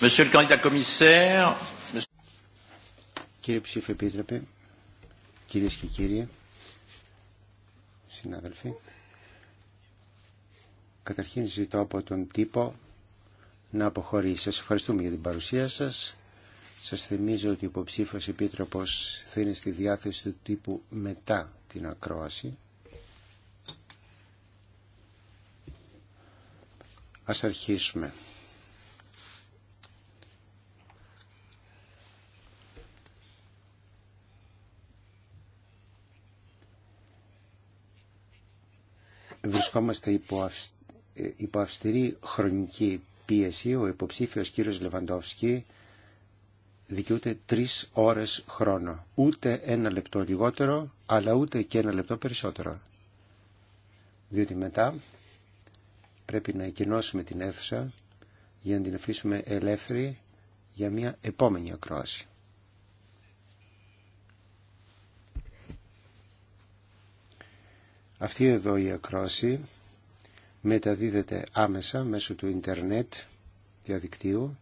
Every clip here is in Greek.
Monsieur le candidat Κύριε ψήφο επίτροπε, κυρίες και κύριοι, συνάδελφοι, καταρχήν ζητώ από τον τύπο να αποχωρήσει. Σας ευχαριστούμε για την παρουσία σας. Σας θυμίζω ότι ο υποψήφιος επίτροπος θα είναι στη διάθεση του τύπου μετά την ακρόαση. Ας αρχίσουμε. βρισκόμαστε υπό, υπό αυστηρή χρονική πίεση. Ο υποψήφιος κύριος Λεβαντόφσκι δικαιούται τρεις ώρες χρόνο. Ούτε ένα λεπτό λιγότερο, αλλά ούτε και ένα λεπτό περισσότερο. Διότι μετά πρέπει να εκενώσουμε την αίθουσα για να την αφήσουμε ελεύθερη για μια επόμενη ακρόαση. Αυτή εδώ η ακρόση μεταδίδεται άμεσα μέσω του ίντερνετ διαδικτύου.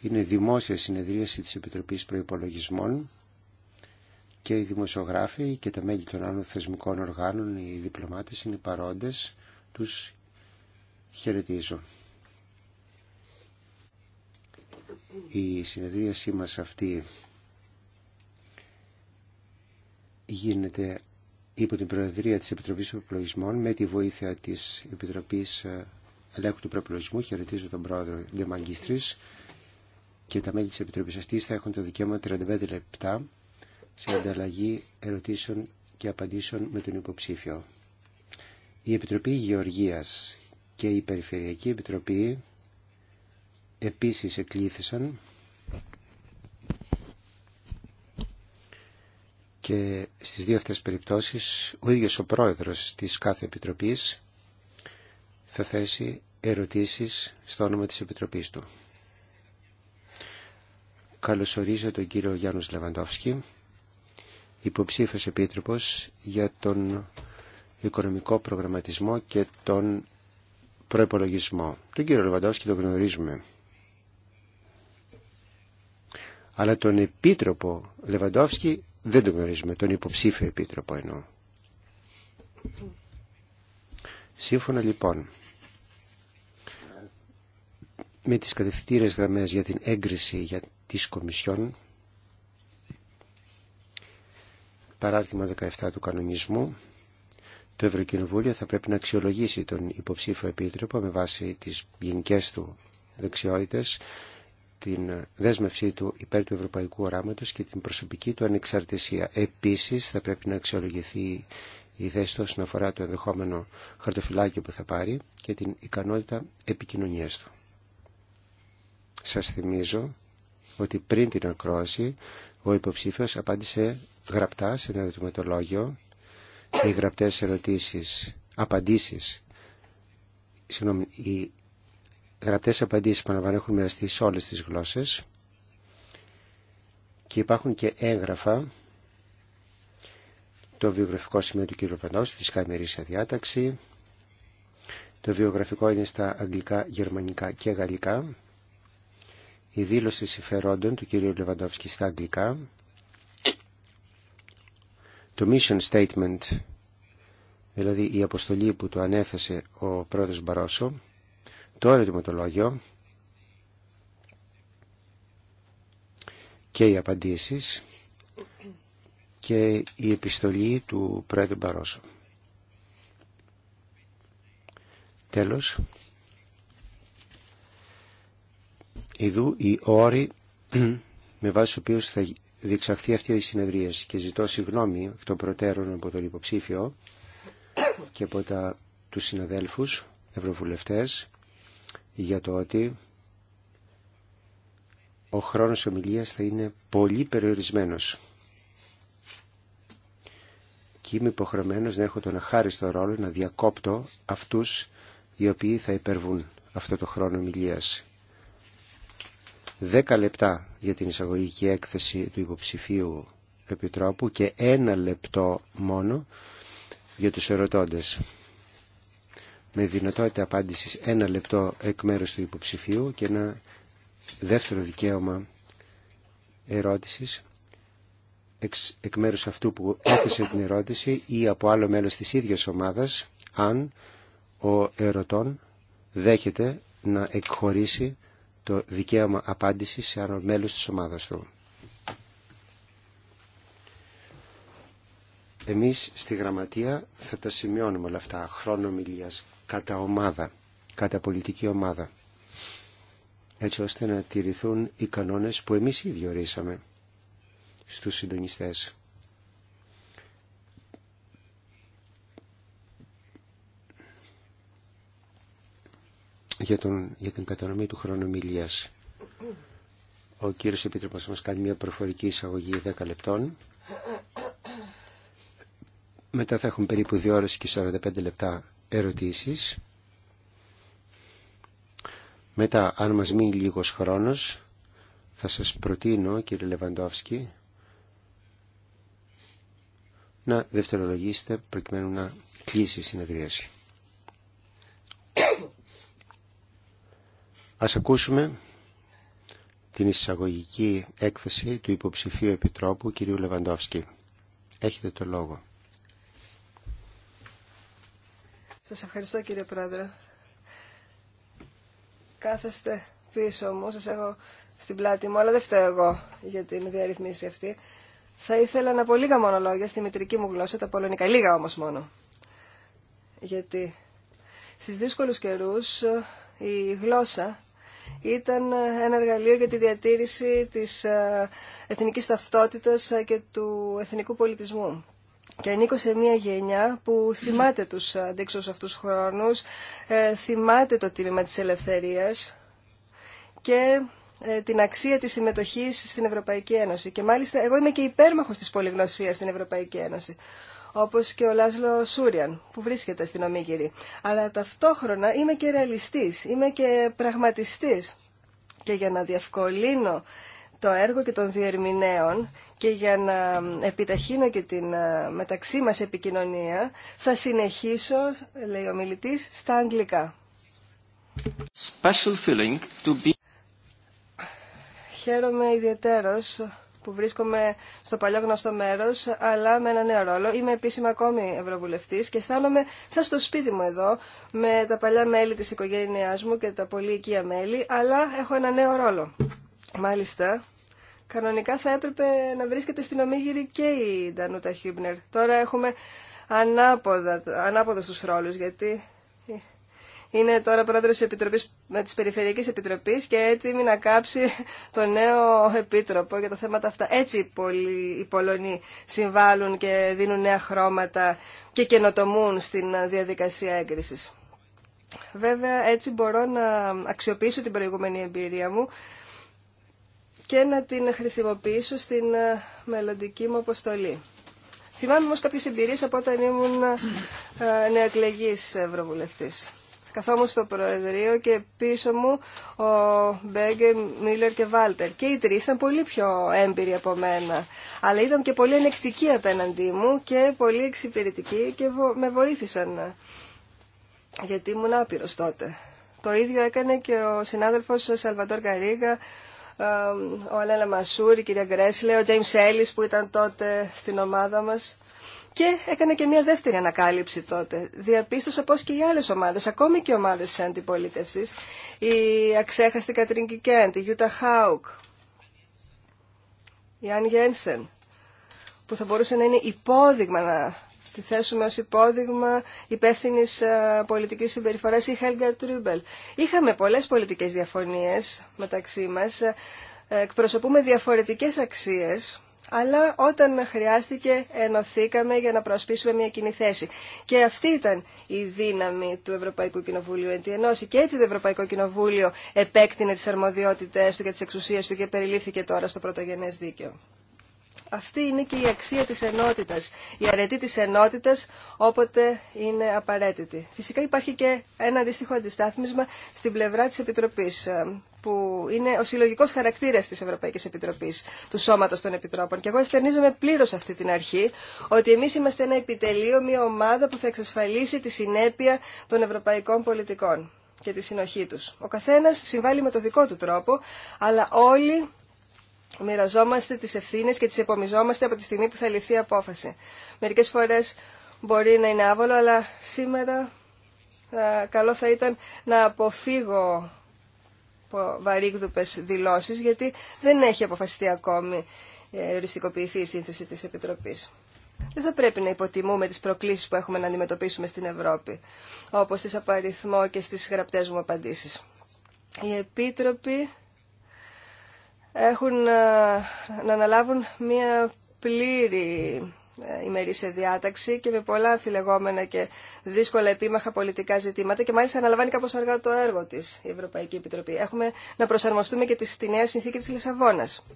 Είναι δημόσια συνεδρίαση της Επιτροπής Προϋπολογισμών και οι δημοσιογράφοι και τα μέλη των άλλων θεσμικών οργάνων, οι διπλωμάτες είναι παρόντες, τους χαιρετίζω. Η συνεδρίασή μας αυτή γίνεται υπό την Προεδρία της Επιτροπής Προπολογισμών με τη βοήθεια της Επιτροπής ε, Ελέγχου του Προπολογισμού. Χαιρετίζω τον Πρόεδρο Λεμαγκίστρης και τα μέλη της Επιτροπής αυτής θα έχουν το δικαίωμα 35 λεπτά σε ανταλλαγή ερωτήσεων και απαντήσεων με τον υποψήφιο. Η Επιτροπή Γεωργίας και η Περιφερειακή Επιτροπή επίσης εκλήθησαν και στις δύο αυτές περιπτώσεις ο ίδιος ο πρόεδρος της κάθε επιτροπής θα θέσει ερωτήσεις στο όνομα της επιτροπής του. Καλωσορίζω τον κύριο Γιάννους Λεβαντόφσκι, υποψήφιος επίτροπος για τον οικονομικό προγραμματισμό και τον προϋπολογισμό. Τον κύριο Λεβαντόφσκι τον γνωρίζουμε. Αλλά τον επίτροπο Λεβαντόφσκι δεν τον γνωρίζουμε, τον υποψήφιο επίτροπο εννοώ. Σύμφωνα λοιπόν με τις κατευθυντήρες γραμμές για την έγκριση για τις Κομισιόν, παράρτημα 17 του κανονισμού, το Ευρωκοινοβούλιο θα πρέπει να αξιολογήσει τον υποψήφιο επίτροπο με βάση τις γενικές του δεξιότητες την δέσμευσή του υπέρ του ευρωπαϊκού οράματος και την προσωπική του ανεξαρτησία. Επίσης θα πρέπει να αξιολογηθεί η θέση του όσον αφορά το ενδεχόμενο χαρτοφυλάκιο που θα πάρει και την ικανότητα επικοινωνίας του. Σας θυμίζω ότι πριν την ακρόαση ο υποψήφιος απάντησε γραπτά σε ένα ερωτηματολόγιο οι γραπτές ερωτήσεις, απαντήσεις, συγγνώμη, οι γραπτές απαντήσεις που έχουν μοιραστεί σε όλες τις γλώσσες και υπάρχουν και έγγραφα το βιογραφικό σημείο του κ. Βανός, φυσικά ημερήσια διάταξη. Το βιογραφικό είναι στα αγγλικά, γερμανικά και γαλλικά. Η δήλωση συμφερόντων του κ. Λεβαντόφσκη στα αγγλικά. Το mission statement, δηλαδή η αποστολή που το ανέθεσε ο πρόεδρος Μπαρόσο, το ερωτηματολόγιο και οι απαντήσεις και η επιστολή του Πρόεδρου Μπαρόσο. Τέλος, ειδού οι όροι με βάση του οποίου θα διεξαχθεί αυτή η συνεδρία και ζητώ συγγνώμη εκ των προτέρων από τον υποψήφιο και από τα, τους συναδέλφους ευρωβουλευτές για το ότι ο χρόνος ομιλίας θα είναι πολύ περιορισμένος. Και είμαι υποχρεωμένος να έχω τον αχάριστο ρόλο να διακόπτω αυτούς οι οποίοι θα υπερβούν αυτό το χρόνο ομιλίας. Δέκα λεπτά για την εισαγωγική έκθεση του υποψηφίου επιτρόπου και ένα λεπτό μόνο για τους ερωτώντες με δυνατότητα απάντησης ένα λεπτό εκ μέρους του υποψηφίου και ένα δεύτερο δικαίωμα ερώτησης εκ μέρους αυτού που έθεσε την ερώτηση ή από άλλο μέλος της ίδιας ομάδας αν ο ερωτών δέχεται να εκχωρήσει το δικαίωμα απάντησης σε άλλο μέλος της ομάδας του. Εμείς στη γραμματεία θα τα σημειώνουμε όλα αυτά. Χρόνο μιλίας κατά ομάδα, κατά πολιτική ομάδα, έτσι ώστε να τηρηθούν οι κανόνες που εμείς ήδη ορίσαμε στους συντονιστές. Για, τον, για την κατανομή του χρόνου μιλίας. Ο κύριος Επίτροπος μας κάνει μια προφορική εισαγωγή 10 λεπτών. Μετά θα έχουν περίπου 2 ώρες και 45 λεπτά ερωτήσεις. Μετά, αν μας μείνει λίγος χρόνος, θα σας προτείνω, κύριε Λεβαντόφσκι, να δευτερολογήσετε προκειμένου να κλείσει η συνεδρίαση. Ας ακούσουμε την εισαγωγική έκθεση του υποψηφίου επιτρόπου κυρίου Λεβαντόφσκι. Έχετε το λόγο. Σας ευχαριστώ κύριε Πρόεδρε. Κάθεστε πίσω μου, σας έχω στην πλάτη μου, αλλά δεν φταίω εγώ για την διαρρυθμίση αυτή. Θα ήθελα να πω λίγα μονολόγια στη μητρική μου γλώσσα, τα πολωνικά, λίγα όμως μόνο. Γιατί στις δύσκολους καιρούς ε, η γλώσσα ήταν ένα εργαλείο για τη διατήρηση της ε, εθνικής ταυτότητας ε, και του εθνικού πολιτισμού και ανήκω σε μια γενιά που θυμάται τους αντίξους αυτούς χρόνους, ε, θυμάται το τίμημα της ελευθερίας και ε, την αξία της συμμετοχής στην Ευρωπαϊκή Ένωση. Και μάλιστα εγώ είμαι και υπέρμαχος της πολυγνωσίας στην Ευρωπαϊκή Ένωση, όπως και ο Λάσλο Σούριαν που βρίσκεται στην Ομίγυρη. Αλλά ταυτόχρονα είμαι και ρεαλιστής, είμαι και πραγματιστής. Και για να διευκολύνω το έργο και των διερμηνέων και για να επιταχύνω και την ε, μεταξύ μας επικοινωνία θα συνεχίσω, λέει ο μιλητής, στα αγγλικά. Special to be... Χαίρομαι ιδιαίτερος που βρίσκομαι στο παλιό γνωστό μέρος, αλλά με ένα νέο ρόλο. Είμαι επίσημα ακόμη ευρωβουλευτής και αισθάνομαι σαν στο σπίτι μου εδώ, με τα παλιά μέλη της οικογένειάς μου και τα πολύ οικία μέλη, αλλά έχω ένα νέο ρόλο. Μάλιστα, κανονικά θα έπρεπε να βρίσκεται στην Ομίγυρη και η Ντανούτα Χίμπνερ. Τώρα έχουμε ανάποδα, ανάποδα στους ρόλους, γιατί είναι τώρα πρόεδρος της, Επιτροπής, της Περιφερειακής Επιτροπής και έτοιμη να κάψει το νέο επίτροπο για τα θέματα αυτά. Έτσι οι, οι Πολωνοί συμβάλλουν και δίνουν νέα χρώματα και καινοτομούν στην διαδικασία έγκρισης. Βέβαια, έτσι μπορώ να αξιοποιήσω την προηγούμενη εμπειρία μου και να την χρησιμοποιήσω στην ε, μελλοντική μου αποστολή. Θυμάμαι όμως κάποιες εμπειρίες από όταν ήμουν ε, νεοεκλεγής Ευρωβουλευτής. Καθόμουν στο Προεδρείο και πίσω μου ο Μπέγκε, Μίλλερ και Βάλτερ. Και οι τρεις ήταν πολύ πιο έμπειροι από μένα. Αλλά ήταν και πολύ ενεκτική απέναντί μου και πολύ εξυπηρετικοί και με βοήθησαν. Γιατί ήμουν άπειρος τότε. Το ίδιο έκανε και ο συνάδελφος Σαλβαντόρ Καρίγα, ο Αλέλα Μασούρη, η κυρία Γκρέσλε, ο Τζέιμς Έλλης που ήταν τότε στην ομάδα μας. Και έκανε και μια δεύτερη ανακάλυψη τότε. Διαπίστωσα πως και οι άλλες ομάδες, ακόμη και οι ομάδες της αντιπολίτευσης, η αξέχαστη Κατρίν Κικέντ, η Γιούτα Χάουκ, η Αν Γένσεν, που θα μπορούσε να είναι υπόδειγμα να τη θέσουμε ως υπόδειγμα υπεύθυνη ε, πολιτικής συμπεριφοράς η Χέλγα Τρούμπελ. Είχαμε πολλές πολιτικές διαφωνίες μεταξύ μας, ε, εκπροσωπούμε διαφορετικές αξίες, αλλά όταν χρειάστηκε ενωθήκαμε για να προσπίσουμε μια κοινή θέση. Και αυτή ήταν η δύναμη του Ευρωπαϊκού Κοινοβουλίου εν τη ενώση. Και έτσι το Ευρωπαϊκό Κοινοβούλιο επέκτηνε τις αρμοδιότητες του και τις εξουσίες του και περιλήφθηκε τώρα στο πρωτογενές δίκαιο. Αυτή είναι και η αξία της ενότητας, η αρετή της ενότητας όποτε είναι απαραίτητη. Φυσικά υπάρχει και ένα αντίστοιχο αντιστάθμισμα στην πλευρά της Επιτροπής ε, που είναι ο συλλογικό χαρακτήρα τη Ευρωπαϊκή Επιτροπή, του Σώματο των Επιτρόπων. Και εγώ ασθενίζομαι πλήρω αυτή την αρχή, ότι εμεί είμαστε ένα επιτελείο, μια ομάδα που θα εξασφαλίσει τη συνέπεια των ευρωπαϊκών πολιτικών και τη συνοχή του. Ο καθένα συμβάλλει με το δικό του τρόπο, αλλά όλοι μοιραζόμαστε τις ευθύνες και τις επομιζόμαστε από τη στιγμή που θα ληφθεί η απόφαση. Μερικές φορές μπορεί να είναι άβολο, αλλά σήμερα ε, καλό θα ήταν να αποφύγω βαρύγδουπες δηλώσεις, γιατί δεν έχει αποφασιστεί ακόμη ε, οριστικοποιηθεί η σύνθεση της Επιτροπής. Δεν θα πρέπει να υποτιμούμε τις προκλήσεις που έχουμε να αντιμετωπίσουμε στην Ευρώπη, όπως τις απαριθμό και στις γραπτές μου απαντήσεις. Η Επίτροπη έχουν ε, να αναλάβουν μία πλήρη ε, ημερήσια διάταξη και με πολλά αφιλεγόμενα και δύσκολα επίμαχα πολιτικά ζητήματα και μάλιστα αναλαμβάνει κάπως αργά το έργο της η Ευρωπαϊκή Επιτροπή. Έχουμε να προσαρμοστούμε και στη νέα συνθήκη της Λισαβόνας.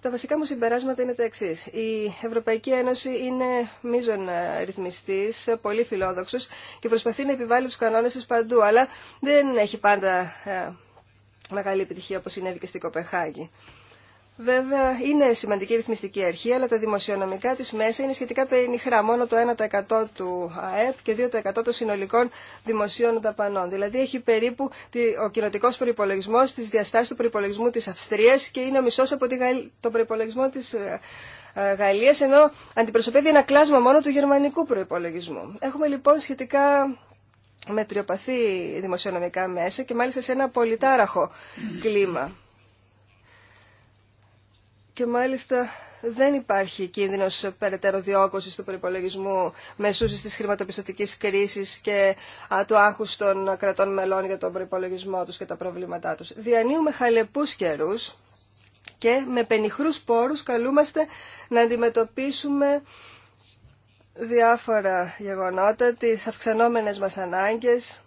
Τα βασικά μου συμπεράσματα είναι τα εξή. Η Ευρωπαϊκή Ένωση είναι μείζον ε, ρυθμιστή, πολύ φιλόδοξο και προσπαθεί να επιβάλλει του κανόνε τη παντού, αλλά δεν έχει πάντα μεγάλη επιτυχία όπως συνέβη και στην Κοπεχάγη. Βέβαια, είναι σημαντική ρυθμιστική αρχή, αλλά τα δημοσιονομικά της μέσα είναι σχετικά περινυχρά. Μόνο το 1% του ΑΕΠ και 2% των συνολικών δημοσίων δαπανών. Δηλαδή, έχει περίπου ο κοινοτικός προϋπολογισμός της διαστάσεις του προϋπολογισμού της Αυστρίας και είναι ο μισός από τον προϋπολογισμό της ε, ε, Γαλλίας, ενώ αντιπροσωπεύει ένα κλάσμα μόνο του γερμανικού προϋπολογισμού. Έχουμε λοιπόν σχετικά με τριοπαθή δημοσιονομικά μέσα και μάλιστα σε ένα πολυτάραχο κλίμα. Και μάλιστα δεν υπάρχει κίνδυνος περαιτέρω διώκωσης του προπολογισμού μεσούσης της χρηματοπιστωτικής κρίσης και του άγχους των κρατών μελών για τον προπολογισμό τους και τα προβλήματά τους. Διανύουμε χαλεπούς καιρούς και με πενιχρούς πόρους καλούμαστε να αντιμετωπίσουμε διάφορα γεγονότα, τις αυξανόμενες μας ανάγκες,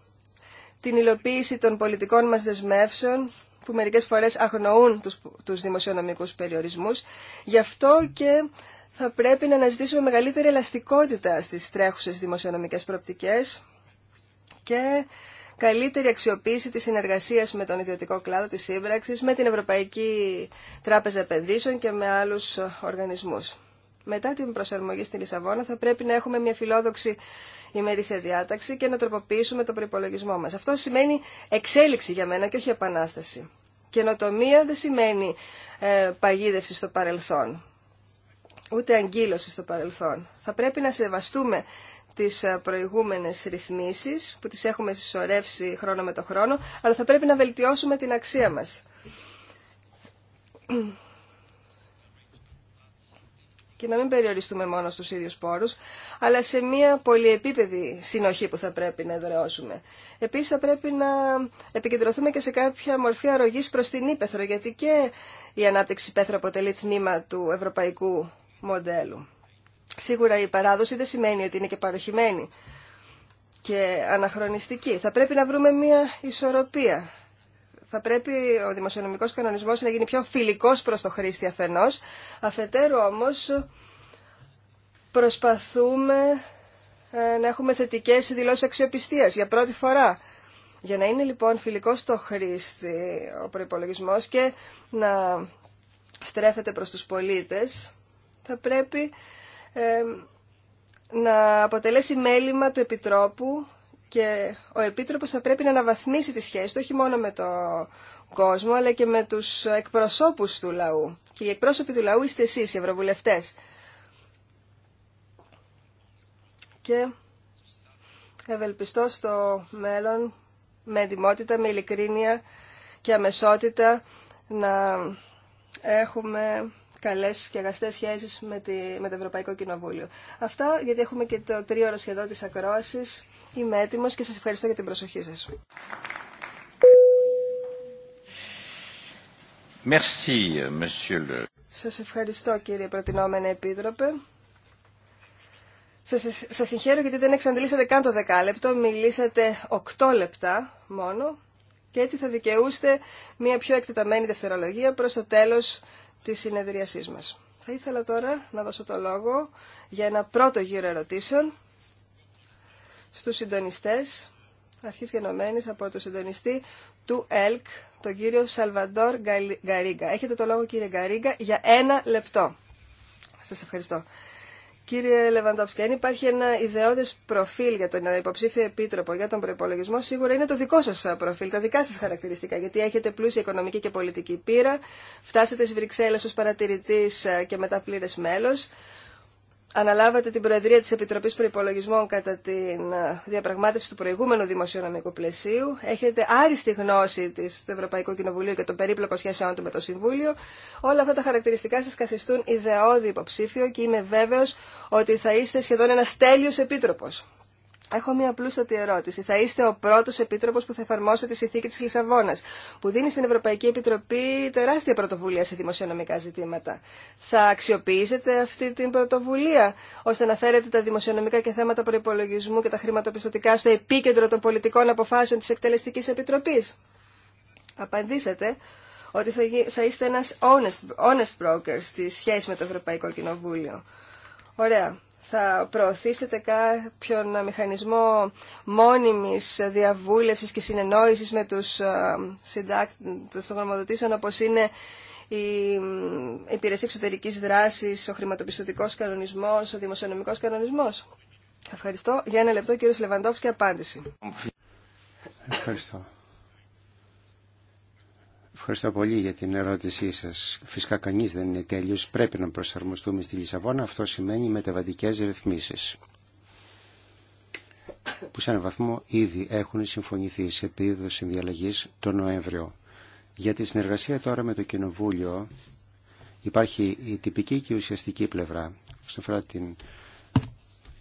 την υλοποίηση των πολιτικών μας δεσμεύσεων, που μερικές φορές αγνοούν τους, τους δημοσιονομικούς περιορισμούς. Γι' αυτό και θα πρέπει να αναζητήσουμε μεγαλύτερη ελαστικότητα στις τρέχουσες δημοσιονομικές προπτικές και καλύτερη αξιοποίηση της συνεργασίας με τον ιδιωτικό κλάδο της σύμπραξης, με την Ευρωπαϊκή Τράπεζα Επενδύσεων και με άλλους οργανισμούς μετά την προσαρμογή στη Λισαβόνα θα πρέπει να έχουμε μια φιλόδοξη ημερήσια διάταξη και να τροποποιήσουμε τον προπολογισμό μας. Αυτό σημαίνει εξέλιξη για μένα και όχι επανάσταση. Καινοτομία δεν σημαίνει ε, παγίδευση στο παρελθόν, ούτε αγκύλωση στο παρελθόν. Θα πρέπει να σεβαστούμε τις ε, προηγούμενες ρυθμίσεις που τις έχουμε συσσωρεύσει χρόνο με το χρόνο, αλλά θα πρέπει να βελτιώσουμε την αξία μας και να μην περιοριστούμε μόνο στους ίδιους πόρους, αλλά σε μια πολυεπίπεδη συνοχή που θα πρέπει να εδραιώσουμε. Επίσης θα πρέπει να επικεντρωθούμε και σε κάποια μορφή αρρωγής προς την Ήπεθρο, γιατί και η ανάπτυξη Ήπεθρο αποτελεί τμήμα του ευρωπαϊκού μοντέλου. Σίγουρα η παράδοση δεν σημαίνει ότι είναι και παροχημένη και αναχρονιστική. Θα πρέπει να βρούμε μια ισορροπία θα πρέπει ο δημοσιονομικός κανονισμός να γίνει πιο φιλικός προς το χρήστη αφενός. Αφετέρου όμως προσπαθούμε ε, να έχουμε θετικές δηλώσεις αξιοπιστίας για πρώτη φορά. Για να είναι λοιπόν φιλικός το χρήστη ο προπολογισμό και να στρέφεται προς τους πολίτες, θα πρέπει ε, να αποτελέσει μέλημα του Επιτρόπου και ο Επίτροπος θα πρέπει να αναβαθμίσει τη σχέση του όχι μόνο με τον κόσμο αλλά και με τους εκπροσώπους του λαού. Και οι εκπρόσωποι του λαού είστε εσείς οι ευρωβουλευτές. Και ευελπιστώ στο μέλλον με εντυμότητα, με ειλικρίνεια και αμεσότητα να έχουμε καλές και αγαστές σχέσεις με, με το Ευρωπαϊκό Κοινοβούλιο. Αυτά γιατί έχουμε και το τρίωρο σχεδόν της ακρόασης είμαι έτοιμο και σας ευχαριστώ για την προσοχή σας. Merci, Σας ευχαριστώ κύριε προτινόμενε επίτροπε. Σας, σας συγχαίρω γιατί δεν εξαντλήσατε καν το δεκάλεπτο, μιλήσατε 8 λεπτά μόνο και έτσι θα δικαιούστε μια πιο εκτεταμένη δευτερολογία προς το τέλος της συνεδρίασής μας. Θα ήθελα τώρα να δώσω το λόγο για ένα πρώτο γύρο ερωτήσεων στους συντονιστές αρχής γενομένης από τον συντονιστή του ΕΛΚ, τον κύριο Σαλβαντόρ Γκαρίγκα. Έχετε το λόγο κύριε Γκαρίγκα για ένα λεπτό. Σας ευχαριστώ. Κύριε Λεβαντόφσκι, αν υπάρχει ένα ιδεώδες προφίλ για τον υποψήφιο επίτροπο για τον προπολογισμό, σίγουρα είναι το δικό σα προφίλ, τα δικά σα χαρακτηριστικά. Γιατί έχετε πλούσια οικονομική και πολιτική πείρα, φτάσετε στι Βρυξέλλε ω παρατηρητή και μετά πλήρε μέλο αναλάβατε την Προεδρία της Επιτροπής Προϋπολογισμών κατά την ε, διαπραγμάτευση του προηγούμενου δημοσιονομικού πλαισίου. Έχετε άριστη γνώση της, του Ευρωπαϊκού Κοινοβουλίου και των περίπλοκων σχέσεών του με το Συμβούλιο. Όλα αυτά τα χαρακτηριστικά σας καθιστούν ιδεώδη υποψήφιο και είμαι βέβαιος ότι θα είστε σχεδόν ένας τέλειος επίτροπος. Έχω μια απλούστατη ερώτηση. Θα είστε ο πρώτο επίτροπος που θα εφαρμόσετε τη συνθήκη τη Λισαβόνα, που δίνει στην Ευρωπαϊκή Επιτροπή τεράστια πρωτοβουλία σε δημοσιονομικά ζητήματα. Θα αξιοποιήσετε αυτή την πρωτοβουλία, ώστε να φέρετε τα δημοσιονομικά και θέματα προπολογισμού και τα χρηματοπιστωτικά στο επίκεντρο των πολιτικών αποφάσεων τη εκτελεστική επιτροπή. Απαντήσατε ότι θα, είστε ένα honest, honest broker στη σχέση με το Ευρωπαϊκό Κοινοβούλιο. Ωραία θα προωθήσετε κάποιον μηχανισμό μόνιμης διαβούλευσης και συνεννόησης με τους ε, συντάκτες των γνωμοδοτήσεων όπως είναι η υπηρεσία εξωτερικής δράσης, ο χρηματοπιστωτικός κανονισμός, ο δημοσιονομικός κανονισμός. Ευχαριστώ. Για ένα λεπτό κύριος και απάντηση. Ευχαριστώ. Ευχαριστώ πολύ για την ερώτησή σα. Φυσικά κανεί δεν είναι τέλειος. Πρέπει να προσαρμοστούμε στη Λισαβόνα. Αυτό σημαίνει μεταβατικέ ρυθμίσει, που σε έναν βαθμό ήδη έχουν συμφωνηθεί σε επίπεδο συνδιαλλαγή το Νοέμβριο. Για τη συνεργασία τώρα με το Κοινοβούλιο υπάρχει η τυπική και η ουσιαστική πλευρά. Όσον αφορά την...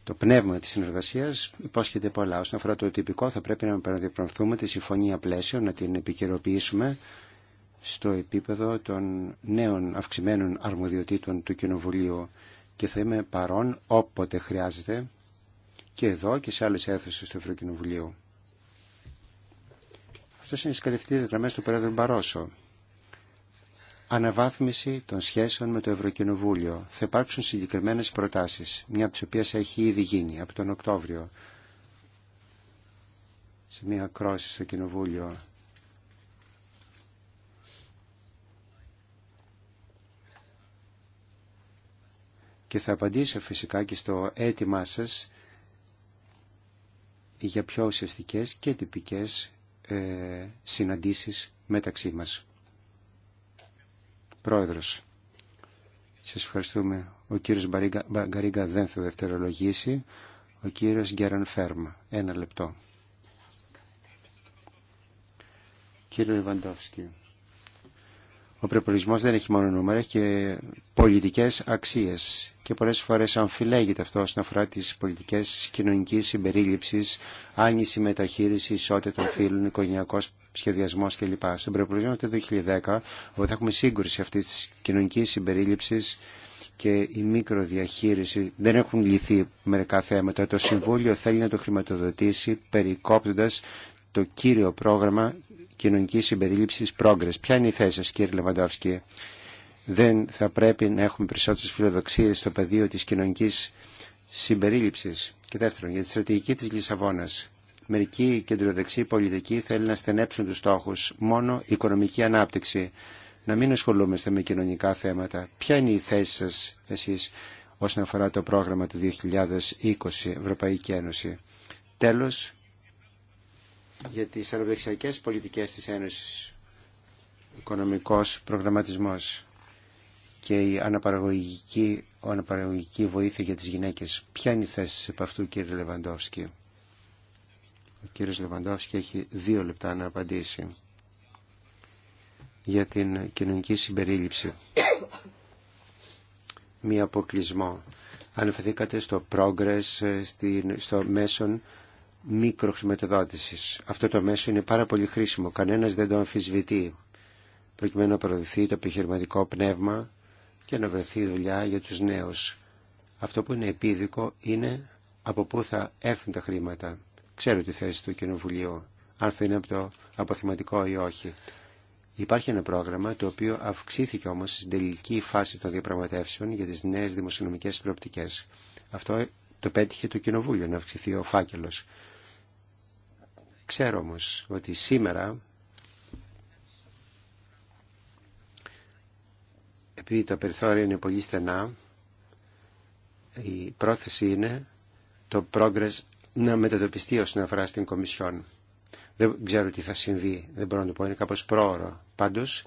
το πνεύμα της συνεργασίας υπόσχεται πολλά. Όσον αφορά το τυπικό θα πρέπει να παραδιαπραγθούμε τη συμφωνία πλαίσιο, να την επικαιροποιήσουμε στο επίπεδο των νέων αυξημένων αρμοδιοτήτων του Κοινοβουλίου και θα είμαι παρόν όποτε χρειάζεται και εδώ και σε άλλες αίθουσες του Ευρωκοινοβουλίου. Αυτό είναι στις κατευθυντήρες γραμμές του Πρόεδρου Μπαρόσο. Αναβάθμιση των σχέσεων με το Ευρωκοινοβούλιο. Θα υπάρξουν συγκεκριμένες προτάσεις, μια από τις οποίες έχει ήδη γίνει από τον Οκτώβριο σε μια κρόση στο Κοινοβούλιο και θα απαντήσω φυσικά και στο αίτημά σας για πιο ουσιαστικέ και τυπικές ε, συναντήσεις μεταξύ μας. Πρόεδρος, σας ευχαριστούμε. Ο κύριος Μπαγκαρίγκα δεν θα δευτερολογήσει. Ο κύριος Γκέραν Φέρμα. Ένα λεπτό. Κύριε Λεβαντόφσκι. Ο προπολογισμό δεν έχει μόνο νούμερα, έχει και πολιτικέ αξίε. Και πολλέ φορέ αμφιλέγεται αυτό όσον αφορά τι πολιτικέ κοινωνική συμπερίληψη, άνηση μεταχείριση, ισότητα των φύλων, οικογενειακό σχεδιασμό κλπ. Στον προπολογισμό του 2010, όπου θα έχουμε σύγκρουση αυτή τη κοινωνική συμπερίληψη και η μικροδιαχείριση δεν έχουν λυθεί μερικά θέματα. Το Συμβούλιο θέλει να το χρηματοδοτήσει περικόπτοντα το κύριο πρόγραμμα κοινωνική συμπεριληψη πρόγκρε. Ποια είναι η θέση σας κύριε Λεβαντόφσκι. Δεν θα πρέπει να έχουμε περισσότερε φιλοδοξίε στο πεδίο τη κοινωνική συμπερίληψη Και δεύτερον, για τη στρατηγική τη Λισαβόνα, Μερικοί κεντροδεξοί πολιτικοί θέλουν να στενέψουν του στόχου μόνο οικονομική ανάπτυξη. Να μην ασχολούμαστε με κοινωνικά θέματα. Ποια είναι η θέση σα εσεί όσον αφορά το πρόγραμμα του 2020 Ευρωπαϊκή Ένωση. Τέλος, για τις πολιτικέ πολιτικές της Ένωσης, οικονομικός προγραμματισμός και η αναπαραγωγική, αναπαραγωγική βοήθεια για τις γυναίκες. Ποια είναι η θέση σε αυτού κύριε Λεβαντόφσκι. Ο κύριος Λεβαντόφσκι έχει δύο λεπτά να απαντήσει για την κοινωνική συμπερίληψη. Μία αποκλεισμό. Αναφερθήκατε στο progress, ε, στο μέσον μικροχρηματοδότησης. Αυτό το μέσο είναι πάρα πολύ χρήσιμο. Κανένας δεν το αμφισβητεί προκειμένου να προωθηθεί το επιχειρηματικό πνεύμα και να βρεθεί δουλειά για τους νέους. Αυτό που είναι επίδικο είναι από πού θα έρθουν τα χρήματα. Ξέρω τη θέση του Κοινοβουλίου, αν θα είναι από το αποθυματικό ή όχι. Υπάρχει ένα πρόγραμμα το οποίο αυξήθηκε όμω στην τελική φάση των διαπραγματεύσεων για τι νέε δημοσιονομικέ προοπτικέ. Αυτό το πέτυχε το Κοινοβούλιο να αυξηθεί ο φάκελο. Ξέρω όμω ότι σήμερα, επειδή τα περιθώρια είναι πολύ στενά, η πρόθεση είναι το Progress να μετατοπιστεί όσον αφορά στην Κομισιόν. Δεν ξέρω τι θα συμβεί, δεν μπορώ να το πω, είναι κάπως πρόωρο. Πάντως,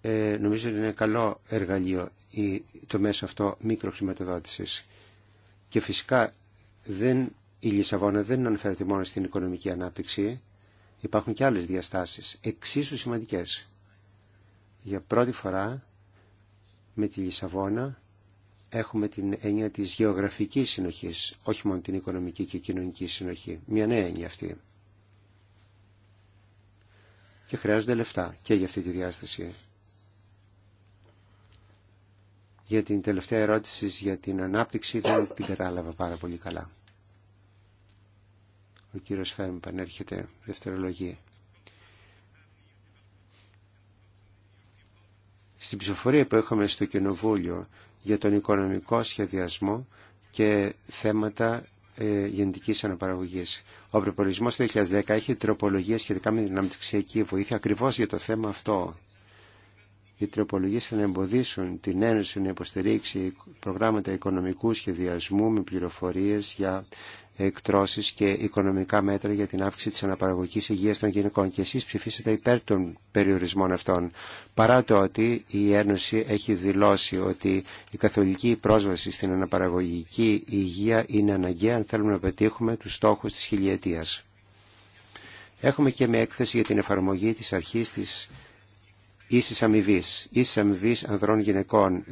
ε, νομίζω ότι είναι καλό εργαλείο η, το μέσο αυτό μικροχρηματοδότησης. Και φυσικά δεν η Λισαβόνα δεν αναφέρεται μόνο στην οικονομική ανάπτυξη, υπάρχουν και άλλες διαστάσεις, εξίσου σημαντικές. Για πρώτη φορά με τη Λισαβόνα έχουμε την έννοια της γεωγραφικής συνοχής, όχι μόνο την οικονομική και κοινωνική συνοχή. Μια νέα έννοια αυτή. Και χρειάζονται λεφτά και για αυτή τη διάσταση. Για την τελευταία ερώτηση για την ανάπτυξη δεν την κατάλαβα πάρα πολύ καλά. Ο κύριος Φέρμ πανέρχεται δευτερολογία. Στην ψηφοφορία που έχουμε στο Κοινοβούλιο για τον οικονομικό σχεδιασμό και θέματα ε, γεννητικής αναπαραγωγής. Ο προπολογισμό του 2010 έχει τροπολογία σχετικά με την αναπτυξιακή βοήθεια ακριβώς για το θέμα αυτό οι τροπολογίες θα εμποδίσουν την Ένωση να υποστηρίξει προγράμματα οικονομικού σχεδιασμού με πληροφορίες για εκτρώσεις και οικονομικά μέτρα για την αύξηση της αναπαραγωγικής υγείας των γυναικών και εσείς ψηφίσατε υπέρ των περιορισμών αυτών παρά το ότι η Ένωση έχει δηλώσει ότι η καθολική πρόσβαση στην αναπαραγωγική υγεία είναι αναγκαία αν θέλουμε να πετύχουμε τους στόχους της χιλιετίας. Έχουμε και μια έκθεση για την εφαρμογή της αρχής της ίσης αμοιβή, ίσης αμοιβή ανδρών γυναικών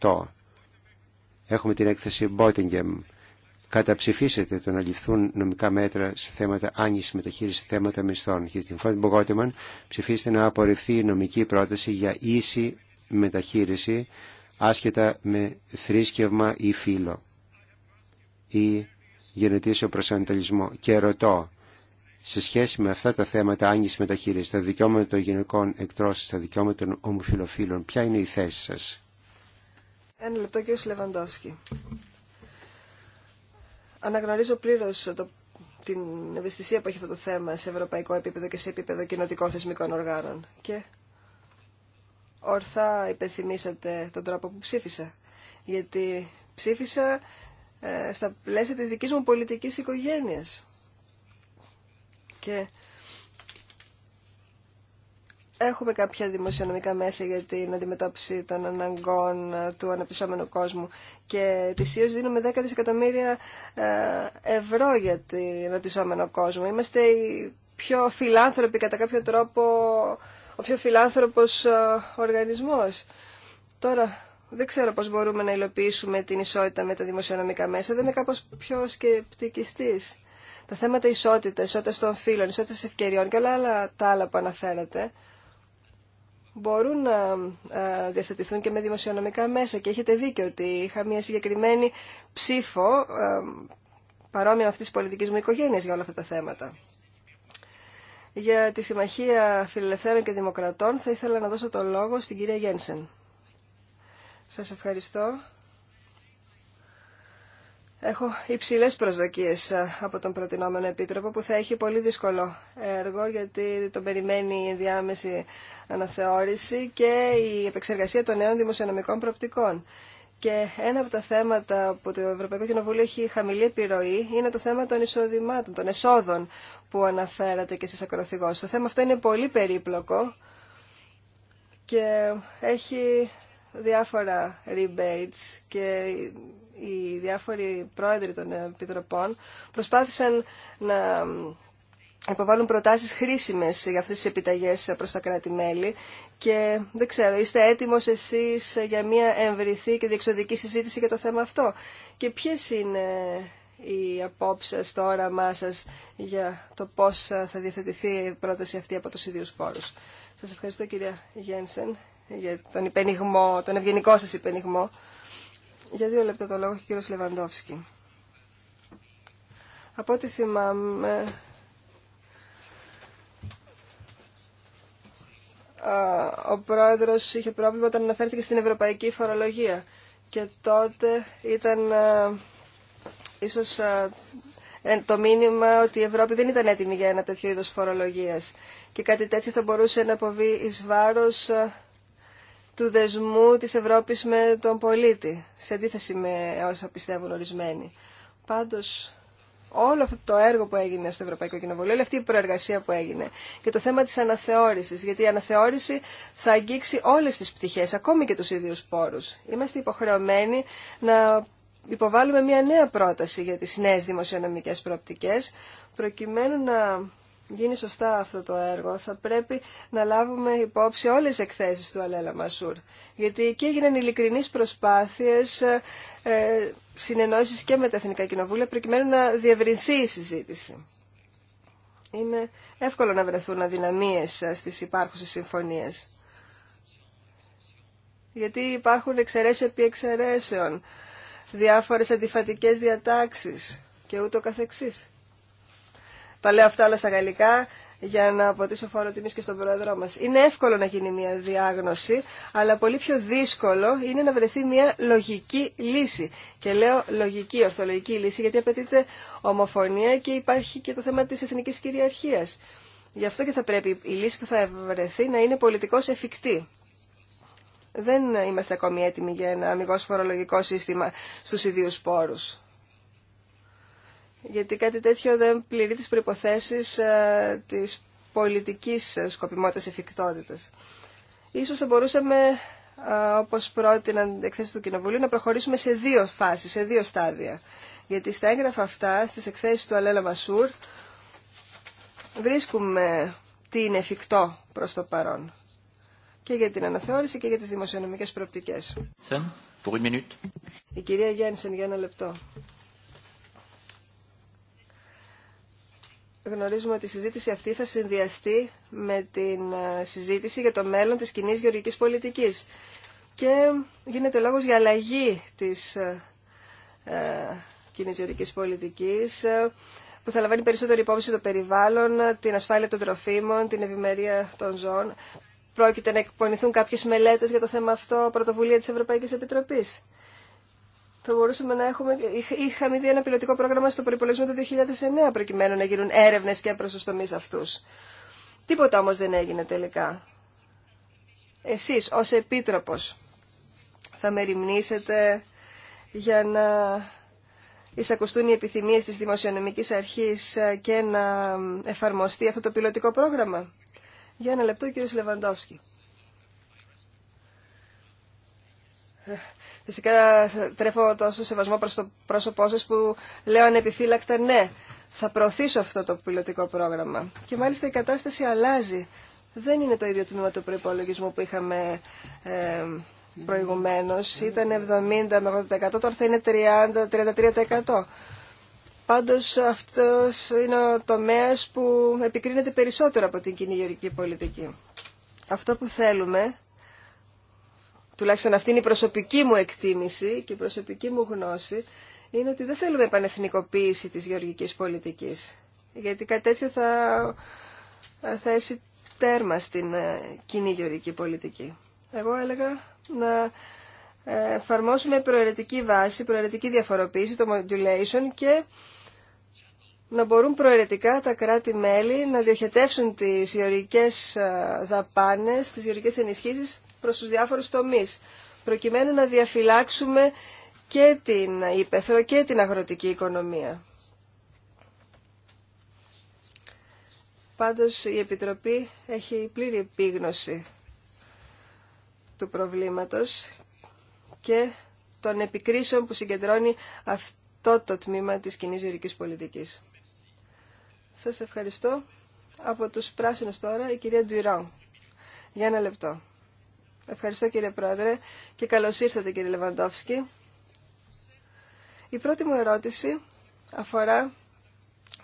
2008. Έχουμε την έκθεση Μπότιγκεμ. Καταψηφίσετε το να ληφθούν νομικά μέτρα σε θέματα άνηση μεταχείριση θέματα μισθών. Και στην Φόντ Μπογκότιμαν ψηφίστε να απορριφθεί η νομική πρόταση για ίση μεταχείριση άσχετα με θρήσκευμα ή φύλλο ή γενετήσιο προσανατολισμό. Και ρωτώ, σε σχέση με αυτά τα θέματα άγγιση μεταχείριση, τα δικαιώματα των γυναικών εκτρώσεις, τα δικαιώματα των ομοφιλοφίλων, ποια είναι η θέση σας. Ένα λεπτό κύριο Λεβαντόφσκι. Αναγνωρίζω πλήρω την ευαισθησία που έχει αυτό το θέμα σε ευρωπαϊκό επίπεδο και σε επίπεδο κοινοτικών θεσμικών οργάνων. Και ορθά υπενθυμίσατε τον τρόπο που ψήφισα. Γιατί ψήφισα ε, στα πλαίσια της δικής μου πολιτικής οικογένειας και έχουμε κάποια δημοσιονομικά μέσα για την αντιμετώπιση των αναγκών του αναπτυσσόμενου κόσμου και ΥΟΣ δίνουμε 10 δισεκατομμύρια ε, ευρώ για την αναπτυσσόμενο κόσμο. Είμαστε οι πιο φιλάνθρωποι κατά κάποιο τρόπο, ο πιο φιλάνθρωπος ε, οργανισμός. Τώρα, δεν ξέρω πώς μπορούμε να υλοποιήσουμε την ισότητα με τα δημοσιονομικά μέσα. Δεν είμαι κάπως πιο σκεπτικιστής τα θέματα ισότητα, ισότητα των φίλων, ισότητα ευκαιριών και όλα άλλα, τα άλλα που αναφέρατε μπορούν να ε, διαθετηθούν και με δημοσιονομικά μέσα. Και έχετε δίκιο ότι είχα μια συγκεκριμένη ψήφο ε, παρόμοια αυτή τη πολιτική μου οικογένεια για όλα αυτά τα θέματα. Για τη Συμμαχία Φιλελευθέρων και Δημοκρατών θα ήθελα να δώσω το λόγο στην κυρία Γένσεν. Σας ευχαριστώ. Έχω υψηλέ προσδοκίε ε, από τον προτινόμενο επίτροπο που θα έχει πολύ δύσκολο έργο γιατί τον περιμένει η διάμεση αναθεώρηση και η επεξεργασία των νέων δημοσιονομικών προοπτικών. Και ένα από τα θέματα που το Ευρωπαϊκό Κοινοβούλιο έχει χαμηλή επιρροή είναι το θέμα των εισοδημάτων, των εσόδων που αναφέρατε και σα ακροθυγώ. Το θέμα αυτό είναι πολύ περίπλοκο και έχει διάφορα rebates και οι διάφοροι πρόεδροι των επιτροπών προσπάθησαν να υποβάλουν προτάσεις χρήσιμες για αυτές τις επιταγές προς τα κράτη-μέλη και δεν ξέρω, είστε έτοιμος εσείς για μια εμβριθή και διεξοδική συζήτηση για το θέμα αυτό και ποιες είναι οι απόψεις, το όραμά σας για το πώς θα διαθετηθεί η πρόταση αυτή από τους ίδιους πόρους. Σας ευχαριστώ κυρία Γένσεν για τον, υπενιγμό, τον ευγενικό σας υπενιγμό. Για δύο λεπτά το λόγο έχει ο κύριος Λεβαντόφσκι. Από ό,τι θυμάμαι, ο πρόεδρος είχε πρόβλημα όταν αναφέρθηκε στην ευρωπαϊκή φορολογία και τότε ήταν ίσως ε, το μήνυμα ότι η Ευρώπη δεν ήταν έτοιμη για ένα τέτοιο είδος φορολογίας και κάτι τέτοιο θα μπορούσε να αποβεί εις βάρος του δεσμού της Ευρώπης με τον πολίτη, σε αντίθεση με όσα πιστεύουν ορισμένοι. Πάντως, όλο αυτό το έργο που έγινε στο Ευρωπαϊκό Κοινοβούλιο, όλη αυτή η προεργασία που έγινε και το θέμα της αναθεώρησης, γιατί η αναθεώρηση θα αγγίξει όλες τις πτυχές, ακόμη και τους ίδιους πόρους. Είμαστε υποχρεωμένοι να υποβάλουμε μια νέα πρόταση για τις νέες δημοσιονομικές προοπτικές, προκειμένου να γίνει σωστά αυτό το έργο, θα πρέπει να λάβουμε υπόψη όλες τις εκθέσεις του Αλέλα Μασούρ. Γιατί εκεί έγιναν ειλικρινείς προσπάθειες, ε, ε και με τα Εθνικά Κοινοβούλια, προκειμένου να διευρυνθεί η συζήτηση. Είναι εύκολο να βρεθούν αδυναμίες ε, στις υπάρχουσες συμφωνίες. Γιατί υπάρχουν εξαιρέσεις επί εξαιρέσεων, διάφορες αντιφατικές διατάξεις και ούτω καθεξής. Τα λέω αυτά όλα στα γαλλικά για να αποτύσω φόρο τιμή και στον πρόεδρό μα. Είναι εύκολο να γίνει μια διάγνωση, αλλά πολύ πιο δύσκολο είναι να βρεθεί μια λογική λύση. Και λέω λογική, ορθολογική λύση, γιατί απαιτείται ομοφωνία και υπάρχει και το θέμα τη εθνική κυριαρχία. Γι' αυτό και θα πρέπει η λύση που θα βρεθεί να είναι πολιτικώ εφικτή. Δεν είμαστε ακόμη έτοιμοι για ένα αμυγό φορολογικό σύστημα στου ιδίου πόρου γιατί κάτι τέτοιο δεν πληρεί τις προϋποθέσεις ε, της πολιτικής ε, σκοπιμότητας εφικτότητας. Ίσως θα μπορούσαμε, ε, όπως πρότειναν εκθέσει του Κοινοβουλίου, να προχωρήσουμε σε δύο φάσεις, σε δύο στάδια. Γιατί στα έγγραφα αυτά, στις εκθέσεις του Αλέλα Μασούρ, βρίσκουμε τι είναι εφικτό προς το παρόν. Και για την αναθεώρηση και για τις δημοσιονομικές προοπτικές. Η κυρία Γιάννησεν για ένα λεπτό. γνωρίζουμε ότι η συζήτηση αυτή θα συνδυαστεί με την ε, συζήτηση για το μέλλον της κοινή γεωργικής πολιτικής. Και γίνεται λόγος για αλλαγή της ε, ε κοινή γεωργικής πολιτικής, ε, που θα λαμβάνει περισσότερη υπόψη το περιβάλλον, την ασφάλεια των τροφίμων, την ευημερία των ζώων. Πρόκειται να εκπονηθούν κάποιες μελέτες για το θέμα αυτό, πρωτοβουλία της Ευρωπαϊκής Επιτροπής θα μπορούσαμε να έχουμε, είχαμε δει ένα πιλωτικό πρόγραμμα στο προπολογισμό του 2009 προκειμένου να γίνουν έρευνες και προς του αυτούς. Τίποτα όμω δεν έγινε τελικά. Εσείς ως Επίτροπος θα μεριμνήσετε για να εισακουστούν οι επιθυμίες της Δημοσιονομικής Αρχής και να εφαρμοστεί αυτό το πιλωτικό πρόγραμμα. Για ένα λεπτό, κύριε Λεβαντόφσκι. Φυσικά τρέφω τόσο σεβασμό προς το πρόσωπό σας που λέω ανεπιφύλακτα ναι, θα προωθήσω αυτό το πιλωτικό πρόγραμμα. Και μάλιστα η κατάσταση αλλάζει. Δεν είναι το ίδιο τμήμα του προπολογισμού που είχαμε ε, προηγουμένως. Ήταν 70 με 80%, τώρα θα είναι 30-33%. Πάντως αυτός είναι ο τομέας που επικρίνεται περισσότερο από την κοινή πολιτική. Αυτό που θέλουμε τουλάχιστον αυτή είναι η προσωπική μου εκτίμηση και η προσωπική μου γνώση, είναι ότι δεν θέλουμε επανεθνικοποίηση της γεωργικής πολιτικής. Γιατί κάτι τέτοιο θα θέσει τέρμα στην ε, κοινή γεωργική πολιτική. Εγώ έλεγα να ε, εφαρμόσουμε προαιρετική βάση, προαιρετική διαφοροποίηση, το modulation και να μπορούν προαιρετικά τα κράτη-μέλη να διοχετεύσουν τις γεωργικές ε, δαπάνες, τις γεωργικές ενισχύσεις προς τους διάφορους τομείς, προκειμένου να διαφυλάξουμε και την υπεθρό και την αγροτική οικονομία. Πάντως η Επιτροπή έχει πλήρη επίγνωση του προβλήματος και των επικρίσεων που συγκεντρώνει αυτό το τμήμα της κοινή ζωρικής πολιτικής. Σας ευχαριστώ. Από τους πράσινους τώρα η κυρία Ντουιρόν. Για ένα λεπτό. Ευχαριστώ κύριε Πρόεδρε και καλώς ήρθατε κύριε Λεβαντόφσκι. Η πρώτη μου ερώτηση αφορά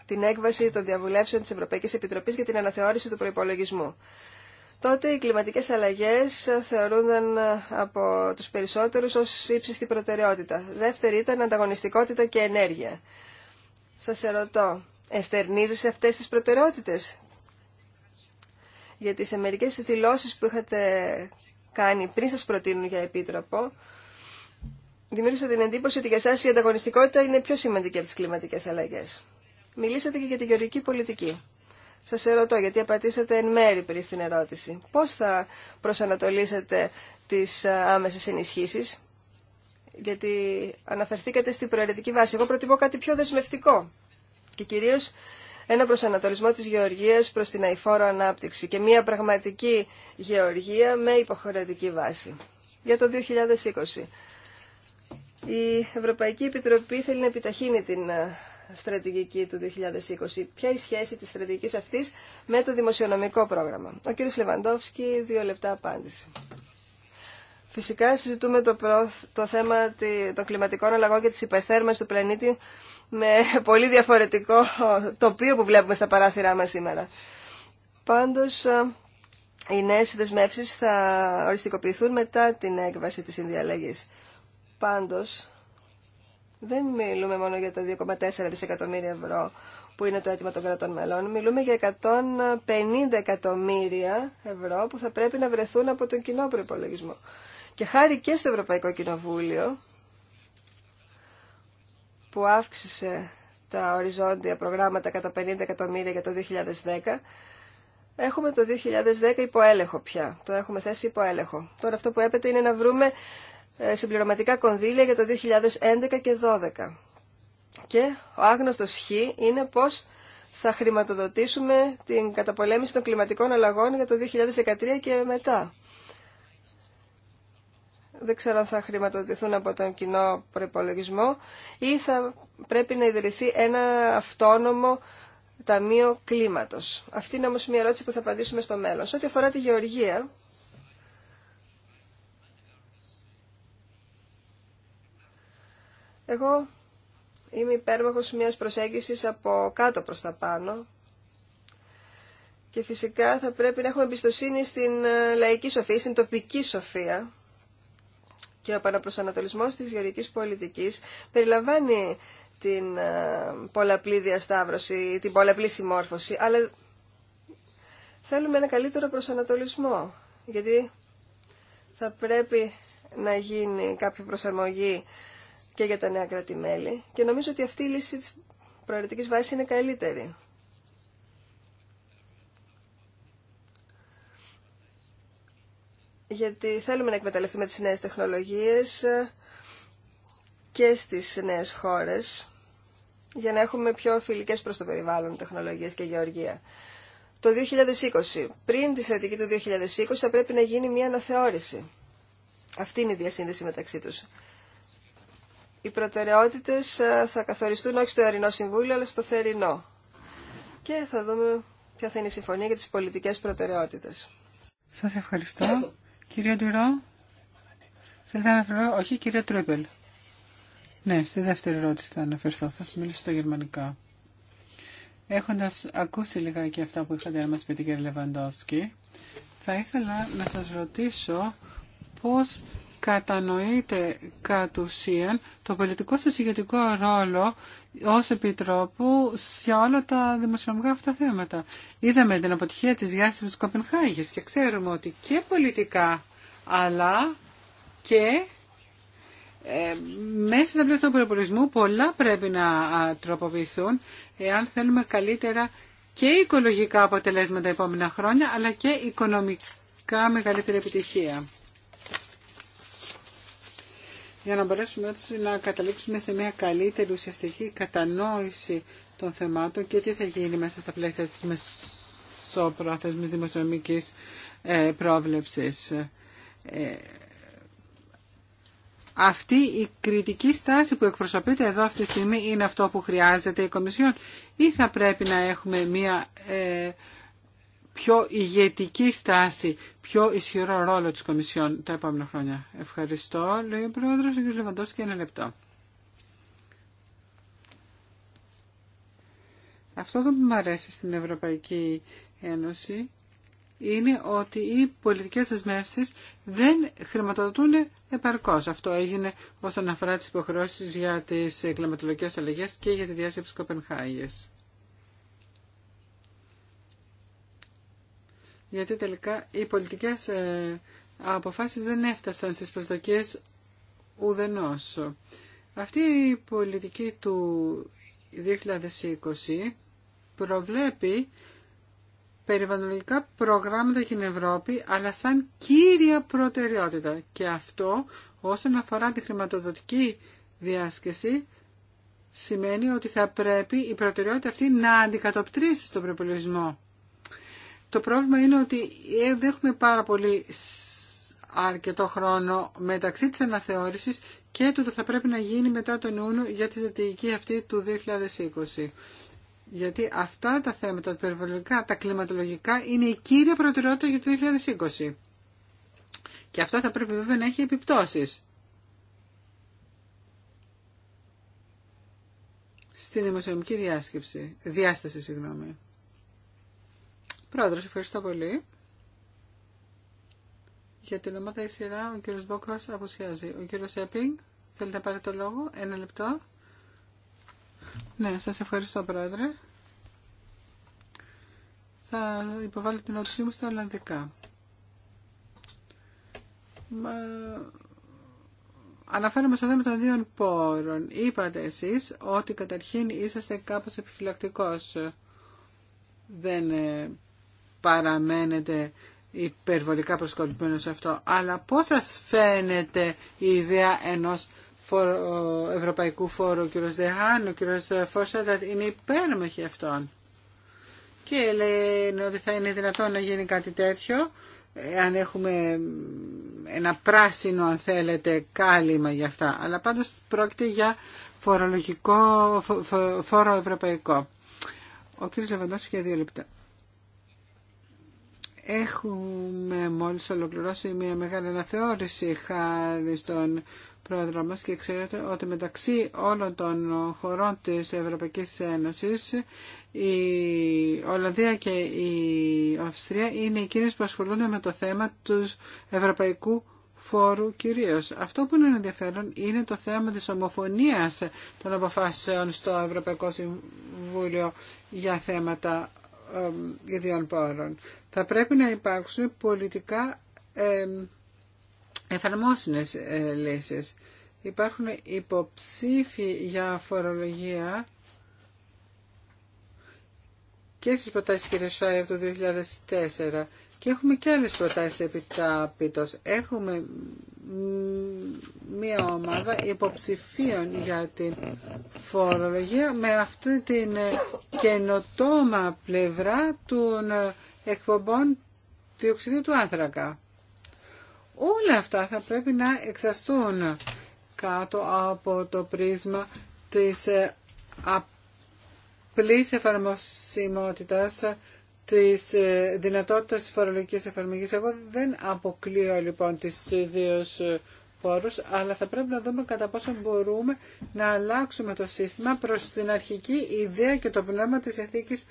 την έκβαση των διαβουλεύσεων της Ευρωπαϊκής Επιτροπής για την αναθεώρηση του προϋπολογισμού. Τότε οι κλιματικές αλλαγές θεωρούνταν από τους περισσότερους ως ύψιστη προτεραιότητα. Δεύτερη ήταν ανταγωνιστικότητα και ενέργεια. Σας ερωτώ, εστερνίζεσαι αυτές τις προτεραιότητες? Γιατί σε μερικές δηλώσεις που είχατε κάνει πριν σας προτείνουν για επίτροπο, δημιούργησα την εντύπωση ότι για εσά η ανταγωνιστικότητα είναι πιο σημαντική από τις κλιματικές αλλαγές. Μιλήσατε και για τη γεωργική πολιτική. Σας ερωτώ, γιατί απαντήσατε εν μέρη πριν στην ερώτηση. Πώς θα προσανατολίσετε τις ε, άμεσες ενισχύσεις, γιατί αναφερθήκατε στην προαιρετική βάση. Εγώ προτιμώ κάτι πιο δεσμευτικό και κυρίως ένα προσανατολισμό της γεωργίας προς την αηφόρο ανάπτυξη και μια πραγματική γεωργία με υποχρεωτική βάση. Για το 2020. Η Ευρωπαϊκή Επιτροπή θέλει να επιταχύνει την ε, στρατηγική του 2020. Ποια η σχέση της στρατηγικής αυτής με το δημοσιονομικό πρόγραμμα. Ο κ. Λεβαντόφσκι, δύο λεπτά απάντηση. Φυσικά συζητούμε το, το θέμα των κλιματικών αλλαγών και της υπερθέρμανσης του πλανήτη με πολύ διαφορετικό τοπίο που βλέπουμε στα παράθυρά μας σήμερα. Πάντως, ε, οι νέες δεσμεύσει θα οριστικοποιηθούν μετά την έκβαση της συνδιαλέγης. Πάντως, δεν μιλούμε μόνο για τα 2,4 δισεκατομμύρια ευρώ που είναι το αίτημα των κρατών μελών. Μιλούμε για 150 εκατομμύρια ευρώ που θα πρέπει να βρεθούν από τον κοινό προπολογισμό. Και χάρη και στο Ευρωπαϊκό Κοινοβούλιο, που αύξησε τα οριζόντια προγράμματα κατά 50 εκατομμύρια για το 2010, έχουμε το 2010 υποέλεγχο πια. Το έχουμε θέσει υποέλεγχο. Τώρα αυτό που έπεται είναι να βρούμε ε, συμπληρωματικά κονδύλια για το 2011 και 2012. Και ο άγνωστος χ είναι πώς θα χρηματοδοτήσουμε την καταπολέμηση των κλιματικών αλλαγών για το 2013 και μετά δεν ξέρω αν θα χρηματοδοτηθούν από τον κοινό προπολογισμό ή θα πρέπει να ιδρυθεί ένα αυτόνομο ταμείο κλίματος. Αυτή είναι όμως μια ερώτηση που θα απαντήσουμε στο μέλλον. Σε ό,τι αφορά τη γεωργία, εγώ είμαι υπέρμαχος μιας προσέγγισης από κάτω προς τα πάνω, και φυσικά θα πρέπει να έχουμε εμπιστοσύνη στην ε, λαϊκή σοφία, στην τοπική σοφία. Και ο επαναπροσανατολισμός της γεωργικής πολιτικής περιλαμβάνει την ε, πολλαπλή διασταύρωση, την πολλαπλή συμμόρφωση, αλλά θέλουμε ένα καλύτερο προσανατολισμό, γιατί θα πρέπει να γίνει κάποια προσαρμογή και για τα νέα κράτη-μέλη και νομίζω ότι αυτή η λύση της προαιρετικής βάσης είναι καλύτερη. γιατί θέλουμε να εκμεταλλευτούμε τις νέες τεχνολογίες ε, και στις νέες χώρες για να έχουμε πιο φιλικές προς το περιβάλλον τεχνολογίες και γεωργία. Το 2020, πριν τη στρατηγική του 2020 θα πρέπει να γίνει μια αναθεώρηση. Αυτή είναι η διασύνδεση μεταξύ τους. Οι προτεραιότητες ε, θα καθοριστούν όχι στο Ερεινό Συμβούλιο, αλλά στο Θερινό. Και θα δούμε ποια θα είναι η συμφωνία για τις πολιτικές προτεραιότητες. Σας ευχαριστώ. Κύριε Ντουρό, θέλετε να αναφερθώ, όχι κύριε Τρούπελ. Ναι, στη δεύτερη ερώτηση θα αναφερθώ, θα σας μιλήσω στα γερμανικά. Έχοντας ακούσει λιγάκι αυτά που είχατε να μας πει κύριε Λεβαντόσκη, θα ήθελα να σας ρωτήσω πώς κατανοείτε κατ' ουσίαν το πολιτικό σας ηγετικό ρόλο ως Επιτρόπου σε όλα τα δημοσιονομικά αυτά θέματα. Είδαμε την αποτυχία της διάστησης Κοπενχάγης και ξέρουμε ότι και πολιτικά αλλά και ε, μέσα στα πλαίσια του προπολισμού πολλά πρέπει να τροποποιηθούν εάν θέλουμε καλύτερα και οικολογικά αποτελέσματα επόμενα χρόνια αλλά και οικονομικά μεγαλύτερη επιτυχία. Για να μπορέσουμε έτσι να καταλήξουμε σε μια καλύτερη ουσιαστική κατανόηση των θεμάτων και τι θα γίνει μέσα στα πλαίσια της μεσόπροθεσμης δημοσιονομικής ε, πρόβλεψης ε, αυτή η κριτική στάση που εκπροσωπείται εδώ αυτή τη στιγμή είναι αυτό που χρειάζεται η Κομισιόν ή θα πρέπει να έχουμε μια ε, πιο ηγετική στάση, πιο ισχυρό ρόλο της Κομισιόν τα επόμενα χρόνια. Ευχαριστώ, λέει ο Πρόεδρος, ο κ. Λεβαντός και ένα λεπτό. Αυτό που μου αρέσει στην Ευρωπαϊκή Ένωση είναι ότι οι πολιτικές δεσμεύσει δεν χρηματοδοτούν επαρκώς. Αυτό έγινε όσον αφορά τις υποχρεώσεις για τις κλιματολογικές αλλαγές και για τη διάσκεψη Κοπενχάγης. Γιατί τελικά οι πολιτικές ε, αποφάσεις δεν έφτασαν στις προσδοκίες ουδενός. Αυτή η πολιτική του 2020 προβλέπει περιβαλλοντικά προγράμματα στην Ευρώπη, αλλά σαν κύρια προτεραιότητα. Και αυτό όσον αφορά τη χρηματοδοτική διάσκεση, σημαίνει ότι θα πρέπει η προτεραιότητα αυτή να αντικατοπτρίσει στον προπολογισμό. Το πρόβλημα είναι ότι ε, δεν έχουμε πάρα πολύ αρκετό χρόνο μεταξύ της αναθεώρησης και το θα πρέπει να γίνει μετά τον Ιούνιο για τη στρατηγική αυτή του 2020. Γιατί αυτά τα θέματα, τα περιβαλλοντικά, τα κλιματολογικά, είναι η κύρια προτεραιότητα για το 2020. Και αυτό θα πρέπει βέβαια να έχει επιπτώσεις. Στην δημοσιονομική διάσκεψη, διάσταση, συγγνώμη. Πρόεδρος, ευχαριστώ πολύ. Για την ομάδα η σειρά, ο κύριος Μπόκος αποσιάζει. Ο κύριος Έπινγκ, θέλετε να πάρετε το λόγο, ένα λεπτό. Ναι, σας ευχαριστώ πρόεδρε. Θα υποβάλω την ερώτησή μου στα Ολλανδικά. Μα... Αναφέρομαι στο θέμα των δύο πόρων. Είπατε εσείς ότι καταρχήν είσαστε κάπως επιφυλακτικός. Δεν ε, παραμένετε υπερβολικά προσκολλημένος σε αυτό. Αλλά πώς σας φαίνεται η ιδέα ενός Ευρωπαϊκού Φόρου, ο κ. Δεχάν, ο κ. Φορσέντατ είναι υπέρμαχοι αυτών. Και λένε ότι θα είναι δυνατόν να γίνει κάτι τέτοιο, αν έχουμε ένα πράσινο, αν θέλετε, κάλυμα για αυτά. Αλλά πάντως πρόκειται για φορολογικό φόρο ευρωπαϊκό. Ο κ. Λεβαντός για δύο λεπτά. Έχουμε μόλις ολοκληρώσει μια μεγάλη αναθεώρηση χάρη στον μας και ξέρετε ότι μεταξύ όλων των χωρών της Ευρωπαϊκής Ένωσης η Ολλανδία και η Αυστρία είναι εκείνες που ασχολούνται με το θέμα του Ευρωπαϊκού φόρου κυρίως. Αυτό που είναι ενδιαφέρον είναι το θέμα της ομοφωνίας των αποφάσεων στο Ευρωπαϊκό Συμβούλιο για θέματα ιδιών πόρων. Θα πρέπει να υπάρξουν πολιτικά ε, λύσει υπάρχουν υποψήφοι για φορολογία και στις προτάσεις κ. Σάιερ του 2004 και έχουμε και άλλες προτάσεις επιτάπητος. Έχουμε μία ομάδα υποψηφίων για την φορολογία με αυτή την καινοτόμα πλευρά των εκπομπών οξυδίου του άνθρακα. Όλα αυτά θα πρέπει να εξαστούν κάτω από το πρίσμα της ε, απλής εφαρμοσιμότητας της ε, δυνατότητας της φορολογικής εφαρμογής. Εγώ δεν αποκλείω λοιπόν τις δύο ε, πόρους, αλλά θα πρέπει να δούμε κατά πόσο μπορούμε να αλλάξουμε το σύστημα προς την αρχική ιδέα και το πνεύμα της εθήκης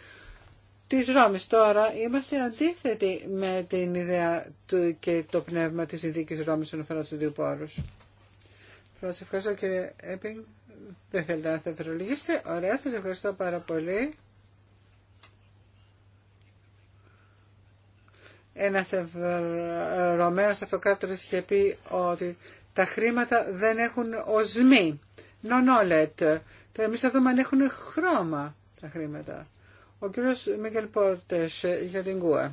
της Ρώμης. Τώρα είμαστε αντίθετοι με την ιδέα του και το πνεύμα της συνθήκης Ρώμης στον αφορά του δύο πόρους. Σας ευχαριστώ κύριε Έπινγκ. Δεν θέλετε να θετρολογήσετε. Ωραία, σας ευχαριστώ πάρα πολύ. Ένας Ρωμαίος αυτοκράτορας είχε πει ότι τα χρήματα δεν έχουν οσμή. Non-OLED. Τώρα εμείς θα δούμε αν έχουν χρώμα τα χρήματα. Ο κύριος Μίγκελ Πόρτες για την ΚΟΕ.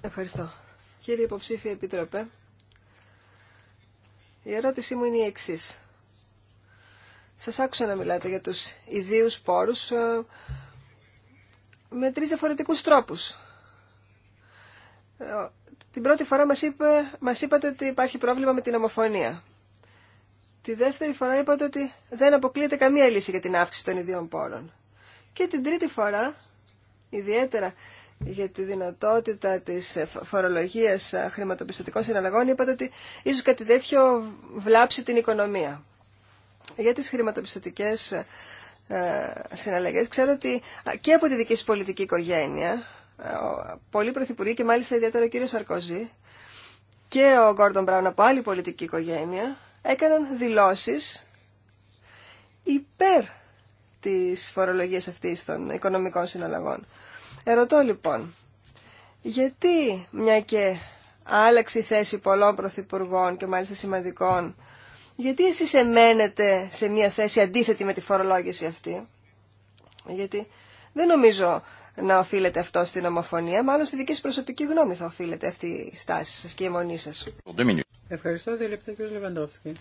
Ευχαριστώ. Κύριε υποψήφιε επιτροπέ, η ερώτησή μου είναι η εξή. Σας άκουσα να μιλάτε για τους ιδίους πόρους ε, με τρεις διαφορετικούς τρόπους. Ε, την πρώτη φορά μας, είπε, μας είπατε ότι υπάρχει πρόβλημα με την ομοφωνία. Τη δεύτερη φορά είπατε ότι δεν αποκλείεται καμία λύση για την αύξηση των ιδίων πόρων. Και την τρίτη φορά ιδιαίτερα για τη δυνατότητα της φορολογίας χρηματοπιστωτικών συναλλαγών είπατε ότι ίσως κάτι τέτοιο βλάψει την οικονομία. Για τις χρηματοπιστωτικές συναλλαγές ξέρω ότι και από τη δική σας πολιτική οικογένεια πολλοί πρωθυπουργοί και μάλιστα ιδιαίτερα ο κύριος Σαρκοζή και ο Γκόρντον Μπράουν από άλλη πολιτική οικογένεια έκαναν δηλώσεις υπέρ της φορολογίας αυτής των οικονομικών συναλλαγών. Ερωτώ λοιπόν, γιατί μια και άλλαξε η θέση πολλών πρωθυπουργών και μάλιστα σημαντικών, γιατί εσείς εμένετε σε μια θέση αντίθετη με τη φορολόγηση αυτή. Γιατί δεν νομίζω να οφείλεται αυτό στην ομοφωνία, μάλλον στη δική σας προσωπική γνώμη θα οφείλεται αυτή η στάση σας και η αιμονή σας. Ευχαριστώ, δύο λεπτά Λεβαντόφσκι.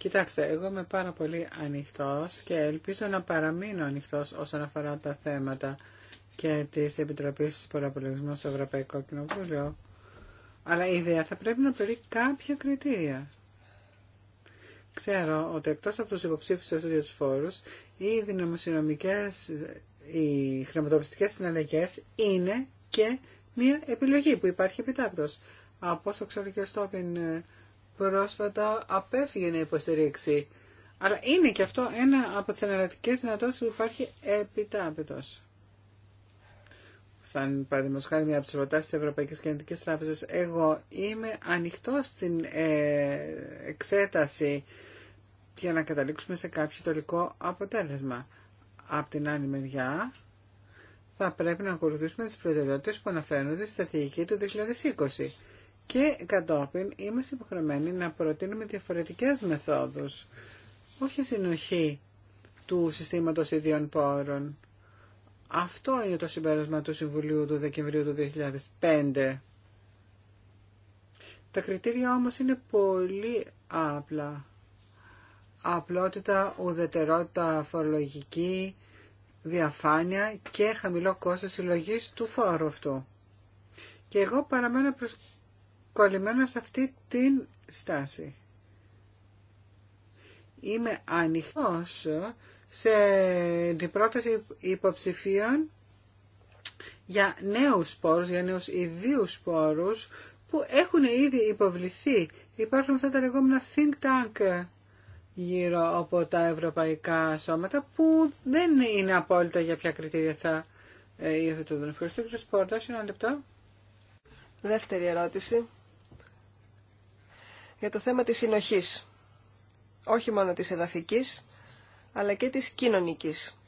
Κοιτάξτε, εγώ είμαι πάρα πολύ ανοιχτός και ελπίζω να παραμείνω ανοιχτός όσον αφορά τα θέματα και της Επιτροπής παραπολογισμού στο Ευρωπαϊκό Κοινοβούλιο. Αλλά η ιδέα θα πρέπει να περί κάποια κριτήρια. Ξέρω ότι εκτός από τους υποψήφους αυτούς για τους φόρους, οι δυναμοσυνομικές, οι χρηματοπιστικές συναλλαγές είναι και μια επιλογή που υπάρχει επιτάπτως. Από όσο ξέρω και στο ε, πρόσφατα απέφυγε να υποστηρίξει. Αλλά είναι και αυτό ένα από τις εναλλακτικές δυνατότητες που υπάρχει επιτάπητος. Σαν παραδείγματος χάρη μια από τις προτάσεις της Ευρωπαϊκής Κεντρικής Τράπεζας, εγώ είμαι ανοιχτό στην ε, εξέταση για να καταλήξουμε σε κάποιο τολικό αποτέλεσμα. Απ' την άλλη μεριά, θα πρέπει να ακολουθήσουμε τις προτεραιότητες που αναφέρονται στη στρατηγική του 2020 και κατόπιν είμαστε υποχρεωμένοι να προτείνουμε διαφορετικές μεθόδους, όχι συνοχή του συστήματος ιδιών πόρων. Αυτό είναι το συμπέρασμα του Συμβουλίου του Δεκεμβρίου του 2005. Τα κριτήρια όμως είναι πολύ απλά. Απλότητα, ουδετερότητα φορολογική, διαφάνεια και χαμηλό κόστος συλλογής του φόρου αυτού. Και εγώ παραμένω προς κολλημένο σε αυτή την στάση. Είμαι ανοιχτό σε την πρόταση υποψηφίων για νέους σπόρους, για νέους ιδίους σπόρους που έχουν ήδη υποβληθεί. Υπάρχουν αυτά τα λεγόμενα think tank γύρω από τα ευρωπαϊκά σώματα που δεν είναι απόλυτα για ποια κριτήρια θα ε, υιοθετούν. Ευχαριστώ κύριε Σπόρτας. Ένα λεπτό. Δεύτερη ερώτηση για το θέμα της συνοχής. Όχι μόνο της εδαφικής, αλλά και της κοινωνικής.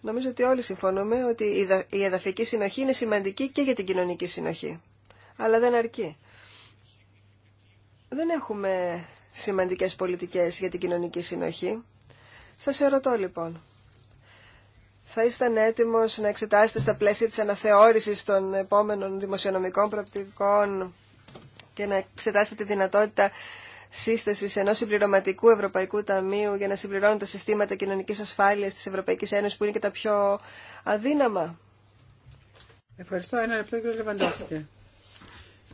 Νομίζω ότι όλοι συμφωνούμε ότι η εδαφική συνοχή είναι σημαντική και για την κοινωνική συνοχή. Αλλά δεν αρκεί. Δεν έχουμε σημαντικές πολιτικές για την κοινωνική συνοχή. Σας ερωτώ λοιπόν. Θα ήσταν έτοιμος να εξετάσετε στα πλαίσια της αναθεώρησης των επόμενων δημοσιονομικών προοπτικών και να εξετάσετε τη δυνατότητα σύσταση ενό συμπληρωματικού Ευρωπαϊκού Ταμείου για να συμπληρώνουν τα συστήματα κοινωνική ασφάλεια τη Ευρωπαϊκή Ένωση που είναι και τα πιο αδύναμα. Ευχαριστώ. Ένα λεπτό, κύριε Λεβαντόφσκι.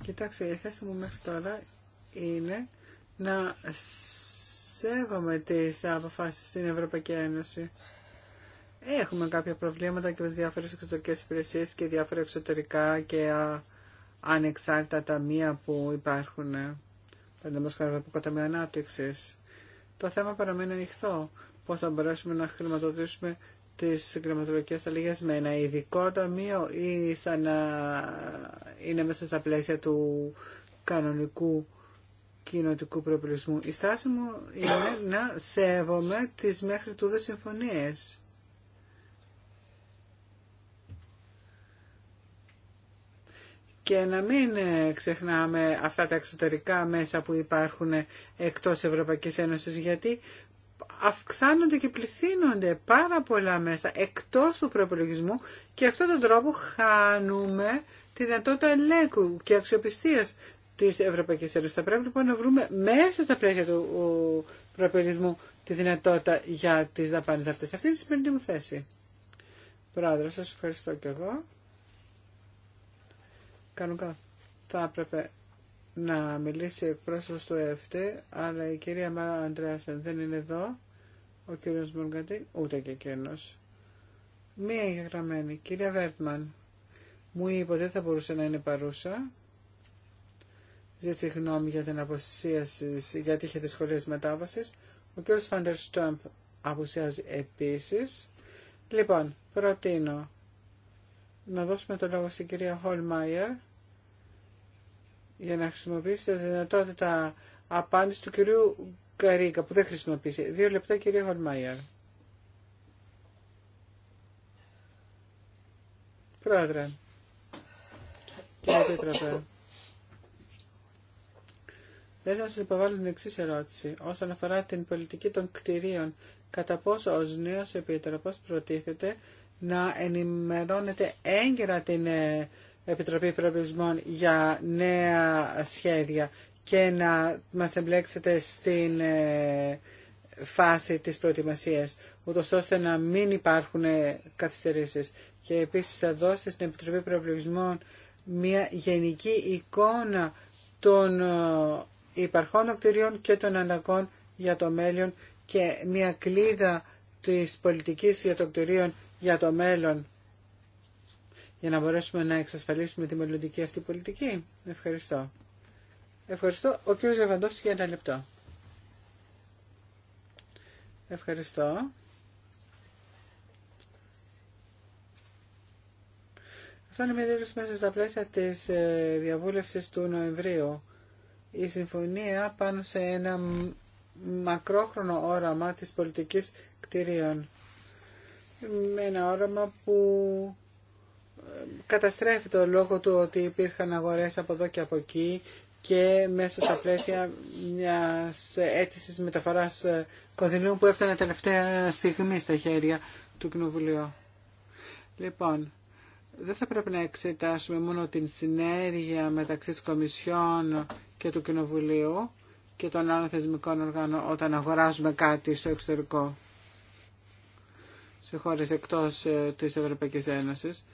Κοιτάξτε, η θέση μου μέχρι τώρα είναι να σέβομαι τις αποφάσεις στην Ευρωπαϊκή Ένωση. Έχουμε κάποια προβλήματα και με διάφορες εξωτερικές υπηρεσίες και διάφορα εξωτερικά και α, ανεξάρτητα ταμεία που υπάρχουν, ε, παραδείγματος χαρακτηριστικό ταμείο ανάπτυξη. Το θέμα παραμένει ανοιχτό. Πώ θα μπορέσουμε να χρηματοδοτήσουμε τι κρεματολογικέ αλληλεγγύε με ένα ειδικό ταμείο ή σαν να είναι μέσα στα πλαίσια του κανονικού κοινοτικού προπολισμού. Η στάση μου είναι να σέβομαι τις μέχρι τούδε συμφωνίες. και να μην ε, ξεχνάμε αυτά τα εξωτερικά μέσα που υπάρχουν εκτός Ευρωπαϊκής Ένωσης γιατί αυξάνονται και πληθύνονται πάρα πολλά μέσα εκτός του προπολογισμού και αυτόν τον τρόπο χάνουμε τη δυνατότητα ελέγχου και αξιοπιστίας της Ευρωπαϊκής Ένωσης. Θα πρέπει λοιπόν να βρούμε μέσα στα πλαίσια του προπολογισμού τη δυνατότητα για τις δαπάνες αυτές. Αυτή είναι η σημερινή μου θέση. Πρόεδρο, σας ευχαριστώ και εγώ. Κανονικά θα έπρεπε να μιλήσει εκπρόσωπος του ΕΦΤ, αλλά η κυρία Μάρα Αντρέασεν δεν είναι εδώ, ο κύριος Μουργαντή, ούτε και εκείνος. Μία γραμμένη. κυρία Βέρτμαν, μου είπε ότι δεν θα μπορούσε να είναι παρούσα. Ζήτησε γνώμη για την αποσίαση, γιατί είχε δυσκολίε μετάβαση. Ο κύριο Φαντερ Στόμπ αποσιάζει επίση. Λοιπόν, προτείνω να δώσουμε το λόγο στην κυρία Χολμάιερ για να χρησιμοποιήσει τη δυνατότητα απάντηση του κυρίου Καρίκα που δεν χρησιμοποιήσει. Δύο λεπτά κυρία Χολμάιερ. Πρόεδρε, κύριε Επίτροπε, δεν θα σας την εξή ερώτηση όσον αφορά την πολιτική των κτηρίων. Κατά πόσο ο νέος Επίτροπος προτίθεται να ενημερώνετε έγκαιρα την ε, Επιτροπή Προεπισμών για νέα σχέδια και να μας εμπλέξετε στην ε, φάση της προετοιμασίας, ούτως ώστε να μην υπάρχουν ε, καθυστερήσεις. Και επίσης θα δώσετε στην Επιτροπή Προεπισμών μια γενική εικόνα των υπαρχών οκτηρίων και των αναγκών για το μέλλον και μια κλίδα της πολιτικής για το κτηρίων για το μέλλον για να μπορέσουμε να εξασφαλίσουμε τη μελλοντική αυτή πολιτική. Ευχαριστώ. Ευχαριστώ. Ο κ. Λεβαντόφης για ένα λεπτό. Ευχαριστώ. Αυτό είναι μια δήλωση μέσα στα πλαίσια της ε, διαβούλευσης του Νοεμβρίου. Η συμφωνία πάνω σε ένα μακρόχρονο όραμα της πολιτικής κτηρίων με ένα όραμα που ε, καταστρέφει το λόγο του ότι υπήρχαν αγορές από εδώ και από εκεί και μέσα στα πλαίσια μιας αίτησης μεταφοράς ε, κονδυλίων που έφτανε τελευταία στιγμή στα χέρια του Κοινοβουλίου. Λοιπόν, δεν θα πρέπει να εξετάσουμε μόνο την συνέργεια μεταξύ της Κομισιόν και του Κοινοβουλίου και των άλλων θεσμικών οργάνων όταν αγοράζουμε κάτι στο εξωτερικό σε χώρες εκτός ε, της Ευρωπαϊκής Ένωσης.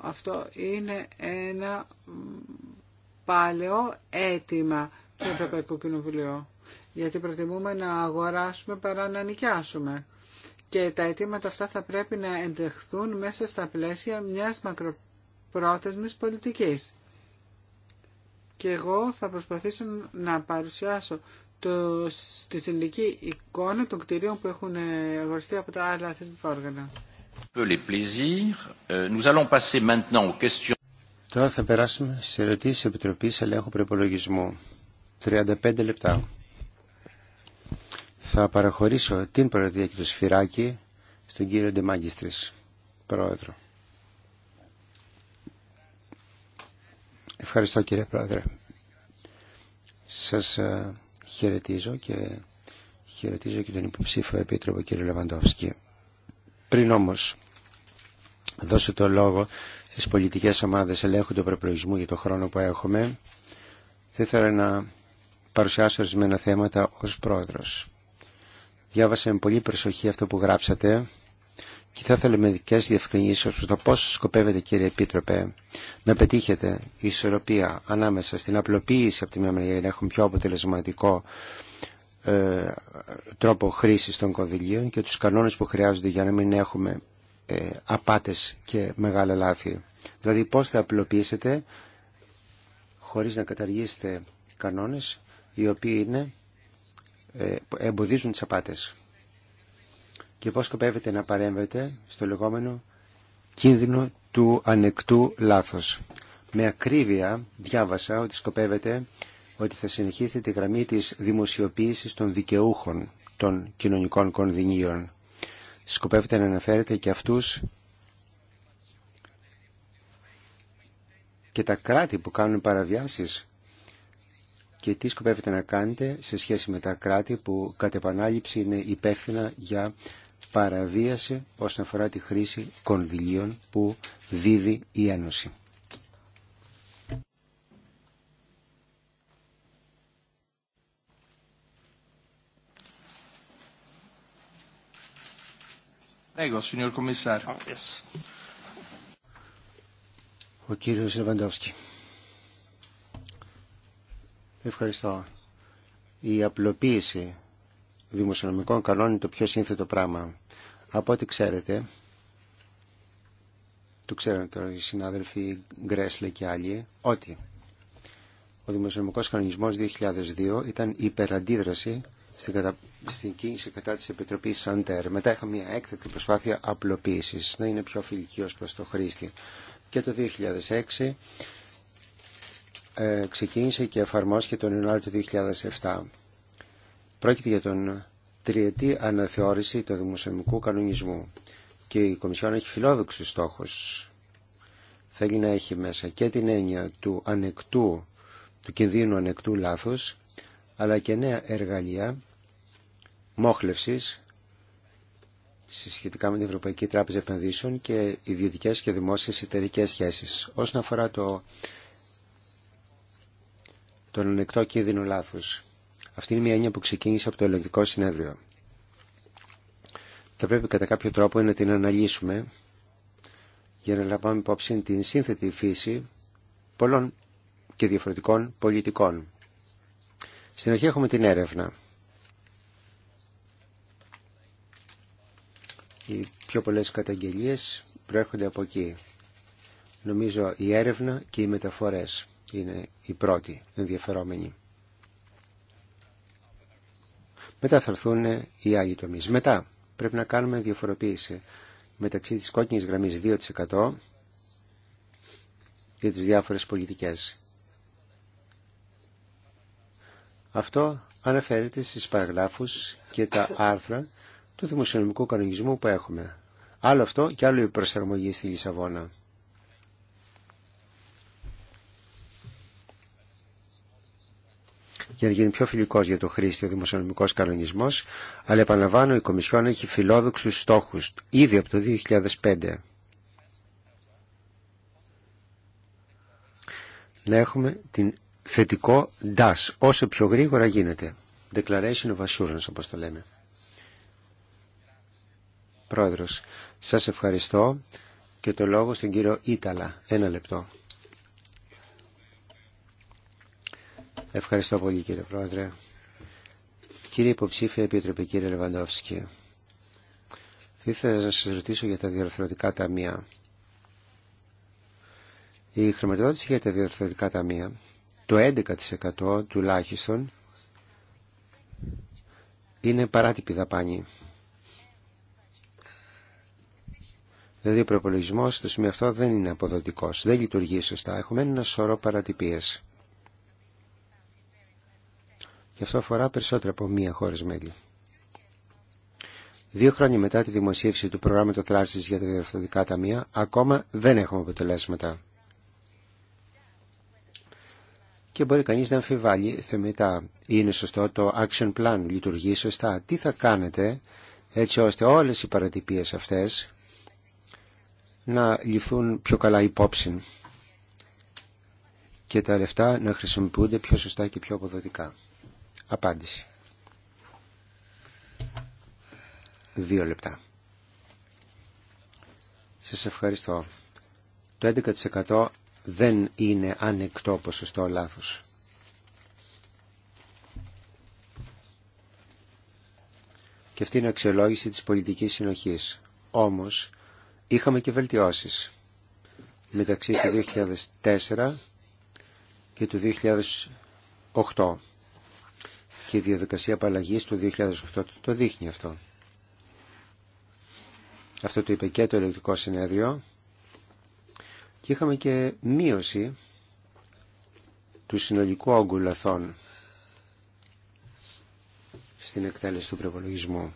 Αυτό είναι ένα παλαιό αίτημα του Ευρωπαϊκού Κοινοβουλίου. Γιατί προτιμούμε να αγοράσουμε παρά να νοικιάσουμε. Και τα αιτήματα αυτά θα πρέπει να εντεχθούν μέσα στα πλαίσια μιας μακροπρόθεσμης πολιτικής. Και εγώ θα προσπαθήσω να παρουσιάσω το, στη συνολική εικόνα των κτηρίων που έχουν ε, αγοριστεί από τα άλλα θεσμικά όργανα. Euh, Τώρα θα περάσουμε στι ερωτήσει Επιτροπή Ελέγχου Προπολογισμού. 35 λεπτά. Θα παραχωρήσω την Προεδρία και το Σφυράκι στον κύριο Ντεμάγκιστρη, Πρόεδρο. Ευχαριστώ κύριε Πρόεδρε. Σας ε, χαιρετίζω και χαιρετίζω και τον υποψήφιο επίτροπο κ. Λεβαντόφσκι. Πριν όμως δώσω το λόγο στις πολιτικές ομάδες ελέγχου του προπολογισμού για το χρόνο που έχουμε, θα ήθελα να παρουσιάσω ορισμένα θέματα ως πρόεδρος. Διάβασα με πολύ προσοχή αυτό που γράψατε και θα ήθελα με διευκρινήσει προ το πώ σκοπεύετε, κύριε Επίτροπε, να πετύχετε ισορροπία ανάμεσα στην απλοποίηση από τη μία μεριά για να έχουμε πιο αποτελεσματικό ε, τρόπο χρήση των κονδυλίων και του κανόνε που χρειάζονται για να μην έχουμε ε, απάτε και μεγάλα λάθη. Δηλαδή, πώ θα απλοποιήσετε χωρί να καταργήσετε κανόνε οι οποίοι ε, εμποδίζουν τι απάτε και πώς σκοπεύετε να παρέμβετε στο λεγόμενο κίνδυνο του ανεκτού λάθος. Με ακρίβεια διάβασα ότι σκοπεύετε ότι θα συνεχίσετε τη γραμμή της δημοσιοποίησης των δικαιούχων των κοινωνικών κονδυνίων. Σκοπεύετε να αναφέρετε και αυτούς και τα κράτη που κάνουν παραβιάσεις και τι σκοπεύετε να κάνετε σε σχέση με τα κράτη που κατ' επανάληψη είναι υπεύθυνα για παραβίαση όσον αφορά τη χρήση κονδυλίων που δίδει η Ένωση. Εγώ, oh, Ο κύριος Λεβαντόφσκι. Ευχαριστώ. Η απλοποίηση δημοσιονομικών κανόνων είναι το πιο σύνθετο πράγμα. Από ό,τι ξέρετε, το ξέρουν τώρα οι συνάδελφοι Γκρέσλε και άλλοι, ότι ο δημοσιονομικός κανονισμός 2002 ήταν υπεραντίδραση στην, κατα... στην κίνηση κατά της Επιτροπής Σαντέρ. Μετά είχαμε μια έκτακτη προσπάθεια απλοποίησης, να είναι πιο φιλική ως προς το χρήστη. Και το 2006 ε, ξεκίνησε και εφαρμόστηκε τον Ιανουάριο του 2007. Πρόκειται για τον τριετή αναθεώρηση του δημοσιονομικού κανονισμού και η Κομισιόν έχει φιλόδοξους στόχους. Θέλει να έχει μέσα και την έννοια του ανεκτού, του κινδύνου ανεκτού λάθους, αλλά και νέα εργαλεία μόχλευσης σχετικά με την Ευρωπαϊκή Τράπεζα Επενδύσεων και ιδιωτικέ και δημόσιε εταιρικέ σχέσει. Όσον αφορά το, τον ανεκτό κίνδυνο λάθους αυτή είναι μια έννοια που ξεκίνησε από το ελεγκτικό συνέδριο. Θα πρέπει κατά κάποιο τρόπο να την αναλύσουμε για να λαμβάνουμε υπόψη την σύνθετη φύση πολλών και διαφορετικών πολιτικών. Στην αρχή έχουμε την έρευνα. Οι πιο πολλές καταγγελίες προέρχονται από εκεί. Νομίζω η έρευνα και οι μεταφορές είναι οι πρώτοι ενδιαφερόμενοι. Μετά θα έρθουν οι άλλοι τομεί. Μετά πρέπει να κάνουμε διαφοροποίηση μεταξύ της κόκκινης γραμμής 2% και τις διάφορες πολιτικές. Αυτό αναφέρεται στις παραγράφους και τα άρθρα του δημοσιονομικού κανονισμού που έχουμε. Άλλο αυτό και άλλο η προσαρμογή στη Λισαβόνα. για να γίνει πιο φιλικό για το χρήστη ο δημοσιονομικό κανονισμό, αλλά επαναλαμβάνω η Κομισιόν έχει φιλόδοξου στόχου ήδη από το 2005. Να έχουμε την θετικό DAS όσο πιο γρήγορα γίνεται. Declaration of Assurance όπως το λέμε. Πρόεδρος, σας ευχαριστώ και το λόγο στον κύριο Ήταλα. Ένα λεπτό. Ευχαριστώ πολύ κύριε Πρόεδρε. Κύριε Υποψήφια Επίτροπε, κύριε Λεβαντόφσκι, ήθελα να σας ρωτήσω για τα διορθωτικά ταμεία. Η χρηματοδότηση για τα διορθωτικά ταμεία, το 11% τουλάχιστον, είναι παράτυπη δαπάνη. Δηλαδή ο προπολογισμό στο σημείο αυτό δεν είναι αποδοτικός, δεν λειτουργεί σωστά. Έχουμε ένα σωρό παρατυπίε και αυτό αφορά περισσότερο από μία χώρε μέλη. Δύο χρόνια μετά τη δημοσίευση του προγράμματο δράση για τα διευθυντικά ταμεία, ακόμα δεν έχουμε αποτελέσματα. Και μπορεί κανεί να αμφιβάλλει θεμετά. Είναι σωστό το action plan, λειτουργεί σωστά. Τι θα κάνετε έτσι ώστε όλε οι παρατυπίε αυτέ να ληφθούν πιο καλά υπόψη και τα λεφτά να χρησιμοποιούνται πιο σωστά και πιο αποδοτικά. Απάντηση. Δύο λεπτά. Σας ευχαριστώ. Το 11% δεν είναι ανεκτό ποσοστό λάθος. Και αυτή είναι η αξιολόγηση της πολιτικής συνοχής. Όμως, είχαμε και βελτιώσεις. Μεταξύ του 2004 και του 2008 και η διαδικασία απαλλαγής του 2008 το δείχνει αυτό. Αυτό το είπε και το ελεκτικό συνέδριο και είχαμε και μείωση του συνολικού όγκου λαθών στην εκτέλεση του προπολογισμού.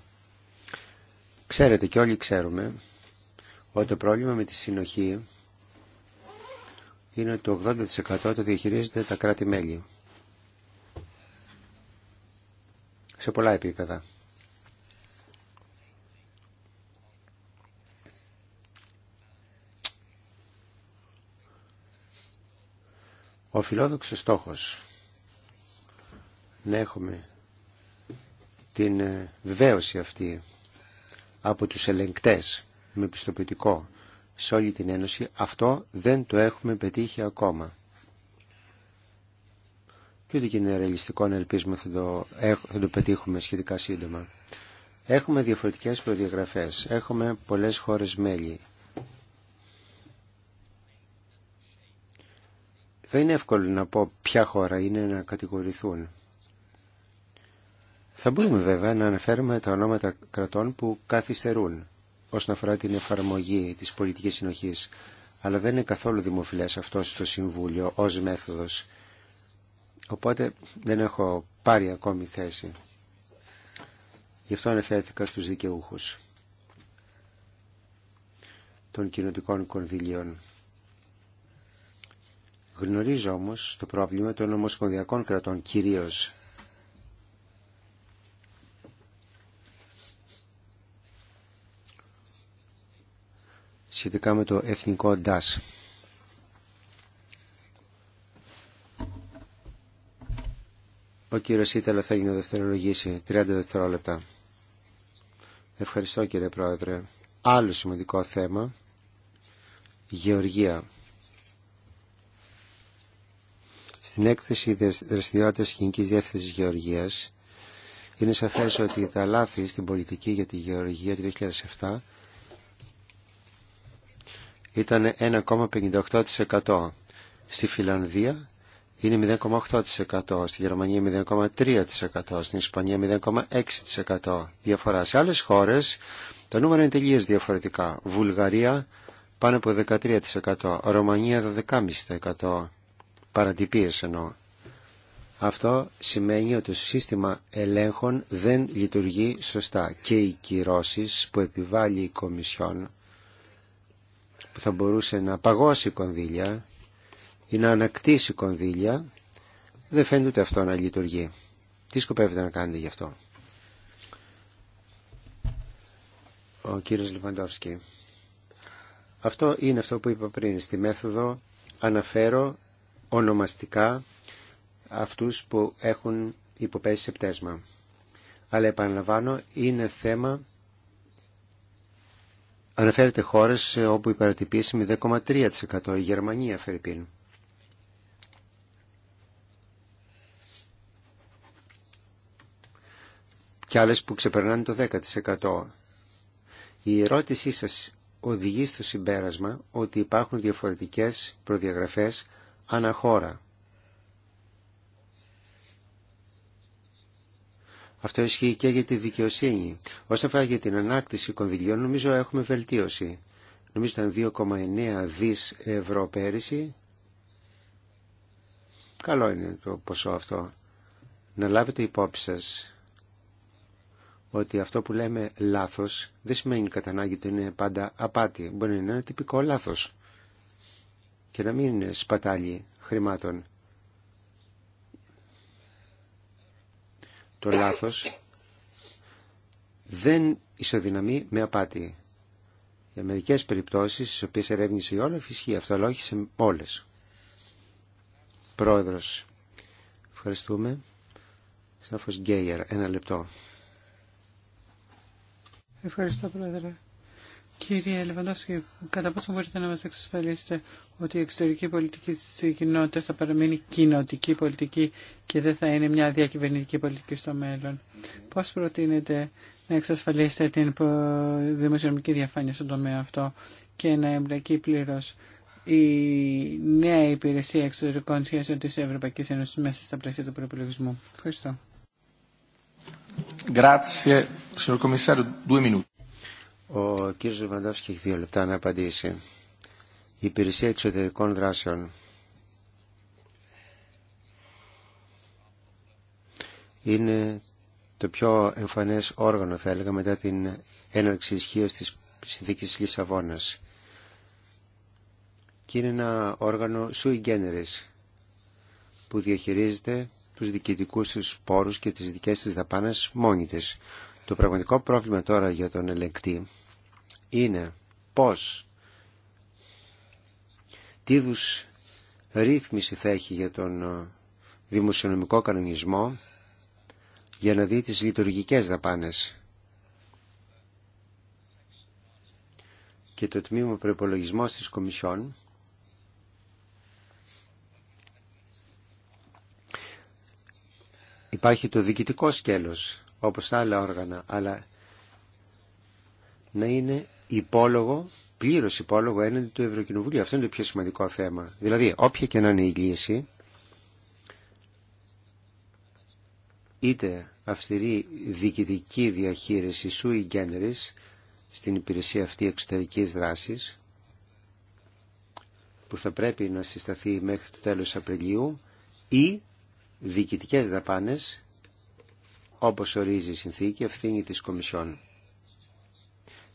Ξέρετε και όλοι ξέρουμε ότι το πρόβλημα με τη συνοχή είναι ότι το 80% το διαχειρίζεται τα κράτη-μέλη. σε πολλά επίπεδα. Ο φιλόδοξος στόχος να έχουμε την ε, βεβαίωση αυτή από τους ελεγκτές με πιστοποιητικό σε όλη την Ένωση, αυτό δεν το έχουμε πετύχει ακόμα και ότι και είναι ρεαλιστικό να ελπίζουμε ότι θα το πετύχουμε σχετικά σύντομα. Έχουμε διαφορετικές προδιαγραφές. Έχουμε πολλές χώρες μέλη. Δεν είναι εύκολο να πω ποια χώρα είναι να κατηγορηθούν. Θα μπορούμε βέβαια να αναφέρουμε τα ονόματα κρατών που καθυστερούν όσον αφορά την εφαρμογή της πολιτικής συνοχής. Αλλά δεν είναι καθόλου δημοφιλές αυτό στο Συμβούλιο ως μέθοδος. Οπότε δεν έχω πάρει ακόμη θέση. Γι' αυτό αναφέρθηκα στους δικαιούχους των κοινωτικών κονδυλίων. Γνωρίζω όμως το πρόβλημα των ομοσπονδιακών κρατών κυρίως. Σχετικά με το εθνικό DAS. Ο κύριος Ήταλα θα γίνει να δευτερολογήσει 30 δευτερόλεπτα. Ευχαριστώ κύριε Πρόεδρε. Άλλο σημαντικό θέμα. Γεωργία. Στην έκθεση δραστηριότητα γενική Διεύθυνση Γεωργία είναι σαφέ ότι τα λάθη στην πολιτική για τη γεωργία του 2007 ήταν 1,58%. Στη Φιλανδία είναι 0,8%, στη Γερμανία 0,3%, στην Ισπανία 0,6% διαφορά. Σε άλλες χώρες το νούμερο είναι τελείως διαφορετικά. Βουλγαρία πάνω από 13%, Ρωμανία 12,5%, παρατυπίες εννοώ. Αυτό σημαίνει ότι το σύστημα ελέγχων δεν λειτουργεί σωστά και οι κυρώσεις που επιβάλλει η Κομισιόν που θα μπορούσε να παγώσει κονδύλια ή να ανακτήσει κονδύλια, δεν φαίνεται ούτε αυτό να λειτουργεί. Τι σκοπεύετε να κάνετε γι' αυτό. Ο κύριος Λιβαντόφσκι. Αυτό είναι αυτό που είπα πριν. Στη μέθοδο αναφέρω ονομαστικά αυτούς που έχουν υποπέσει σε πτέσμα. Αλλά επαναλαμβάνω, είναι θέμα... Αναφέρεται χώρες όπου η παρατυπήση 0,3% η Γερμανία, Φερρυπίν. και άλλες που ξεπερνάνε το 10%. Η ερώτησή σας οδηγεί στο συμπέρασμα ότι υπάρχουν διαφορετικές προδιαγραφές αναχώρα. Αυτό ισχύει και για τη δικαιοσύνη. Όσον αφορά για την ανάκτηση κονδυλιών, νομίζω έχουμε βελτίωση. Νομίζω ήταν 2,9 δις ευρώ πέρυσι. Καλό είναι το ποσό αυτό. Να λάβετε υπόψη σας ότι αυτό που λέμε λάθος δεν σημαίνει κατά ανάγκη ότι είναι πάντα απάτη. Μπορεί να είναι ένα τυπικό λάθος και να μην είναι σπατάλι χρημάτων. Το λάθος δεν ισοδυναμεί με απάτη. Για μερικέ περιπτώσεις, στι οποίες ερεύνησε η Όλαφ, ισχύει αυτό, αλλά όχι σε όλες. Πρόεδρος, ευχαριστούμε. Σάφο Γκέιερ, ένα λεπτό. Ευχαριστώ, Πρόεδρε. Κύριε Λεβαντόφσκι, κατά πόσο μπορείτε να μας εξασφαλίσετε ότι η εξωτερική πολιτική της κοινότητας θα παραμείνει κοινοτική πολιτική και δεν θα είναι μια διακυβερνητική πολιτική στο μέλλον. Πώς προτείνετε να εξασφαλίσετε την δημοσιονομική διαφάνεια στον τομέα αυτό και να εμπλακεί πλήρω η νέα υπηρεσία εξωτερικών σχέσεων της Ευρωπαϊκή Ένωση μέσα στα πλαίσια του προπολογισμού. Ευχαριστώ. Ο κύριο Ζευμαντάφσκι έχει δύο λεπτά να απαντήσει. Η υπηρεσία εξωτερικών δράσεων. Είναι το πιο εμφανές όργανο, θα έλεγα, μετά την έναρξη ισχύω της συνθήκης Λισαβόνα. Και είναι ένα όργανο sui generis, που διαχειρίζεται τους διοικητικούς τους πόρους και τις δικές της δαπάνες μόνη Το πραγματικό πρόβλημα τώρα για τον ελεγκτή είναι πώς, τι είδου ρύθμιση θα έχει για τον ε, δημοσιονομικό κανονισμό για να δει τις λειτουργικές δαπάνες. Και το τμήμα προπολογισμό της Κομισιόν υπάρχει το διοικητικό σκέλος, όπως τα άλλα όργανα, αλλά να είναι υπόλογο, πλήρως υπόλογο έναντι του Ευρωκοινοβουλίου. Αυτό είναι το πιο σημαντικό θέμα. Δηλαδή, όποια και να είναι η λύση, είτε αυστηρή διοικητική διαχείριση σου ή generis στην υπηρεσία αυτή εξωτερικής δράσης, που θα πρέπει να συσταθεί μέχρι το τέλος Απριλίου, ή διοικητικές δαπάνες, όπως ορίζει η συνθήκη, ευθύνη της Κομισιόν.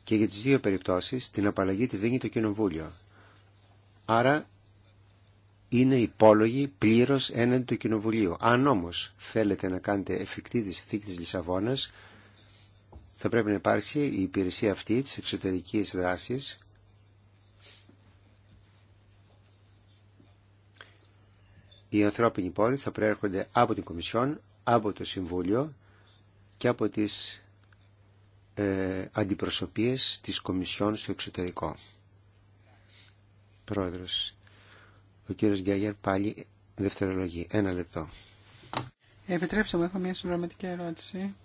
Και για τις δύο περιπτώσεις, την απαλλαγή τη δίνει το Κοινοβούλιο. Άρα είναι υπόλογοι πλήρως έναντι του Κοινοβουλίου. Αν όμως θέλετε να κάνετε εφικτή τη συνθήκη της Λισαβόνας, θα πρέπει να υπάρξει η υπηρεσία αυτή της εξωτερικής δράσης Οι ανθρώπινοι πόροι θα προέρχονται από την Κομισιόν, από το Συμβούλιο και από τις ε, αντιπροσωπείες της Κομισιόν στο εξωτερικό. Πρόεδρος, ο κύριος Γκέγερ πάλι δευτερολογεί. Ένα λεπτό. Επιτρέψτε μου, έχω μια συμπληρωματική ερώτηση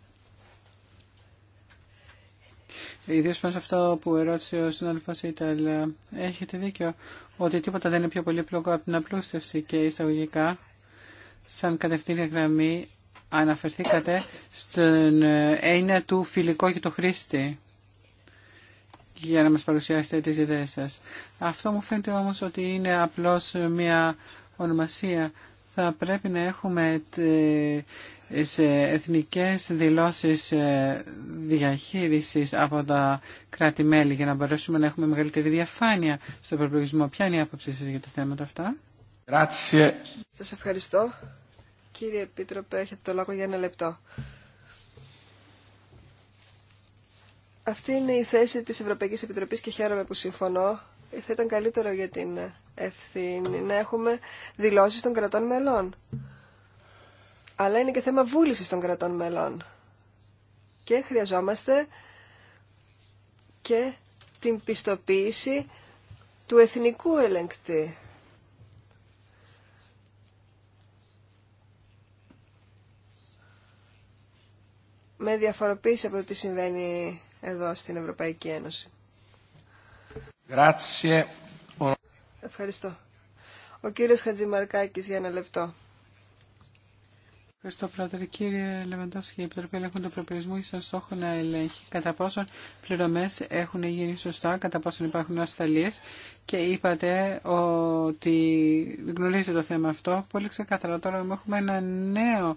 Ιδίω πάνω σε αυτό που ερώτησε ο συνάδελφο Ιταλ, έχετε δίκιο ότι τίποτα δεν είναι πιο πολύ πολύπλοκο από την απλούστευση και εισαγωγικά, σαν κατευθύνια γραμμή, αναφερθήκατε στην έννοια ε, του φιλικό και το χρήστη για να μας παρουσιάσετε τις ιδέες σας. Αυτό μου φαίνεται όμως ότι είναι απλώς μια ονομασία. Θα πρέπει να έχουμε ε, σε εθνικές δηλώσεις ε, διαχείρισης από τα κράτη-μέλη για να μπορέσουμε να έχουμε μεγαλύτερη διαφάνεια στον προπλογισμό. Ποια είναι η άποψή σας για τα θέματα αυτά. Grazie. Σας ευχαριστώ. Κύριε Επίτροπε, έχετε το λόγο για ένα λεπτό. Αυτή είναι η θέση της Ευρωπαϊκής Επιτροπής και χαίρομαι που συμφωνώ. Θα ήταν καλύτερο για την ευθύνη να έχουμε δηλώσεις των κρατών μελών αλλά είναι και θέμα βούλησης των κρατών μελών. Και χρειαζόμαστε και την πιστοποίηση του εθνικού ελεγκτή. Με διαφοροποίηση από το τι συμβαίνει εδώ στην Ευρωπαϊκή Ένωση. Ευχαριστώ. Ο κύριος Χατζημαρκάκης για ένα λεπτό. Ευχαριστώ, Πρόεδρε. Κύριε Λεβαντόφσκι, η Επιτροπή Ελέγχων του Προπηρισμού έχει σαν στόχο να ελέγχει κατά πόσον πληρωμέ έχουν γίνει σωστά, κατά πόσον υπάρχουν ασθαλίε και είπατε ότι γνωρίζετε το θέμα αυτό πολύ ξεκάθαρα. Τώρα έχουμε ένα νέο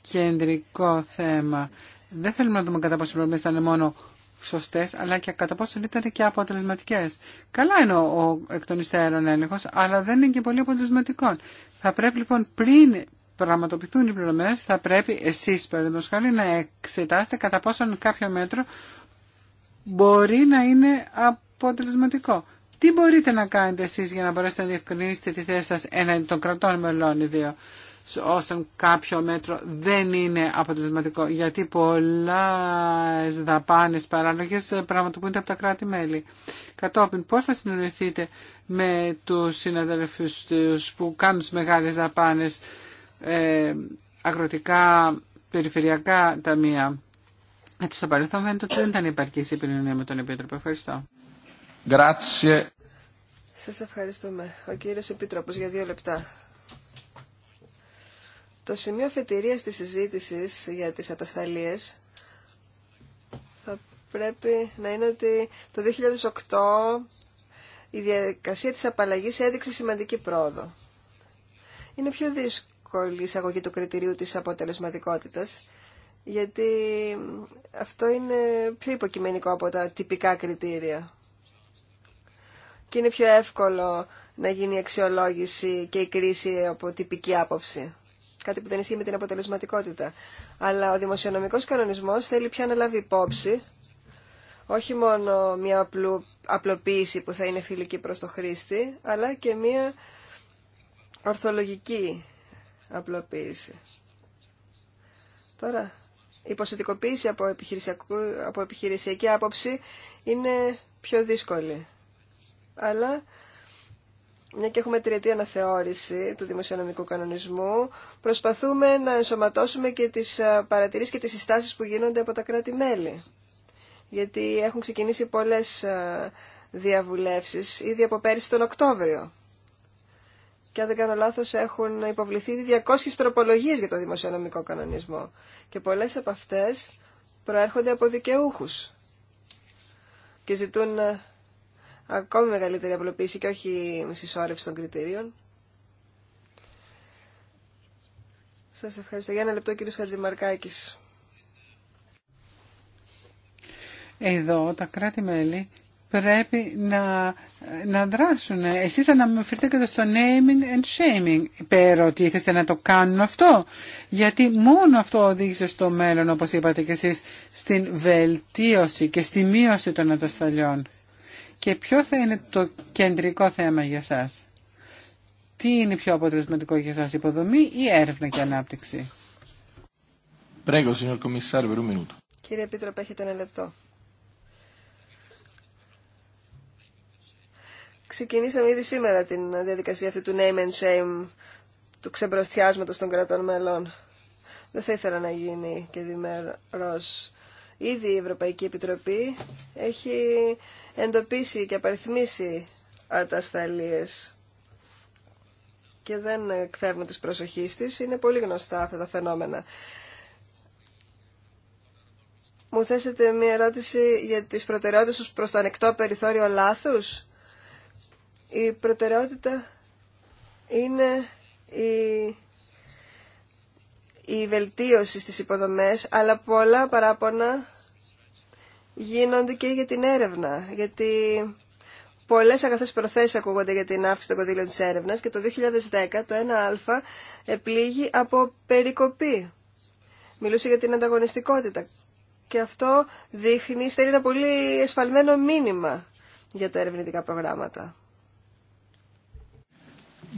κεντρικό θέμα. Δεν θέλουμε να δούμε κατά πόσον πληρωμέ ήταν μόνο σωστέ, αλλά και κατά πόσο ήταν και αποτελεσματικέ. Καλά είναι ο εκ των υστέρων έλεγχο, αλλά δεν είναι και πολύ αποτελεσματικό. Θα πρέπει λοιπόν πριν πραγματοποιηθούν οι πληρωμές θα πρέπει εσεί, παραδείγματος χάρη να εξετάσετε κατά πόσον κάποιο μέτρο μπορεί να είναι αποτελεσματικό. Τι μπορείτε να κάνετε εσεί για να μπορέσετε να διευκρινίσετε τη θέση σα έναντι των κρατών μελών ιδίω όσον κάποιο μέτρο δεν είναι αποτελεσματικό γιατί πολλά δαπάνε παράλογε πραγματοποιούνται από τα κράτη-μέλη. Κατόπιν πώ θα συνεννοηθείτε με του συναδέλφου που κάνουν τι μεγάλε δαπάνε, ε, αγροτικά περιφερειακά ταμεία. Έτσι στο παρελθόν φαίνεται ότι δεν ήταν υπαρκή η επικοινωνία με τον Επίτροπο. Ευχαριστώ. Grazie. Σας ευχαριστούμε. Ο κύριο Επίτροπο για δύο λεπτά. Το σημείο αφετηρία τη συζήτηση για τι ατασταλίε θα πρέπει να είναι ότι το 2008 η διαδικασία της απαλλαγής έδειξε σημαντική πρόοδο. Είναι πιο δύσκολο εύκολη εισαγωγή του κριτηρίου της αποτελεσματικότητας, γιατί αυτό είναι πιο υποκειμενικό από τα τυπικά κριτήρια. Και είναι πιο εύκολο να γίνει η αξιολόγηση και η κρίση από τυπική άποψη. Κάτι που δεν ισχύει με την αποτελεσματικότητα. Αλλά ο δημοσιονομικός κανονισμός θέλει πια να λάβει υπόψη όχι μόνο μια απλού, απλοποίηση που θα είναι φιλική προς το χρήστη, αλλά και μια ορθολογική απλοποίηση. Τώρα, η ποσοτικοποίηση από, από επιχειρησιακή άποψη είναι πιο δύσκολη. Αλλά, μια και έχουμε τριετή αναθεώρηση του δημοσιονομικού κανονισμού, προσπαθούμε να ενσωματώσουμε και τις παρατηρήσεις και τις συστάσεις που γίνονται από τα κράτη-μέλη. Γιατί έχουν ξεκινήσει πολλές διαβουλεύσεις, ήδη από πέρυσι τον Οκτώβριο και αν δεν κάνω λάθος έχουν υποβληθεί 200 τροπολογίες για το δημοσιονομικό κανονισμό και πολλές από αυτές προέρχονται από δικαιούχους και ζητούν ε, ακόμη μεγαλύτερη απλοποίηση και όχι συσσόρευση των κριτήριων. Σας ευχαριστώ. Για ένα λεπτό κύριος Χατζημαρκάκης. Εδώ τα κράτη-μέλη πρέπει να, να δράσουν. Εσείς και στο naming and shaming. ότι ήθεστε να το κάνουν αυτό. Γιατί μόνο αυτό οδήγησε στο μέλλον, όπως είπατε και εσείς, στην βελτίωση και στη μείωση των ατασταλιών. Και ποιο θα είναι το κεντρικό θέμα για σας. Τι είναι πιο αποτελεσματικό για σας, υποδομή ή έρευνα και ανάπτυξη. Κύριε Επίτροπε, έχετε ένα λεπτό. Ξεκινήσαμε ήδη σήμερα την διαδικασία αυτή του name and shame, του ξεμπροστιάσματος των κρατών μελών. Δεν θα ήθελα να γίνει και διμερός. Ήδη η Ευρωπαϊκή Επιτροπή έχει εντοπίσει και απαριθμίσει ατασταλίες και δεν εκφεύγουν της προσοχής της. Είναι πολύ γνωστά αυτά τα φαινόμενα. Μου θέσετε μία ερώτηση για τις προτεραιότητες προς το ανεκτό περιθώριο λάθους. Η προτεραιότητα είναι η η βελτίωση στις υποδομές, αλλά πολλά παράπονα γίνονται και για την έρευνα, γιατί πολλές αγαθές προθέσεις ακούγονται για την αύξηση των κονδύλων της έρευνας και το 2010 το 1α επλήγει από περικοπή. Μιλούσε για την ανταγωνιστικότητα και αυτό δείχνει, στέλνει ένα πολύ εσφαλμένο μήνυμα για τα ερευνητικά προγράμματα.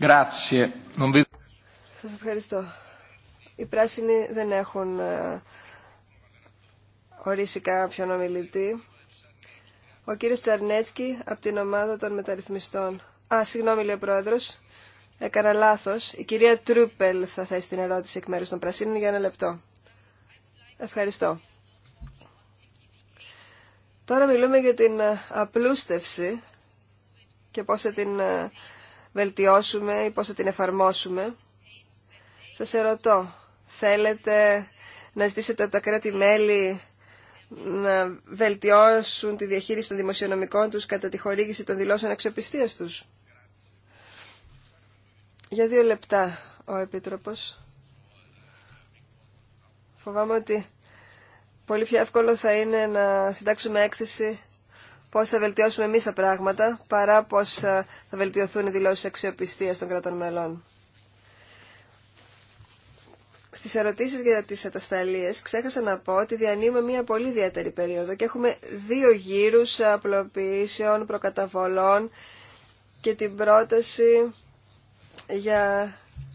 Σας ευχαριστώ. Οι πράσινοι δεν έχουν ε, ορίσει κάποιον ομιλητή. Ο κύριος Τσαρνέτσκι από την ομάδα των μεταρρυθμιστών. Α, συγγνώμη λέει ο πρόεδρος. Έκανα λάθος. Η κυρία Τρούπελ θα θέσει την ερώτηση εκ μέρους των πρασίνων για ένα λεπτό. Ευχαριστώ. Τώρα μιλούμε για την ε, απλούστευση και πώς θα την ε, βελτιώσουμε ή πώς θα την εφαρμόσουμε. Σας ερωτώ, θέλετε να ζητήσετε από τα κράτη-μέλη να βελτιώσουν τη διαχείριση των δημοσιονομικών τους κατά τη χορήγηση των δηλώσεων αξιοπιστίας τους. Για δύο λεπτά ο Επίτροπος. Φοβάμαι ότι πολύ πιο εύκολο θα είναι να συντάξουμε έκθεση Πώ θα βελτιώσουμε εμεί τα πράγματα παρά πώς ε, θα βελτιωθούν οι δηλώσεις αξιοπιστία των κρατών μελών. Στις ερωτήσεις για τις ατασταλίε, ξέχασα να πω ότι διανύουμε μια πολύ ιδιαίτερη περίοδο και έχουμε δύο γύρους απλοποιήσεων, προκαταβολών και την πρόταση για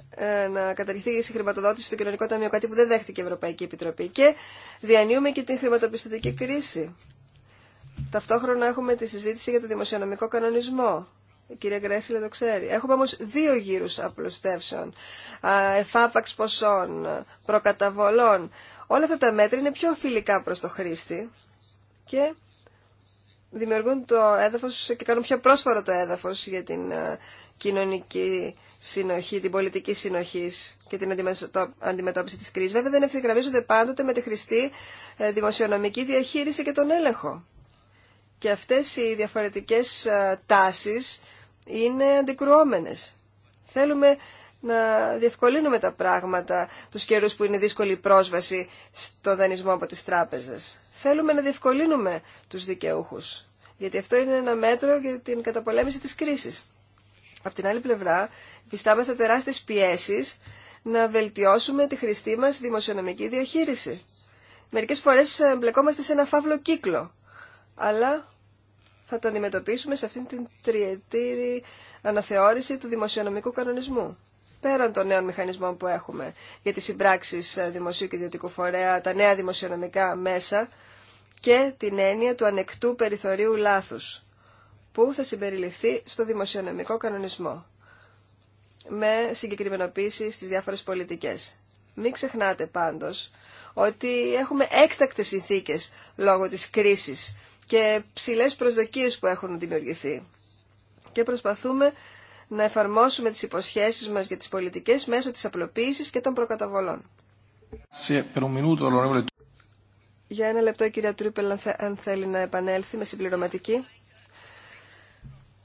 ε, να καταργηθεί η χρηματοδότηση στο κοινωνικό ταμείο, κάτι που δεν δέχτηκε η Ευρωπαϊκή Επιτροπή. Και διανύουμε και την χρηματοπιστωτική κρίση. Ταυτόχρονα έχουμε τη συζήτηση για το δημοσιονομικό κανονισμό. Η κυρία Γκρέσιλε το ξέρει. Έχουμε όμως δύο γύρους απλουστεύσεων, εφάπαξ ποσών, προκαταβολών. Όλα αυτά τα μέτρα είναι πιο φιλικά προς το χρήστη και δημιουργούν το έδαφος και κάνουν πιο πρόσφορο το έδαφος για την κοινωνική συνοχή, την πολιτική συνοχή και την αντιμετώπιση της κρίσης. Βέβαια δεν ευθυγραμμίζονται πάντοτε με τη χρηστή ε, δημοσιονομική διαχείριση και τον έλεγχο. Και αυτές οι διαφορετικές ε, τάσεις είναι αντικρουόμενες. Θέλουμε να διευκολύνουμε τα πράγματα τους καιρούς που είναι δύσκολη η πρόσβαση στο δανεισμό από τις τράπεζες. Θέλουμε να διευκολύνουμε τους δικαιούχους, γιατί αυτό είναι ένα μέτρο για την καταπολέμηση της κρίσης. Απ' την άλλη πλευρά, πιστάμεθα τεράστιες πιέσεις να βελτιώσουμε τη χρηστή μας δημοσιονομική διαχείριση. Μερικές φορές ε, μπλεκόμαστε σε ένα φαύλο κύκλο αλλά θα το αντιμετωπίσουμε σε αυτήν την τριετήρη αναθεώρηση του δημοσιονομικού κανονισμού. Πέραν των νέων μηχανισμών που έχουμε για τις συμπράξεις ε, δημοσίου και ιδιωτικού φορέα, τα νέα δημοσιονομικά μέσα και την έννοια του ανεκτού περιθωρίου λάθους που θα συμπεριληφθεί στο δημοσιονομικό κανονισμό με συγκεκριμενοποίηση στις διάφορες πολιτικές. Μην ξεχνάτε πάντως ότι έχουμε έκτακτες συνθήκες λόγω της κρίσης και ψηλέ προσδοκίες που έχουν δημιουργηθεί. Και προσπαθούμε να εφαρμόσουμε τις υποσχέσεις μας για τις πολιτικές μέσω της απλοποίησης και των προκαταβολών. Για ένα λεπτό η κυρία Τρούπελ αν θέλει να επανέλθει με συμπληρωματική.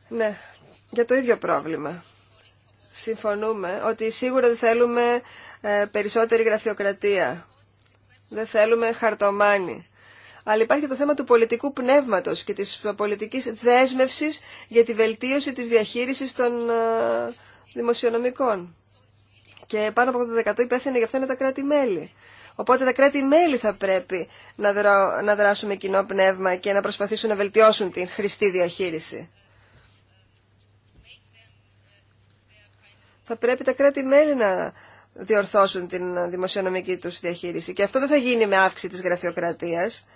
Ναι, για το ίδιο πρόβλημα. Συμφωνούμε ότι σίγουρα δεν θέλουμε ε, περισσότερη γραφειοκρατία. Δεν θέλουμε χαρτομάνη αλλά υπάρχει και το θέμα του πολιτικού πνεύματος και της πολιτικής δέσμευσης για τη βελτίωση της διαχείρισης των ε, δημοσιονομικών. Και πάνω από το 10% υπεύθυνοι γι' αυτό είναι τα κράτη-μέλη. Οπότε τα κράτη-μέλη θα πρέπει να, δρα... να δράσουν με κοινό πνεύμα και να προσπαθήσουν να βελτιώσουν την χρηστή διαχείριση. Θα πρέπει τα κράτη-μέλη να διορθώσουν την δημοσιονομική τους διαχείριση. Και αυτό δεν θα γίνει με αύξηση της γραφειοκρατίας.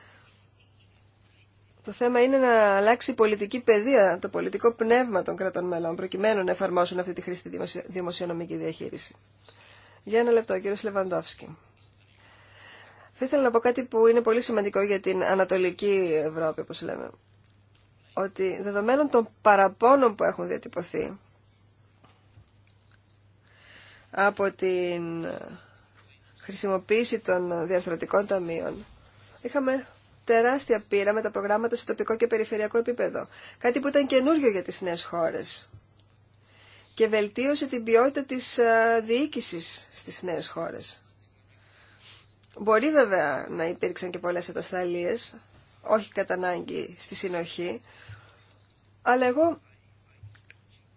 Το θέμα είναι να αλλάξει η πολιτική παιδεία, το πολιτικό πνεύμα των κρατών μελών, προκειμένου να εφαρμόσουν αυτή τη χρήστη δημοσιονομική διαχείριση. Για ένα λεπτό, κύριο Λεβαντόφσκι. Θα ήθελα να πω κάτι που είναι πολύ σημαντικό για την Ανατολική Ευρώπη, όπως λέμε. Ότι δεδομένων των παραπώνων που έχουν διατυπωθεί από την χρησιμοποίηση των διαρθρωτικών ταμείων, είχαμε τεράστια πείρα με τα προγράμματα σε τοπικό και περιφερειακό επίπεδο. Κάτι που ήταν καινούριο για τις νέες χώρες. Και βελτίωσε την ποιότητα της ε, διοίκησης στις νέες χώρες. Μπορεί βέβαια να υπήρξαν και πολλές ατασταλίες, όχι κατά ανάγκη στη συνοχή, αλλά εγώ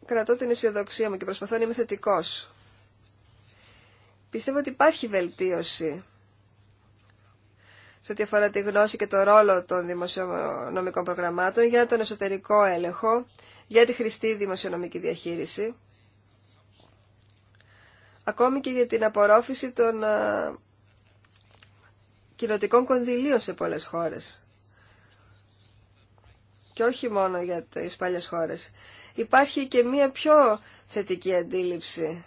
κρατώ την αισιοδοξία μου και προσπαθώ να είμαι θετικός. Πιστεύω ότι υπάρχει βελτίωση σε ό,τι αφορά τη γνώση και το ρόλο των δημοσιονομικών προγραμμάτων, για τον εσωτερικό έλεγχο, για τη χρηστή δημοσιονομική διαχείριση, ακόμη και για την απορρόφηση των κοινοτικών κονδυλίων σε πολλές χώρες. Και όχι μόνο για τις παλιές χώρες. Υπάρχει και μία πιο θετική αντίληψη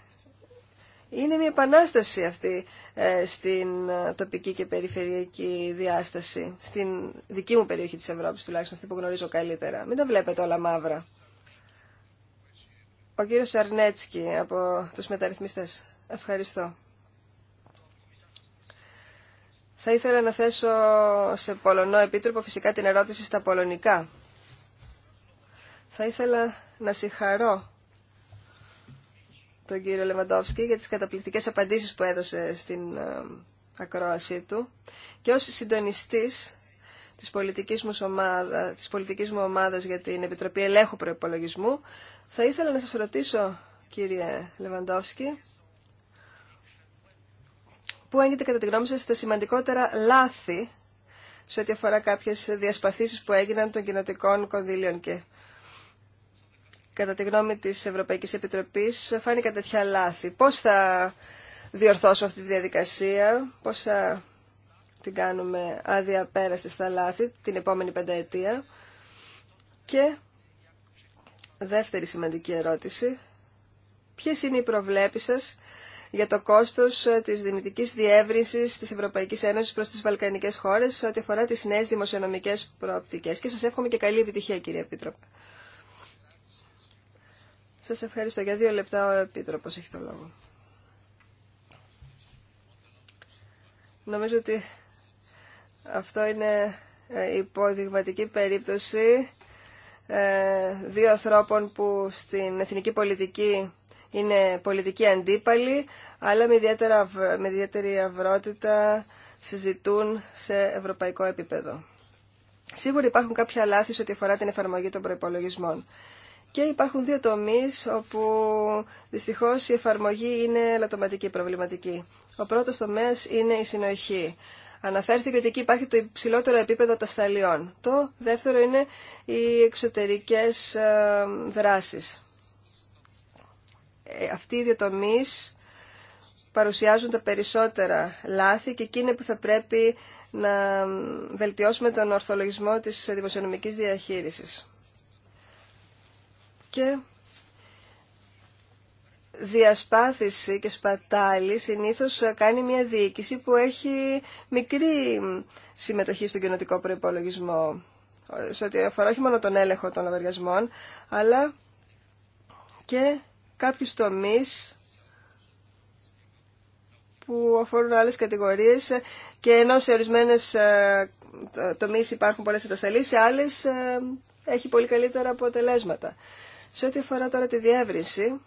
είναι μια επανάσταση αυτή ε, στην ε, τοπική και περιφερειακή διάσταση, στην δική μου περιοχή της Ευρώπης τουλάχιστον, αυτή που γνωρίζω καλύτερα. Μην τα βλέπετε όλα μαύρα. Ο κύριος Σαρνέτσκι από τους μεταρρυθμιστές. Ευχαριστώ. Θα ήθελα να θέσω σε Πολωνό Επίτροπο φυσικά την ερώτηση στα πολωνικά. Θα ήθελα να συγχαρώ τον κύριο Λεβαντόφσκι για τις καταπληκτικές απαντήσεις που έδωσε στην ε, ακρόασή του και ως συντονιστής της πολιτικής μου, ομάδα, της πολιτικής ομάδας για την Επιτροπή Ελέγχου Προϋπολογισμού θα ήθελα να σας ρωτήσω κύριε Λεβαντόφσκι που έγινε κατά τη γνώμη σας τα σημαντικότερα λάθη σε ό,τι αφορά κάποιες διασπαθήσεις που έγιναν των κοινοτικών κονδύλιων και κατά τη γνώμη της Ευρωπαϊκής Επιτροπής φάνηκαν τέτοια λάθη. Πώς θα διορθώσω αυτή τη διαδικασία, πώς θα την κάνουμε άδεια πέραστη στα λάθη την επόμενη πενταετία. Και δεύτερη σημαντική ερώτηση, ποιες είναι οι προβλέψεις σας για το κόστος της δυνητικής διεύρυνσης της Ευρωπαϊκής Ένωσης προς τις Βαλκανικές χώρες ό,τι αφορά τις νέες δημοσιονομικές προοπτικές. Και σας εύχομαι και καλή επιτυχία κύριε Επίτροπε. Σας ευχαριστώ. Για δύο λεπτά ο Επίτροπος έχει το λόγο. Νομίζω ότι αυτό είναι ε, υποδειγματική περίπτωση ε, δύο ανθρώπων που στην εθνική πολιτική είναι πολιτικοί αντίπαλοι, αλλά με, ιδιαίτερα, με ιδιαίτερη αυρότητα συζητούν σε ευρωπαϊκό επίπεδο. Σίγουρα υπάρχουν κάποια λάθη σε ό,τι αφορά την εφαρμογή των προϋπολογισμών. Και υπάρχουν δύο τομείς όπου δυστυχώς η εφαρμογή είναι λατωματική, προβληματική. Ο πρώτος τομέας είναι η συνοχή. Αναφέρθηκε ότι εκεί υπάρχει το υψηλότερο επίπεδο τασταλιών. Το δεύτερο είναι οι εξωτερικές ε, δράσεις. Ε, αυτοί οι δύο τομείς παρουσιάζουν τα περισσότερα λάθη και εκείνη που θα πρέπει να βελτιώσουμε τον ορθολογισμό της δημοσιονομικής διαχείρισης και διασπάθηση και σπατάλη συνήθως κάνει μια διοίκηση που έχει μικρή συμμετοχή στον κοινοτικό προϋπολογισμό σε ό,τι αφορά όχι μόνο τον έλεγχο των λογαριασμών αλλά και κάποιους τομείς που αφορούν άλλες κατηγορίες και ενώ σε ορισμένες ε, τομείς υπάρχουν πολλές ατασταλείς, σε άλλες ε, έχει πολύ καλύτερα αποτελέσματα. Σε ό,τι αφορά τώρα τη διεύρυνση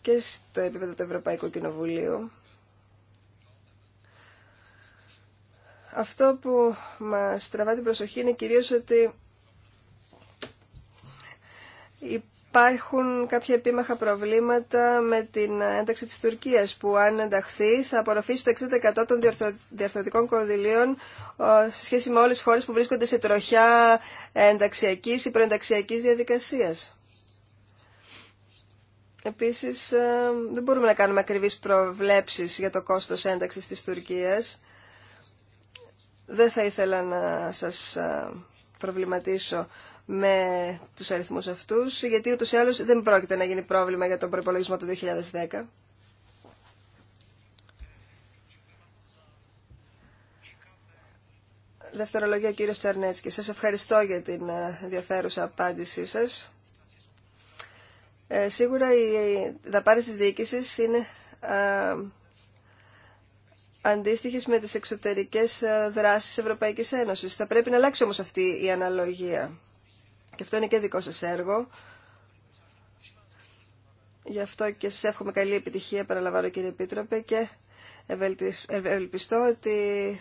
και στο επίπεδο του Ευρωπαϊκού Κοινοβουλίου, αυτό που μας τραβά την προσοχή είναι κυρίως ότι υπάρχουν κάποια επίμαχα προβλήματα με την ένταξη της Τουρκίας που αν ενταχθεί θα απορροφήσει το 60% των διορθωτικών κονδυλίων σε σχέση με όλες τις χώρες που βρίσκονται σε τροχιά ενταξιακής ή προενταξιακής διαδικασίας. Επίσης ε, δεν μπορούμε να κάνουμε ακριβείς προβλέψεις για το κόστος ένταξης της Τουρκίας. Δεν θα ήθελα να σας ε, προβληματίσω με τους αριθμού αυτούς, γιατί ούτως ή άλλως δεν πρόκειται να γίνει πρόβλημα για τον προϋπολογισμό του 2010. Δευτερολογία κύριο κύριος Τσαρνέτσκι. Σας ευχαριστώ για την ε, ενδιαφέρουσα απάντησή σας. Ε, σίγουρα οι δαπάνες της διοίκησης είναι α, ε, αντίστοιχες με τις εξωτερικές ε, δράσεις Ευρωπαϊκής Ένωσης. Θα πρέπει να αλλάξει όμως αυτή η αναλογία. Και αυτό είναι και δικό σας έργο. Γι' αυτό και σας εύχομαι καλή επιτυχία, παραλαμβάνω κύριε Επίτροπε, και ευελπιστώ ότι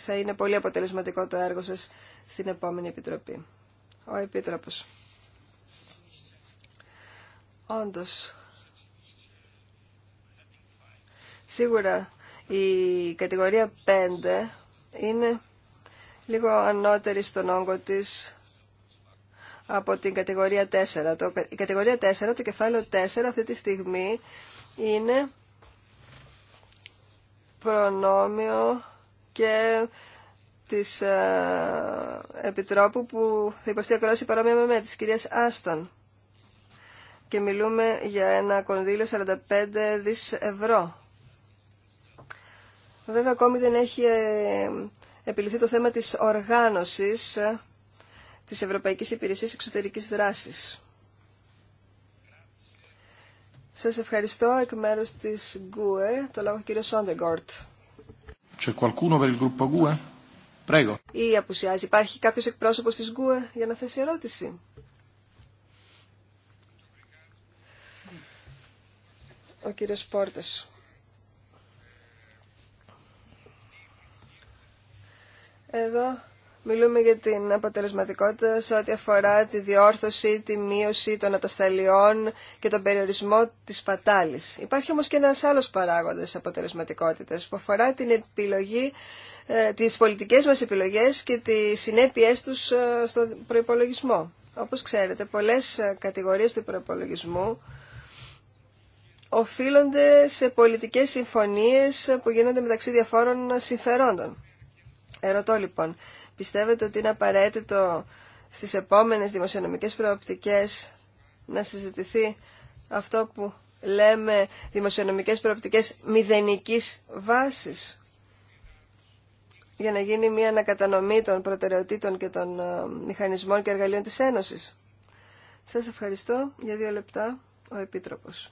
θα είναι πολύ αποτελεσματικό το έργο σας στην επόμενη Επιτροπή. Ο Επίτροπος. Όντως, σίγουρα η κατηγορία 5 είναι λίγο ανώτερη στον όγκο της από την κατηγορία 4. Το, η κατηγορία 4, το κεφάλαιο 4 αυτή τη στιγμή είναι προνόμιο και της ε, Επιτρόπου που θα υποστεί ακρόαση παρόμοια με εμένα, της κυρίας Άστον. Και μιλούμε για ένα κονδύλιο 45 δις ευρώ. Βέβαια ακόμη δεν έχει ε, επιληθεί το θέμα της οργάνωσης ε, της Ευρωπαϊκής Υπηρεσίας Εξωτερικής Δράσης. Σας ευχαριστώ εκ μέρους της ΓΚΟΕ, το λόγο κύριο Σόντεγκορτ. Ή απουσιάζει. Υπάρχει κάποιος εκπρόσωπος της ΓΚΟΕ για να θέσει ερώτηση. Ο κύριος Πόρτες. Εδώ Μιλούμε για την αποτελεσματικότητα σε ό,τι αφορά τη διόρθωση, τη μείωση των ατασταλιών και τον περιορισμό της πατάλης. Υπάρχει όμως και ένας άλλος παράγοντας αποτελεσματικότητας που αφορά την επιλογή, ε, τις πολιτικές μας επιλογές και τις συνέπειές τους ε, στον προϋπολογισμό. Όπως ξέρετε, πολλές ε, κατηγορίες του προϋπολογισμού οφείλονται σε πολιτικές συμφωνίες που γίνονται μεταξύ διαφόρων συμφερόντων. Ερωτώ λοιπόν, Πιστεύετε ότι είναι απαραίτητο στις επόμενες δημοσιονομικές προοπτικές να συζητηθεί αυτό που λέμε δημοσιονομικές προοπτικές μηδενικής βάσης για να γίνει μια ανακατανομή των προτεραιοτήτων και των ε, μηχανισμών και εργαλείων της Ένωσης. Σας ευχαριστώ. Για δύο λεπτά ο Επίτροπος.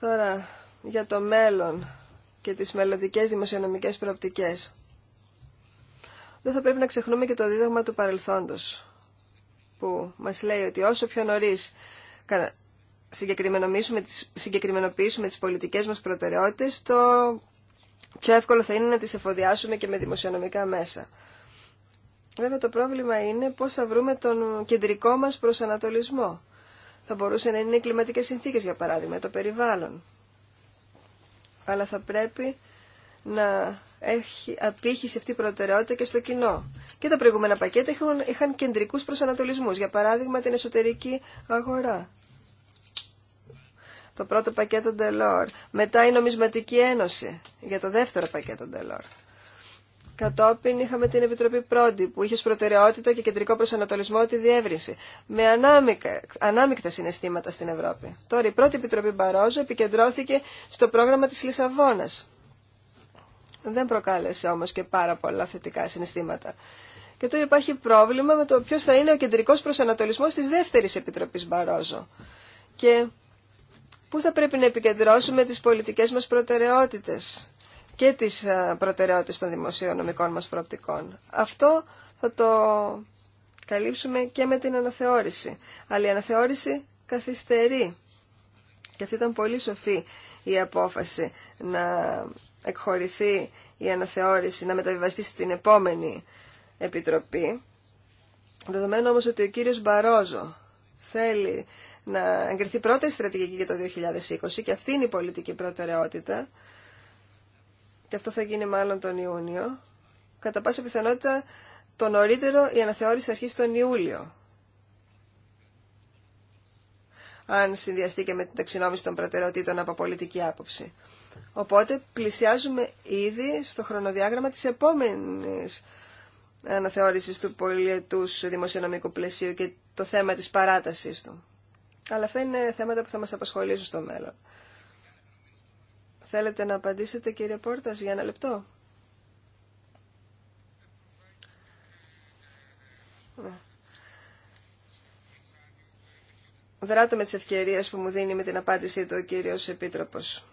Τώρα, για το μέλλον και τις μελλοντικέ δημοσιονομικές προοπτικές. Δεν θα πρέπει να ξεχνούμε και το δίδαγμα του παρελθόντος, που μας λέει ότι όσο πιο νωρίς συγκεκριμενοποιήσουμε τις πολιτικές μας προτεραιότητες, το πιο εύκολο θα είναι να τις εφοδιάσουμε και με δημοσιονομικά μέσα. Βέβαια το πρόβλημα είναι πώς θα βρούμε τον κεντρικό μας προσανατολισμό. Θα μπορούσε να είναι οι κλιματικές συνθήκες, για παράδειγμα, το περιβάλλον αλλά θα πρέπει να έχει απήχηση αυτή η προτεραιότητα και στο κοινό. Και τα προηγούμενα πακέτα είχαν, είχαν κεντρικούς προσανατολισμούς, για παράδειγμα την εσωτερική αγορά. Το πρώτο πακέτο Delors, μετά η νομισματική ένωση για το δεύτερο πακέτο Delors. Κατόπιν είχαμε την Επιτροπή Πρώτη που είχε ως προτεραιότητα και κεντρικό προσανατολισμό τη διεύρυνση με ανάμεικτα ανάμικτα συναισθήματα στην Ευρώπη. Τώρα η πρώτη Επιτροπή Μπαρόζο επικεντρώθηκε στο πρόγραμμα τη Λισαβόνα. Δεν προκάλεσε όμω και πάρα πολλά θετικά συναισθήματα. Και τώρα υπάρχει πρόβλημα με το ποιο θα είναι ο κεντρικό προσανατολισμό τη δεύτερη επιτροπή Μπαρόζο. Και πού θα πρέπει να επικεντρώσουμε τι πολιτικέ μα προτεραιότητε και τις ε, προτεραιότητες των δημοσιονομικών μας προοπτικών. Αυτό θα το καλύψουμε και με την αναθεώρηση. Αλλά η αναθεώρηση καθυστερεί. Και αυτή ήταν πολύ σοφή η απόφαση να εκχωρηθεί η αναθεώρηση, να μεταβιβαστεί στην επόμενη Επιτροπή. Δεδομένου όμως ότι ο κύριος Μπαρόζο θέλει να εγκριθεί πρώτα η στρατηγική για το 2020 και αυτή είναι η πολιτική προτεραιότητα, και αυτό θα γίνει μάλλον τον Ιούνιο, κατά πάσα πιθανότητα το νωρίτερο η αναθεώρηση αρχίσει τον Ιούλιο. Αν συνδυαστεί και με την ταξινόμηση των προτεραιοτήτων από πολιτική άποψη. Οπότε πλησιάζουμε ήδη στο χρονοδιάγραμμα της επόμενης αναθεώρησης του πολιετούς δημοσιονομικού πλαισίου και το θέμα της παράτασής του. Αλλά αυτά είναι θέματα που θα μας απασχολήσουν στο μέλλον. Θέλετε να απαντήσετε κύριε Πόρτας για ένα λεπτό. Ναι. Δράτω με τις ευκαιρίες που μου δίνει με την απάντησή του ο κύριος Επίτροπος.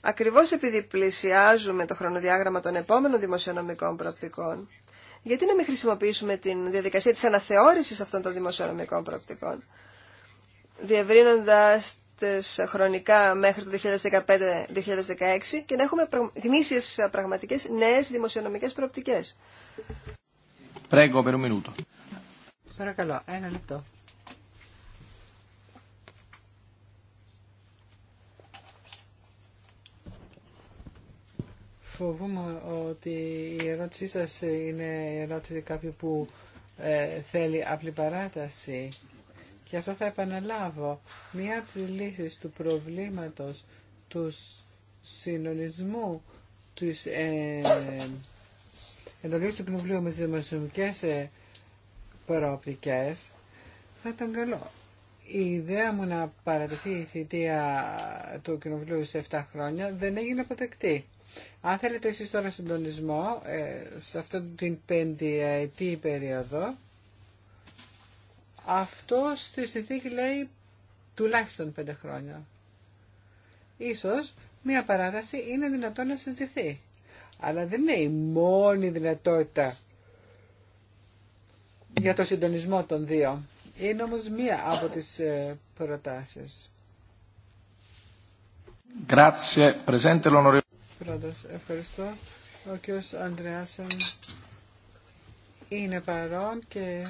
Ακριβώς επειδή πλησιάζουμε το χρονοδιάγραμμα των επόμενων δημοσιονομικών προοπτικών, γιατί να μην χρησιμοποιήσουμε τη διαδικασία της αναθεώρησης αυτών των δημοσιονομικών προοπτικών, διευρύνοντας χρονικά μέχρι το 2015-2016 και να έχουμε γνήσιες πραγματικές νέες δημοσιονομικές προοπτικές. Πρέγκο, Παρακαλώ, ένα λεπτό. Φοβούμαι ότι η ερώτησή σας είναι η ερώτηση κάποιου που ε, θέλει απλή παράταση. Και αυτό θα επαναλάβω. Μία από τις λύσεις του προβλήματος του συνολισμού της ε, εντολής του Κοινοβουλίου με τις δημοσιονομικές ε, θα ήταν καλό. Η ιδέα μου να παρατηθεί η θητεία του Κοινοβουλίου σε 7 χρόνια δεν έγινε αποτεκτή. Αν θέλετε εσείς τώρα συντονισμό ε, σε αυτή την ετή περίοδο αυτό στη συνθήκη λέει τουλάχιστον πέντε χρόνια. Ίσως μία παράταση είναι δυνατόν να συζητηθεί. Αλλά δεν είναι η μόνη δυνατότητα για το συντονισμό των δύο. Είναι όμως μία από τις ε, προτάσεις. ευχαριστώ. Ο κ. Ανδρεάσεν είναι παρόν και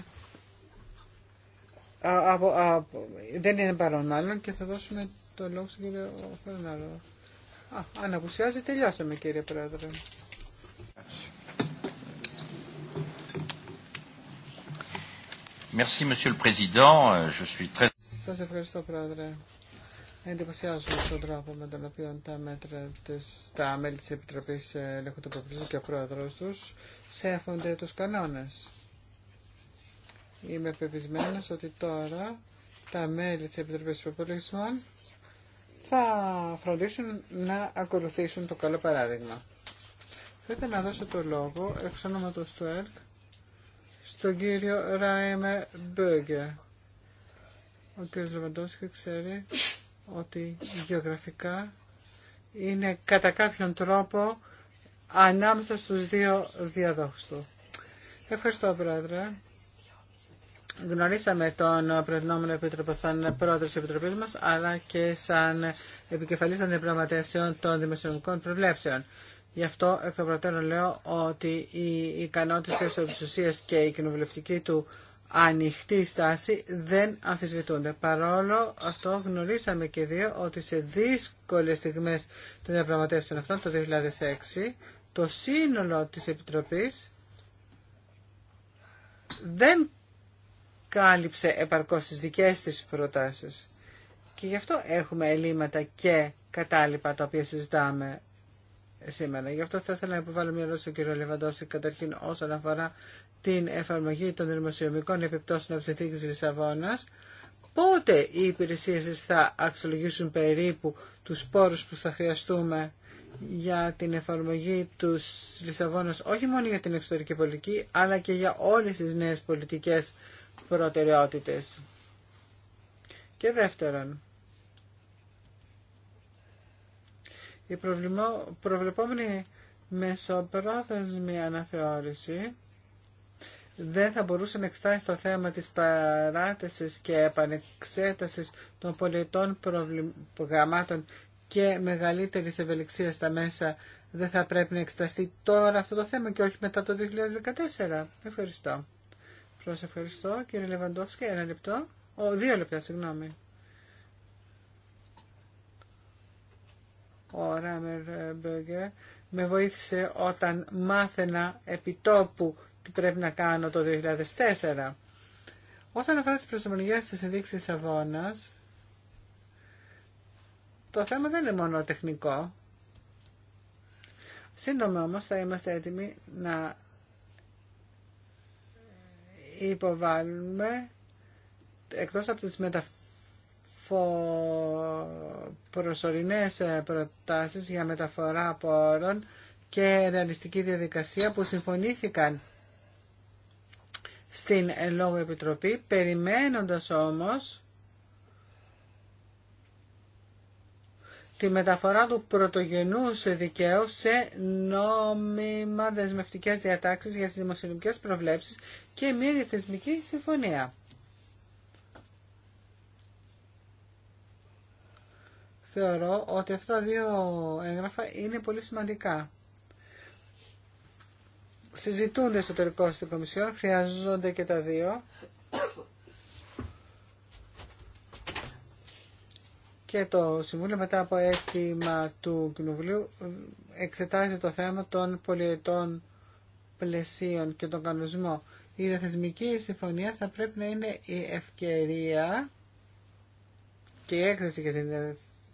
δεν είναι παρόν άλλον και θα δώσουμε το λόγο στον κύριο Φερνάρο. Α, αν απουσιάζει τελειώσαμε κύριε Πρόεδρε. Merci, Monsieur le Président. Je suis très... Σας ευχαριστώ, Πρόεδρε. Εντυπωσιάζομαι τον τρόπο με τον οποίο τα μέτρα της, τα μέλη της Επιτροπής Ελέγχου του και ο Πρόεδρος τους σέφονται τους κανόνες. Είμαι πεπισμένος ότι τώρα τα μέλη της Επιτροπής Προπολισμών θα φροντίσουν να ακολουθήσουν το καλό παράδειγμα. Θα ήθελα να δώσω το λόγο εξ ονόματος του ΕΛΚ στον κύριο Ράιμε Μπέγκε. Ο κύριος και ξέρει ότι γεωγραφικά είναι κατά κάποιον τρόπο ανάμεσα στους δύο διαδόχους του. Ευχαριστώ, Πρόεδρε γνωρίσαμε τον προεδρόμενο επίτροπο σαν πρόεδρο τη Επιτροπή μα, αλλά και σαν επικεφαλή των διαπραγματεύσεων των δημοσιονομικών προβλέψεων. Γι' αυτό εκ των προτέρων λέω ότι η ικανότητα τη εξουσία και η κοινοβουλευτική του ανοιχτή στάση δεν αμφισβητούνται. Παρόλο αυτό γνωρίσαμε και δύο ότι σε δύσκολε στιγμές των διαπραγματεύσεων αυτών το 2006 το σύνολο της Επιτροπής δεν κάλυψε επαρκώς τις δικές της προτάσεις. Και γι' αυτό έχουμε ελλείμματα και κατάλοιπα τα οποία συζητάμε σήμερα. Γι' αυτό θα ήθελα να υποβάλω μια ερώτηση στον κύριο Λεβαντόση καταρχήν όσον αφορά την εφαρμογή των δημοσιομικών επιπτώσεων από τη θήκη Λισαβόνα. Πότε οι υπηρεσίε θα αξιολογήσουν περίπου τους πόρου που θα χρειαστούμε για την εφαρμογή του Λισαβόνα, όχι μόνο για την εξωτερική πολιτική, αλλά και για όλε τι νέε πολιτικέ προτεραιότητες. Και δεύτερον, η προβλεπόμενη μεσοπρόθεσμη αναθεώρηση δεν θα μπορούσε να εξτάσει το θέμα της παράτεσης και επανεξέτασης των πολιτών προγραμμάτων και μεγαλύτερης ευελιξίας στα μέσα δεν θα πρέπει να εξεταστεί τώρα αυτό το θέμα και όχι μετά το 2014. Ευχαριστώ. Σας ευχαριστώ. Κύριε Λεβαντόφσκι, ένα λεπτό. Ο, δύο λεπτά, συγγνώμη. Ο Ράμερ Μπέγκερ με βοήθησε όταν μάθαινα επί τόπου τι πρέπει να κάνω το 2004. Όσον αφορά τις προσαρμογές της ενδείξης αγώνας, το θέμα δεν είναι μόνο τεχνικό. Σύντομα όμως θα είμαστε έτοιμοι να υποβάλλουμε εκτός από τις μεταφο... προσωρινές ε, προτάσεις για μεταφορά πόρων και ρεαλιστική διαδικασία που συμφωνήθηκαν στην Λόγω Επιτροπή, περιμένοντας όμως τη μεταφορά του πρωτογενού δικαίου σε νόμιμα δεσμευτικές διατάξεις για τις δημοσιονομικές προβλέψεις και μια διαθεσμική συμφωνία. Θεωρώ ότι αυτά δύο έγγραφα είναι πολύ σημαντικά. Συζητούνται τελικό στην Κομισιόν, χρειάζονται και τα δύο. και το Συμβούλιο μετά από αίτημα του Κοινοβουλίου ε, εξετάζει το θέμα των πολιετών πλαισίων και τον κανονισμό. Η διαθεσμική συμφωνία θα πρέπει να είναι η ευκαιρία και η έκθεση για την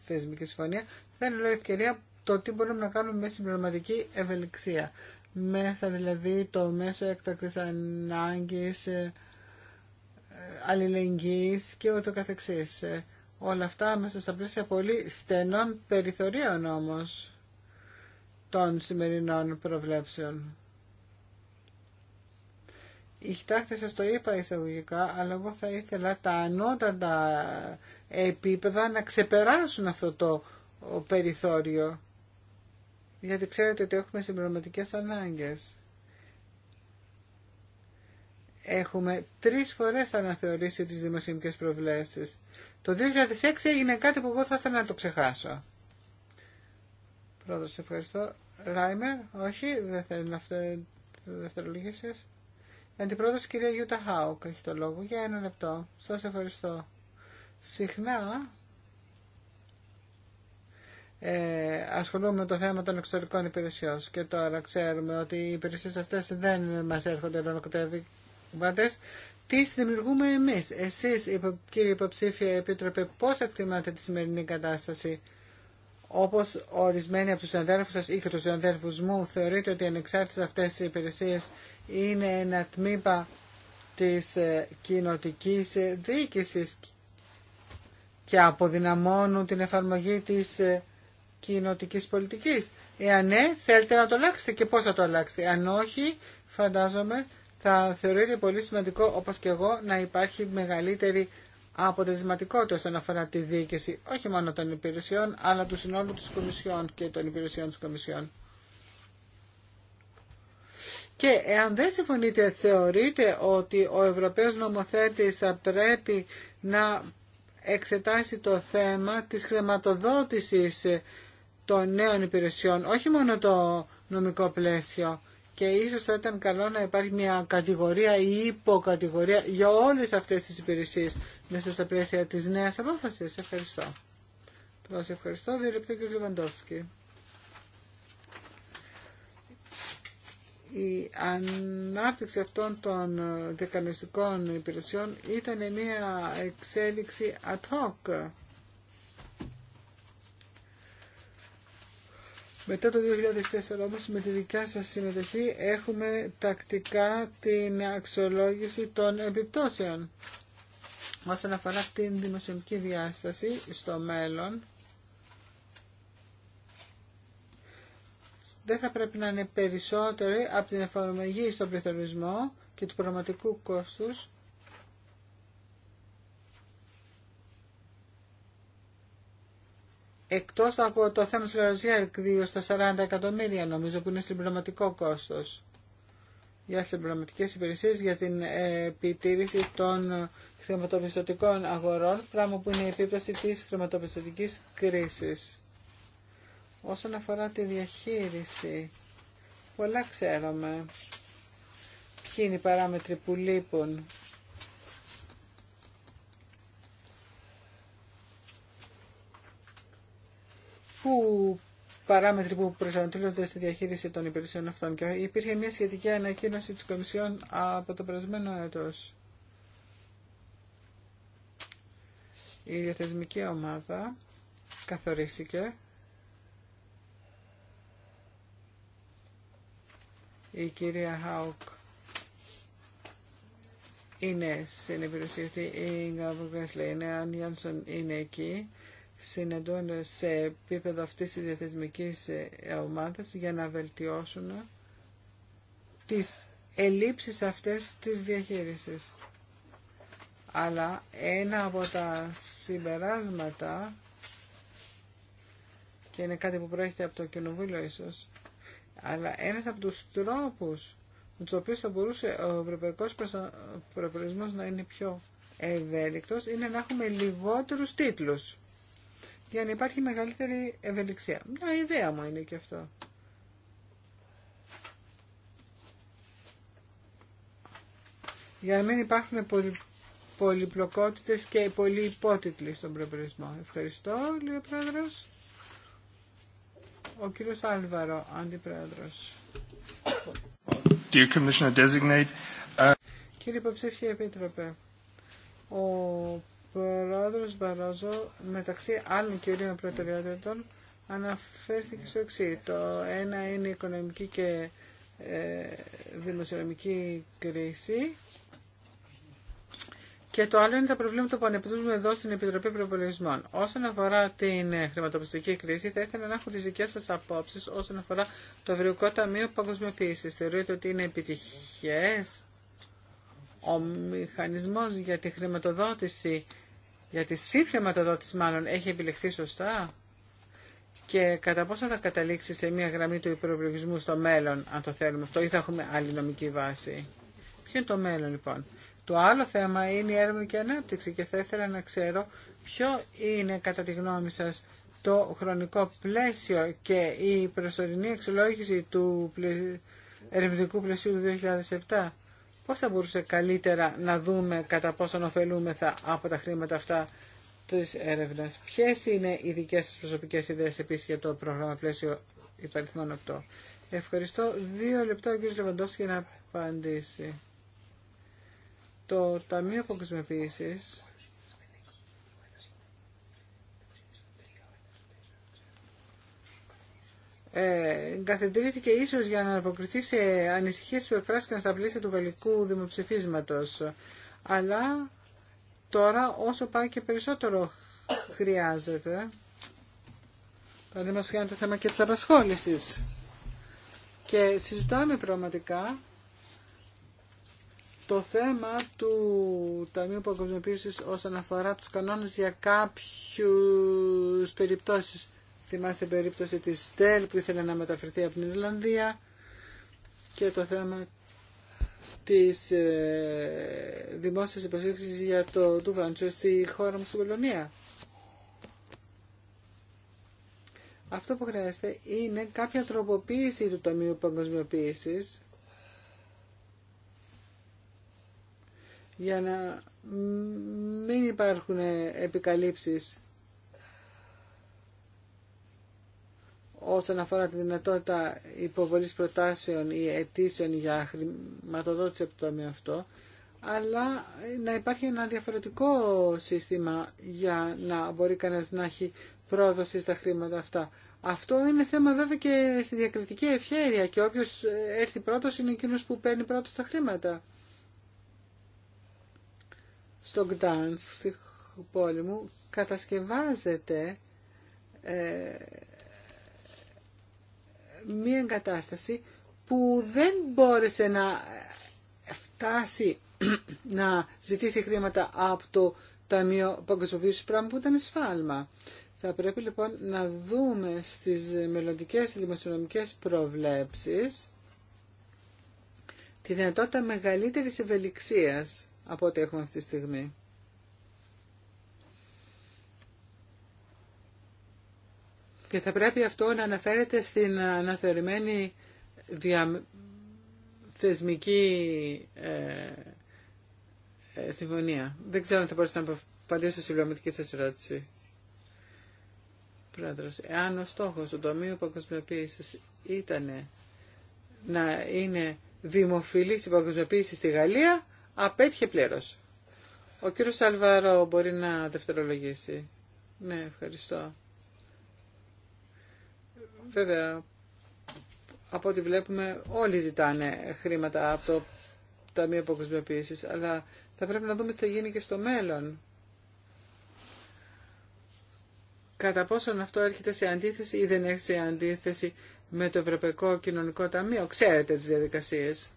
διαθεσμική συμφωνία θα είναι η ευκαιρία το τι μπορούμε να κάνουμε με συμπληρωματική ευελιξία. Μέσα δηλαδή το μέσο έκτακτης ανάγκης, ε, αλληλεγγύης και ούτω καθεξής. Ε, όλα αυτά μέσα στα πλαίσια πολύ στενών περιθωρίων όμως των σημερινών προβλέψεων. χτάχτη σας το είπα εισαγωγικά, αλλά εγώ θα ήθελα τα ανώτατα επίπεδα να ξεπεράσουν αυτό το περιθώριο. Γιατί ξέρετε ότι έχουμε συμπληρωματικές ανάγκες. Έχουμε τρεις φορές αναθεωρήσει τις δημοσιονομικές προβλέψεις. Το 2006 έγινε κάτι που εγώ θα ήθελα να το ξεχάσω. Πρόεδρος, ευχαριστώ. Ράιμερ, όχι, δεν θέλει να δευτερολογήσει. Αντιπρόεδρο, κυρία Γιούτα Χάουκ έχει το λόγο για ένα λεπτό. Σα ευχαριστώ. Συχνά ε, ασχολούμαι με το θέμα των εξωτερικών υπηρεσιών και τώρα ξέρουμε ότι οι υπηρεσίε αυτέ δεν μα έρχονται ελονοκοτεύοντες τις δημιουργούμε εμείς. Εσείς, κύριε υποψήφια επίτροπε, πώς εκτιμάτε τη σημερινή κατάσταση. Όπως ορισμένοι από τους συναδέλφους σας ή και τους συναδέλφους μου θεωρείτε ότι ανεξάρτητα αυτές οι υπηρεσίες είναι ένα τμήμα της ε, κοινοτικής ε, διοίκησης και αποδυναμώνουν την εφαρμογή της ε, κοινοτικής πολιτικής. Εάν ναι, θέλετε να το αλλάξετε και πώς θα το αλλάξετε. Αν όχι, φαντάζομαι θα θεωρείται πολύ σημαντικό, όπως και εγώ, να υπάρχει μεγαλύτερη αποτελεσματικότητα όσον αφορά τη διοίκηση, όχι μόνο των υπηρεσιών, αλλά του συνόλου της Κομισιόν και των υπηρεσιών της Κομισιόν. Και εάν δεν συμφωνείτε, θεωρείτε ότι ο Ευρωπαίος νομοθέτης θα πρέπει να εξετάσει το θέμα της χρηματοδότησης των νέων υπηρεσιών, όχι μόνο το νομικό πλαίσιο και ίσως θα ήταν καλό να υπάρχει μια κατηγορία ή υποκατηγορία για όλες αυτές τις υπηρεσίες μέσα στα πλαίσια της νέας απόφασης. Ευχαριστώ. Πρώτα ευχαριστώ. Δύο λεπτά και Λεβαντόφσκι. Η ανάπτυξη αποφασης ευχαριστω σε ευχαριστω δυο λεπτα και λεβαντοφσκι η αναπτυξη αυτων των δεκανοστικών υπηρεσιών ήταν μια εξέλιξη ad hoc Μετά το 2004 όμως με τη δικιά σας συμμετοχή έχουμε τακτικά την αξιολόγηση των επιπτώσεων. Όσον αφορά την δημοσιομική διάσταση στο μέλλον, δεν θα πρέπει να είναι περισσότερο από την εφαρμογή στον πληθωρισμό και του πραγματικού κόστους εκτός από το θέμα της Λαροζιέρκ 2 στα 40 εκατομμύρια νομίζω που είναι συμπληρωματικό κόστος για τις συμπληρωματικές υπηρεσίες για την ε, επιτήρηση των χρηματοπιστωτικών αγορών, πράγμα που είναι η επίπτωση της χρηματοπιστωτικής κρίσης. Όσον αφορά τη διαχείριση, πολλά ξέρουμε. Ποιοι είναι οι παράμετροι που λείπουν που παράμετροι που προσανατολίζονται στη διαχείριση των υπηρεσιών αυτών και υπήρχε μια σχετική ανακοίνωση της Κομισιόν από το περασμένο έτος. Η διαθεσμική ομάδα καθορίστηκε η κυρία Χάουκ είναι στην υπηρεσία αυτή, η Γκάμπου Γκέσλε είναι, αν είναι εκεί, συναντούν σε επίπεδο αυτής της διαθεσμικής ε, ομάδας για να βελτιώσουν τις ελλείψεις αυτές της διαχείρισης. Αλλά ένα από τα συμπεράσματα και είναι κάτι που προέρχεται από το κοινοβούλιο ίσως αλλά ένας από τους τρόπους με τους οποίους θα μπορούσε ο ευρωπαϊκός προπολισμός να είναι πιο ευέλικτος είναι να έχουμε λιγότερους τίτλους για να υπάρχει μεγαλύτερη ευελιξία. Μια ιδέα μου είναι και αυτό. Για να μην υπάρχουν πολυπλοκότητες και πολύ υπότιτλοι στον προπερισμό. Ευχαριστώ, λέει ο Πρόεδρος. Ο κύριος Άλβαρο, Αντιπρόεδρος. Uh, Κύριε Υποψήφια Επίτροπε, ο πρόεδρος Μπαρόζο μεταξύ άλλων κυρίων προτεραιότητων αναφέρθηκε στο εξή. Το ένα είναι η οικονομική και ε, δημοσιονομική κρίση και το άλλο είναι τα προβλήματα που ανεπιτρέπουμε εδώ στην Επιτροπή Προπολογισμών. Όσον αφορά την χρηματοπιστική κρίση, θα ήθελα να έχω τι δικέ σα απόψει όσον αφορά το Ευρωπαϊκό Ταμείο Παγκοσμιοποίηση. Θεωρείτε ότι είναι επιτυχέ ο μηχανισμό για τη χρηματοδότηση για το συγχρηματοδότηση μάλλον έχει επιλεχθεί σωστά και κατά πόσο θα καταλήξει σε μια γραμμή του υπεροπλογισμού στο μέλλον, αν το θέλουμε αυτό, ή θα έχουμε άλλη νομική βάση. Ποιο είναι το μέλλον λοιπόν. Το άλλο θέμα είναι η έρευνα και η ανάπτυξη και θα ήθελα να ξέρω ποιο είναι κατά τη γνώμη σας το χρονικό πλαίσιο και η προσωρινή εξολόγηση του ερευνητικού πλαισίου του 2007 Πώς θα μπορούσε καλύτερα να δούμε κατά πόσον ωφελούμεθα από τα χρήματα αυτά της έρευνας. Ποιες είναι οι δικές σας προσωπικές ιδέες επίσης για το πρόγραμμα πλαίσιο υπαριθμών 8. Ευχαριστώ. Δύο λεπτά ο κ. Λεβαντός για να απαντήσει. Το Ταμείο Αποκοσμιοποίησης ε, καθεντρήθηκε ίσως για να αποκριθεί σε ανησυχίες που εκφράστηκαν στα πλαίσια του γαλλικού δημοψηφίσματος. Αλλά τώρα όσο πάει και περισσότερο χρειάζεται, παραδείγματος χάνει το θέμα και της απασχόλησης. Και συζητάμε πραγματικά το θέμα του Ταμείου Παγκοσμιοποίησης όσον αφορά τους κανόνες για κάποιους περιπτώσεις Θυμάστε την περίπτωση της ΣΤΕΛ που ήθελε να μεταφερθεί από την Ιρλανδία και το θέμα της ε, δημόσιας για το Ντουβάντσο στη χώρα μου στην Πολωνία. Αυτό που χρειάζεται είναι κάποια τροποποίηση του Ταμείου Παγκοσμιοποίησης για να μην υπάρχουν επικαλύψεις όσον αφορά τη δυνατότητα υποβολής προτάσεων ή αιτήσεων για χρηματοδότηση από το αυτό, αλλά να υπάρχει ένα διαφορετικό σύστημα για να μπορεί κανένας να έχει πρόδοση στα χρήματα αυτά. Αυτό είναι θέμα βέβαια και στη διακριτική ευχέρεια και όποιος έρθει πρώτος είναι εκείνος που παίρνει πρώτος τα χρήματα. Στο Γκτάνσκ, στη πόλη μου, κατασκευάζεται ε, μια εγκατάσταση που δεν μπόρεσε να φτάσει να ζητήσει χρήματα από το Ταμείο Παγκοσμιοποίησης, πράγμα που ήταν σφάλμα. Θα πρέπει λοιπόν να δούμε στις μελλοντικές δημοσιονομικές προβλέψεις τη δυνατότητα μεγαλύτερης ευελιξίας από ό,τι έχουμε αυτή τη στιγμή. και θα πρέπει αυτό να αναφέρεται στην αναθεωρημένη δια... θεσμική ε, ε, συμφωνία. Δεν ξέρω αν θα μπορούσα να απαντήσω στη συμπληρωματική σας ερώτηση. Πρόεδρος, εάν ο στόχος του Τομείου Παγκοσμιοποίησης ήταν να είναι δημοφιλή, η παγκοσμιοποίηση στη Γαλλία, απέτυχε πλήρω. Ο κύριος Αλβάρο μπορεί να δευτερολογήσει. Ναι, ευχαριστώ. Βέβαια, από ό,τι βλέπουμε όλοι ζητάνε χρήματα από το Ταμείο Αποκοσμιοποίησης, αλλά θα πρέπει να δούμε τι θα γίνει και στο μέλλον. Κατά πόσον αυτό έρχεται σε αντίθεση ή δεν έρχεται σε αντίθεση με το Ευρωπαϊκό Κοινωνικό Ταμείο. Ξέρετε τις διαδικασίες.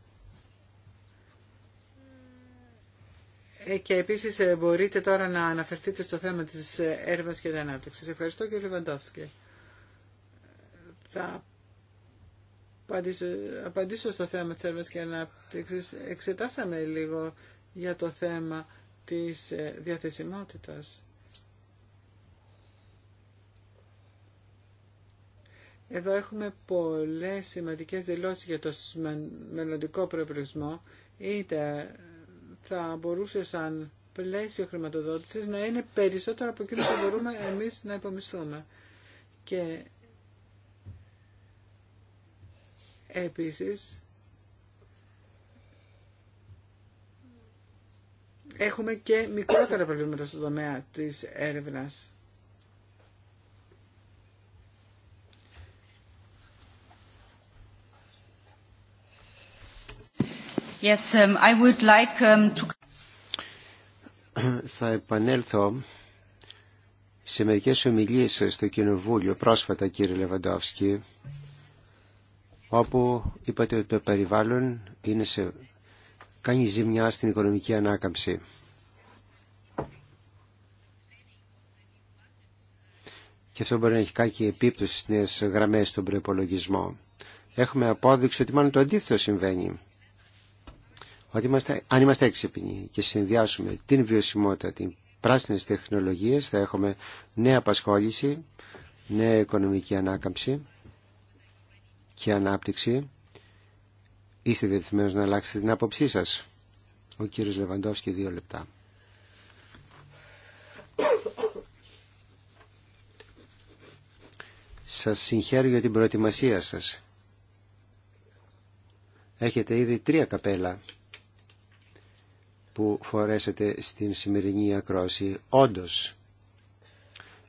Ε, και επίσης ε, μπορείτε τώρα να αναφερθείτε στο θέμα της ε, έρευνας και της ανάπτυξης. Ευχαριστώ κύριε Βαντόφσκη θα απαντήσω, στο θέμα της έρευνας και ανάπτυξης. Εξετάσαμε λίγο για το θέμα της ε, διαθεσιμότητας. Εδώ έχουμε πολλές σημαντικές δηλώσεις για το μελλοντικό προεπλογισμό. Είτε θα μπορούσε σαν πλαίσιο χρηματοδότησης να είναι περισσότερο από εκείνο που μπορούμε εμείς να υπομισθούμε. Και Επίσης, έχουμε και μικρότερα προβλήματα στον τομέα της έρευνας. Yes, um, I would like um, to... Θα επανέλθω σε μερικές ομιλίες στο Κοινοβούλιο πρόσφατα κύριε Λεβαντόφσκι όπου είπατε ότι το περιβάλλον είναι σε... κάνει ζημιά στην οικονομική ανάκαμψη. Και αυτό μπορεί να έχει κάποια επίπτωση στις νέες γραμμές στον προπολογισμό. Έχουμε απόδειξη ότι μάλλον το αντίθετο συμβαίνει. Ότι είμαστε, αν είμαστε έξυπνοι και συνδυάσουμε την βιωσιμότητα, την πράσινες τεχνολογίες, θα έχουμε νέα απασχόληση, νέα οικονομική ανάκαμψη και ανάπτυξη. Είστε διατεθειμένος να αλλάξετε την άποψή σας. Ο κύριος Λεβαντόφσκι, δύο λεπτά. Σας συγχαίρω για την προετοιμασία σας. Έχετε ήδη τρία καπέλα που φορέσατε στην σημερινή ακρόση. Όντως,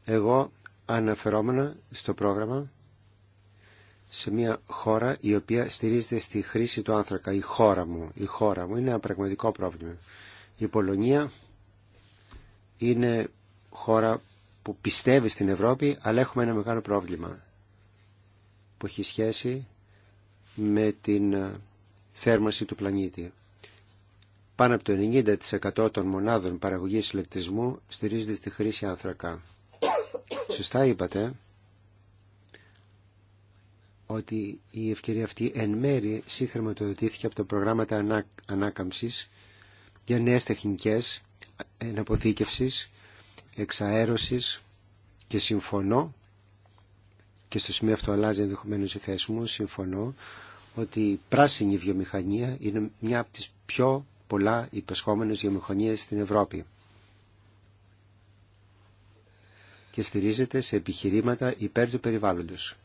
εγώ αναφερόμενα στο πρόγραμμα σε μια χώρα η οποία στηρίζεται στη χρήση του άνθρακα. Η χώρα μου, η χώρα μου είναι ένα πραγματικό πρόβλημα. Η Πολωνία είναι χώρα που πιστεύει στην Ευρώπη, αλλά έχουμε ένα μεγάλο πρόβλημα που έχει σχέση με την ε, θέρμανση του πλανήτη. Πάνω από το 90% των μονάδων παραγωγής ηλεκτρισμού στηρίζεται στη χρήση άνθρακα. Σωστά είπατε ότι η ευκαιρία αυτή εν μέρη συγχρηματοδοτήθηκε από τα προγράμματα ανάκαμψης για νέες τεχνικές εναποθήκευσης, εξαέρωσης και συμφωνώ και στο σημείο αυτό αλλάζει ενδεχομένω η θέση μου, συμφωνώ ότι η πράσινη βιομηχανία είναι μια από τις πιο πολλά υπεσχόμενες βιομηχανίες στην Ευρώπη και στηρίζεται σε επιχειρήματα υπέρ του περιβάλλοντος.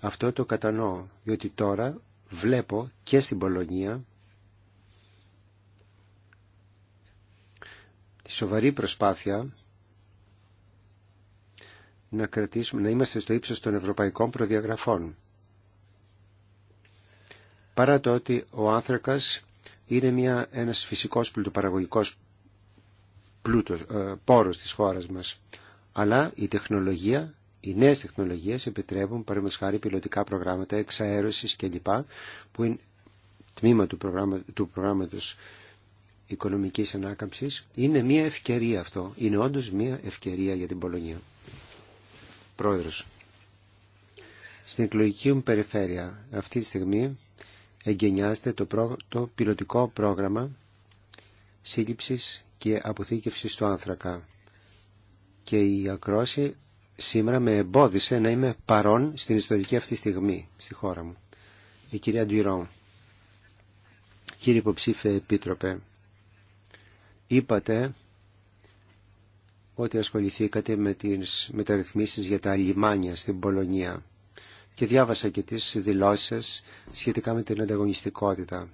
Αυτό το κατανοώ, διότι τώρα βλέπω και στην Πολωνία τη σοβαρή προσπάθεια να, κρατήσουμε, να είμαστε στο ύψος των ευρωπαϊκών προδιαγραφών. Παρά το ότι ο άνθρακας είναι μια, ένας φυσικός πλουτοπαραγωγικός πλούτος, ε, πόρος της χώρας μας. Αλλά η τεχνολογία οι νέε τεχνολογίε επιτρέπουν, παραδείγματο χάρη, πιλωτικά προγράμματα εξαέρωση κλπ. που είναι τμήμα του, προγράμμα, του προγράμματο οικονομική ανάκαμψη. Είναι μια ευκαιρία αυτό. Είναι όντω μια ευκαιρία για την Πολωνία. Πρόεδρο. Στην εκλογική μου περιφέρεια αυτή τη στιγμή εγκαινιάζεται το, το πιλωτικό πρόγραμμα σύλληψης και αποθήκευσης του άνθρακα και η ακρόση σήμερα με εμπόδισε να είμαι παρόν στην ιστορική αυτή στιγμή στη χώρα μου. Η κυρία Ντουιρόν. Κύριε υποψήφε επίτροπε, είπατε ότι ασχοληθήκατε με τις μεταρρυθμίσεις για τα λιμάνια στην Πολωνία και διάβασα και τις δηλώσεις σχετικά με την ανταγωνιστικότητα.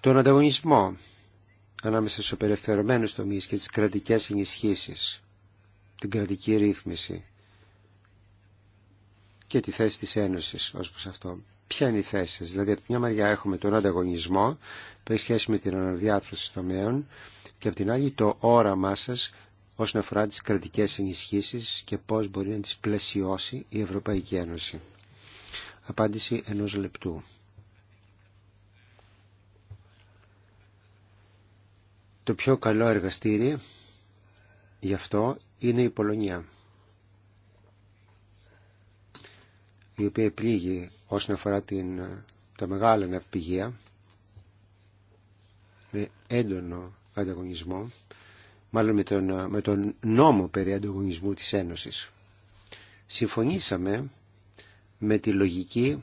Τον ανταγωνισμό ανάμεσα στους απελευθερωμένους τομείς και τις κρατικές ενισχύσεις την κρατική ρύθμιση και τη θέση της Ένωσης ως προς αυτό. Ποια είναι η θέση Δηλαδή, από μια μεριά έχουμε τον ανταγωνισμό που έχει σχέση με την αναδιάρθρωση τομέων και από την άλλη το όραμά σας όσον αφορά τις κρατικές ενισχύσεις και πώς μπορεί να τις πλαισιώσει η Ευρωπαϊκή Ένωση. Απάντηση ενός λεπτού. Το πιο καλό εργαστήρι γι' αυτό είναι η Πολωνία η οποία πλήγει όσον αφορά την, τα μεγάλα ναυπηγεία με έντονο ανταγωνισμό μάλλον με τον, με τον νόμο περί ανταγωνισμού της Ένωσης. Συμφωνήσαμε με τη λογική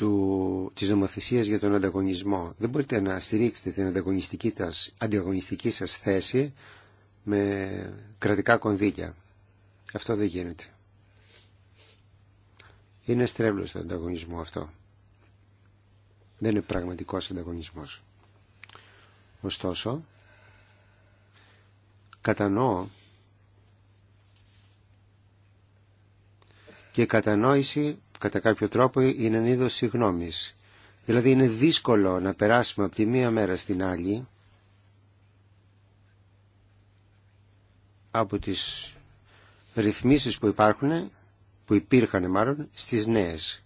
του, της νομοθεσίας για τον ανταγωνισμό. Δεν μπορείτε να στηρίξετε την ανταγωνιστική, τας, σας θέση με κρατικά κονδύλια. Αυτό δεν γίνεται. Είναι στρέβλος το ανταγωνισμό αυτό. Δεν είναι πραγματικός ανταγωνισμός. Ωστόσο, κατανοώ και κατανόηση κατά κάποιο τρόπο είναι ένα είδος Δηλαδή είναι δύσκολο να περάσουμε από τη μία μέρα στην άλλη από τις ρυθμίσεις που υπάρχουν, που υπήρχαν μάλλον, στις νέες.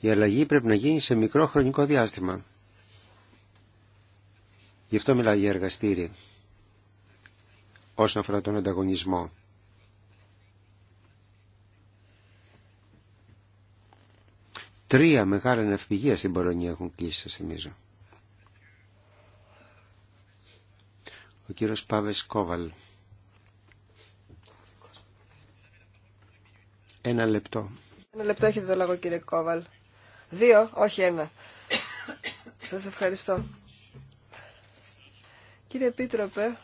Η αλλαγή πρέπει να γίνει σε μικρό χρονικό διάστημα. Γι' αυτό μιλάει για εργαστήρι όσον αφορά τον ανταγωνισμό. Τρία μεγάλα ναυπηγεία στην Πολωνία έχουν κλείσει, σας θυμίζω. Ο κύριος Πάβες Κόβαλ. Ένα λεπτό. Ένα λεπτό έχετε το λόγο κύριε Κόβαλ. Δύο, όχι ένα. Σας ευχαριστώ. Κύριε Επίτροπε,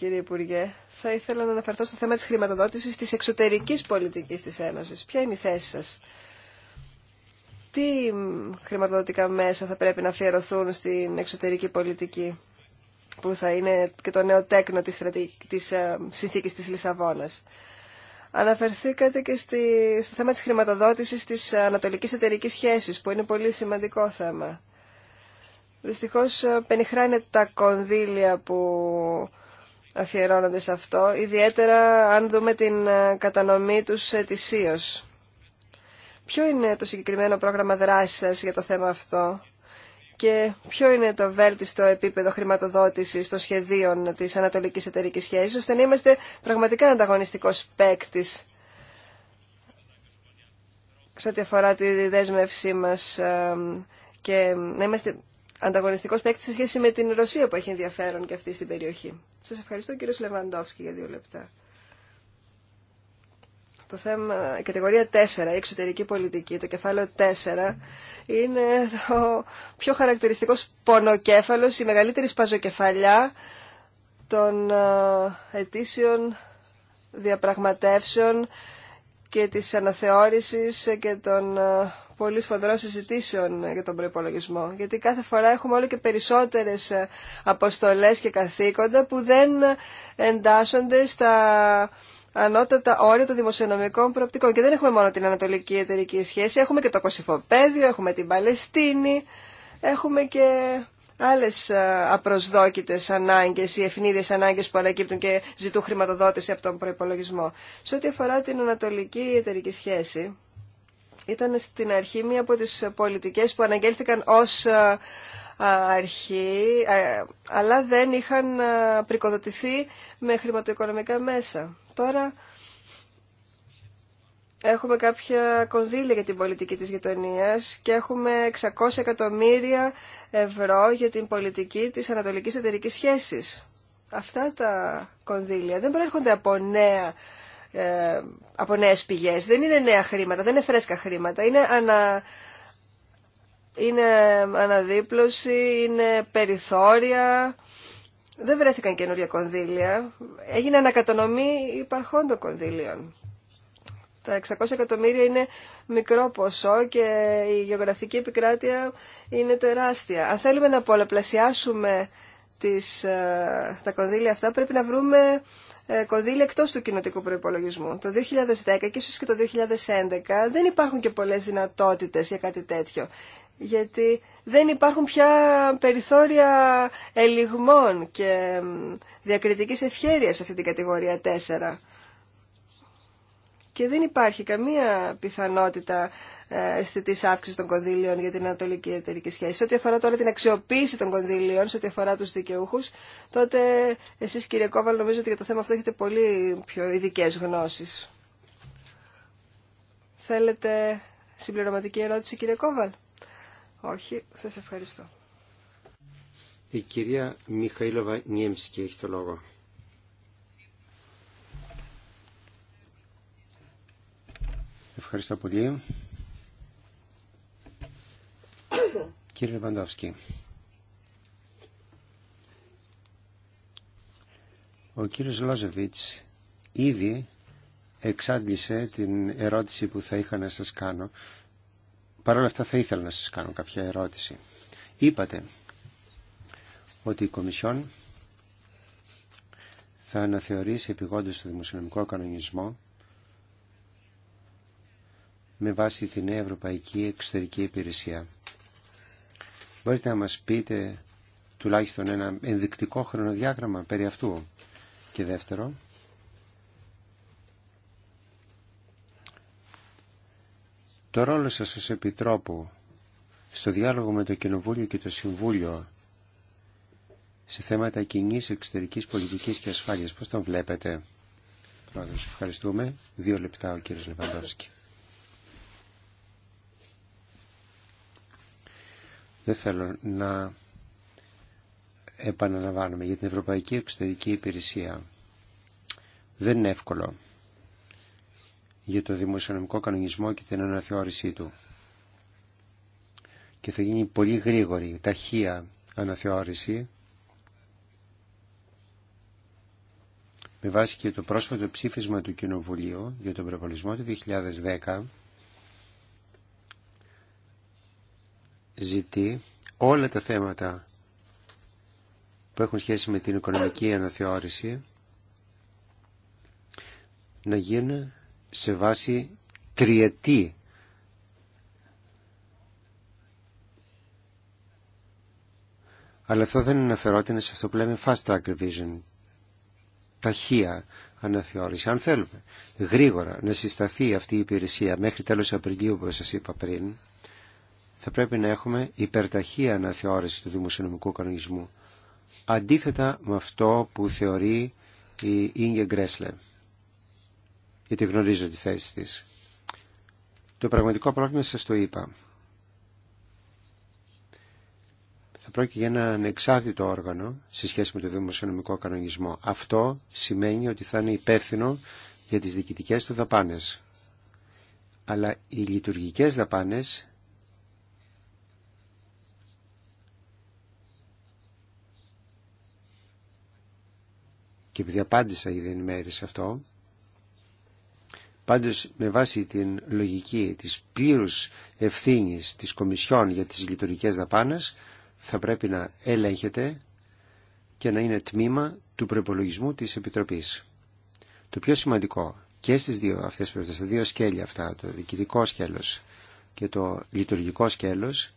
κύριε Υπουργέ. Θα ήθελα να αναφερθώ στο θέμα της χρηματοδότησης της εξωτερικής πολιτικής της Ένωσης. Ποια είναι η θέση σας. Τι χρηματοδοτικά μέσα θα πρέπει να αφιερωθούν στην εξωτερική πολιτική που θα είναι και το νέο τέκνο της, της ε, συνθήκης της Λισαβόνας. Αναφερθήκατε και στο θέμα της χρηματοδότησης της ανατολικής εταιρική σχέσης, που είναι πολύ σημαντικό θέμα. Δυστυχώς είναι τα κονδύλια που αφιερώνονται σε αυτό, ιδιαίτερα αν δούμε την ε, κατανομή τους ετησίως. Ποιο είναι το συγκεκριμένο πρόγραμμα δράσης σας για το θέμα αυτό και ποιο είναι το βέλτιστο επίπεδο χρηματοδότησης των σχεδίων της Ανατολικής Εταιρικής Σχέσης, ώστε να είμαστε πραγματικά ανταγωνιστικός παίκτη σε ό,τι αφορά τη δέσμευσή μας ε, και να είμαστε ανταγωνιστικό παίκτη σε σχέση με την Ρωσία που έχει ενδιαφέρον και αυτή στην περιοχή. Σα ευχαριστώ κύριο Λεβαντόφσκι για δύο λεπτά. Το θέμα, η κατηγορία 4, η εξωτερική πολιτική, το κεφάλαιο 4, είναι το πιο χαρακτηριστικός πονοκέφαλος, η μεγαλύτερη σπαζοκεφαλιά των ετήσιων διαπραγματεύσεων και της αναθεώρησης και των πολύ σφοδρών συζητήσεων για τον προπολογισμό. Γιατί κάθε φορά έχουμε όλο και περισσότερε ε, αποστολέ και καθήκοντα που δεν εντάσσονται στα ανώτατα όρια των δημοσιονομικών προοπτικών. Και δεν έχουμε μόνο την Ανατολική Εταιρική Σχέση, έχουμε και το Κωσυφοπαίδιο, έχουμε την Παλαιστίνη, έχουμε και άλλες ε, απροσδόκητες ανάγκες ή ευνίδιες ανάγκες που ανακύπτουν και ζητούν χρηματοδότηση από τον προϋπολογισμό. Σε ό,τι αφορά την ανατολική εταιρική σχέση, ήταν στην αρχή μία από τις πολιτικές που αναγγέλθηκαν ως ε, αρχή, ε, αλλά δεν είχαν ε, πρικοδοτηθεί με χρηματοοικονομικά μέσα. Τώρα έχουμε κάποια κονδύλια για την πολιτική της γειτονίας και έχουμε 600 εκατομμύρια ευρώ για την πολιτική της ανατολικής εταιρικής σχέσης. Αυτά τα κονδύλια δεν προέρχονται από νέα ε, από νέες πηγές. Δεν είναι νέα χρήματα, δεν είναι φρέσκα χρήματα. Είναι, ανα, είναι αναδίπλωση, είναι περιθώρια. Δεν βρέθηκαν καινούρια κονδύλια. Έγινε ανακατονομή των κονδύλιων. Τα 600 εκατομμύρια είναι μικρό ποσό και η γεωγραφική επικράτεια είναι τεράστια. Αν θέλουμε να πολλαπλασιάσουμε τις, ε, τα κονδύλια αυτά πρέπει να βρούμε ε, κονδύλια εκτός του κοινοτικού προπολογισμού. Το 2010 και ίσω και το 2011 δεν υπάρχουν και πολλές δυνατότητες για κάτι τέτοιο. Γιατί δεν υπάρχουν πια περιθώρια ελιγμών και διακριτική ευχέρεια σε αυτή την κατηγορία 4. Και δεν υπάρχει καμία πιθανότητα αισθητή αύξηση των κονδύλιων για την ανατολική εταιρική σχέση. Σε ό,τι αφορά τώρα την αξιοποίηση των κονδύλιων, σε ό,τι αφορά του δικαιούχου, τότε εσεί κύριε Κόβαλ νομίζω ότι για το θέμα αυτό έχετε πολύ πιο ειδικέ γνώσει. Θέλετε συμπληρωματική ερώτηση κύριε Κόβαλ. Όχι, σας ευχαριστώ. Η κυρία Μιχαήλοβα Νιέμσκι έχει το λόγο. Ευχαριστώ πολύ. Κύριε Βαντόφσκι. Ο κύριος Λόζεβιτς ήδη εξάντλησε την ερώτηση που θα είχα να σας κάνω. Παρ' όλα αυτά θα ήθελα να σας κάνω κάποια ερώτηση. Είπατε ότι η Κομισιόν θα αναθεωρήσει επιγόντως το δημοσιονομικό κανονισμό με βάση την Ευρωπαϊκή Εξωτερική Υπηρεσία Μπορείτε να μας πείτε τουλάχιστον ένα ενδεικτικό χρονοδιάγραμμα περί αυτού. Και δεύτερο, το ρόλο σας ως Επιτρόπου στο διάλογο με το Κοινοβούλιο και το Συμβούλιο σε θέματα κοινή εξωτερικής πολιτικής και ασφάλειας. Πώς τον βλέπετε. Πρόεδρος, ευχαριστούμε. Δύο λεπτά ο κύριος Λεβαντόφσκι. Δεν θέλω να επαναλαμβάνουμε για την Ευρωπαϊκή Εξωτερική Υπηρεσία. Δεν είναι εύκολο για το δημοσιονομικό κανονισμό και την αναθεώρησή του. Και θα γίνει πολύ γρήγορη, ταχεία αναθεώρηση με βάση και το πρόσφατο ψήφισμα του Κοινοβουλίου για τον προπολισμό του 2010 ζητεί όλα τα θέματα που έχουν σχέση με την οικονομική αναθεώρηση να γίνουν σε βάση τριετή Αλλά αυτό δεν αναφερόταν σε αυτό που λέμε fast track revision, ταχεία αναθεώρηση. Αν θέλουμε γρήγορα να συσταθεί αυτή η υπηρεσία μέχρι τέλος Απριλίου, όπως σας είπα πριν, θα πρέπει να έχουμε υπερταχή αναθεώρηση του δημοσιονομικού κανονισμού. Αντίθετα με αυτό που θεωρεί η Ίνγκε Γκρέσλε, γιατί γνωρίζω τη θέση της. Το πραγματικό πρόβλημα σας το είπα. Θα πρόκειται για ένα ανεξάρτητο όργανο σε σχέση με το δημοσιονομικό κανονισμό. Αυτό σημαίνει ότι θα είναι υπεύθυνο για τις διοικητικές του δαπάνες. Αλλά οι λειτουργικές δαπάνες και επειδή απάντησα ήδη εν μέρη σε αυτό, πάντως με βάση την λογική της πλήρους ευθύνης της Κομισιόν για τις λειτουργικές δαπάνες, θα πρέπει να ελέγχεται και να είναι τμήμα του προπολογισμού της Επιτροπής. Το πιο σημαντικό και στις δύο αυτές τις τα δύο σκέλια αυτά, το διοικητικό σκέλος και το λειτουργικό σκέλος,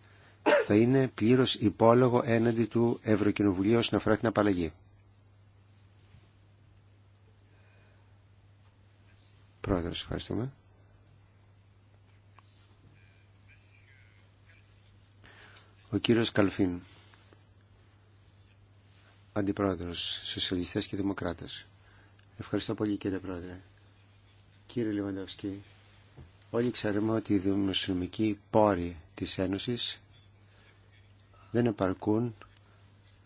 θα είναι πλήρως υπόλογο έναντι του Ευρωκοινοβουλίου όσον αφορά την απαλλαγή. Πρόεδρος, ευχαριστούμε. Ο κύριος Καλφίν, Αντιπρόεδρος, Σοσιαλιστές και Δημοκράτες. Ευχαριστώ πολύ κύριε Πρόεδρε. Κύριε Λιμανταυσκή, όλοι ξέρουμε ότι οι δημοσιονομικοί πόροι της Ένωσης δεν επαρκούν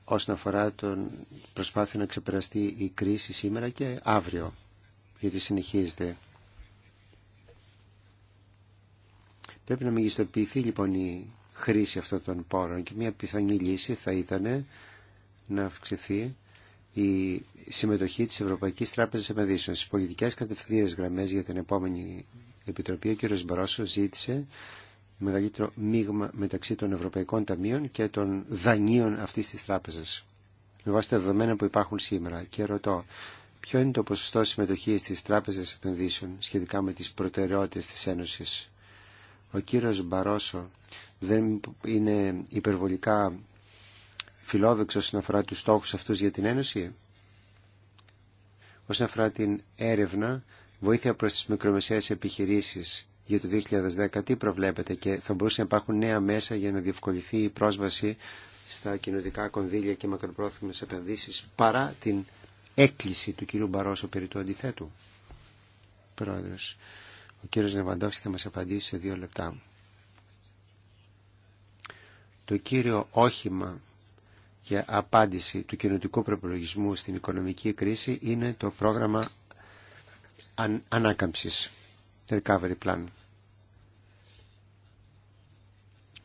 όσον αφορά τον προσπάθεια να ξεπεραστεί η κρίση σήμερα και αύριο, γιατί συνεχίζεται. Πρέπει να μεγιστοποιηθεί λοιπόν η χρήση αυτών των πόρων και μια πιθανή λύση θα ήταν να αυξηθεί η συμμετοχή της Ευρωπαϊκής Τράπεζας Επενδύσεων στις πολιτικές κατευθυντήρες γραμμές για την επόμενη Επιτροπή. Ο κ. Μπρόσο ζήτησε μεγαλύτερο μείγμα μεταξύ των Ευρωπαϊκών Ταμείων και των δανείων αυτής της τράπεζας. Με βάση τα δεδομένα που υπάρχουν σήμερα και ρωτώ ποιο είναι το ποσοστό συμμετοχής της Τράπεζας Επενδύσεων σχετικά με τις προτεραιότητες της Ένωσης ο κύριος Μπαρόσο δεν είναι υπερβολικά φιλόδοξος όσον αφορά τους στόχους αυτούς για την Ένωση. Όσον αφορά την έρευνα, βοήθεια προς τις μικρομεσαίες επιχειρήσεις για το 2010, τι προβλέπετε και θα μπορούσε να υπάρχουν νέα μέσα για να διευκολυθεί η πρόσβαση στα κοινωτικά κονδύλια και μακροπρόθεσμες επενδύσεις παρά την έκκληση του κύριου Μπαρόσο περί του αντιθέτου. Πρόεδρος. Ο κύριος Νεβαντόφης θα μας απαντήσει σε δύο λεπτά. Το κύριο όχημα για απάντηση του κοινωτικού προπολογισμού στην οικονομική κρίση είναι το πρόγραμμα ανάκαμψης, recovery plan.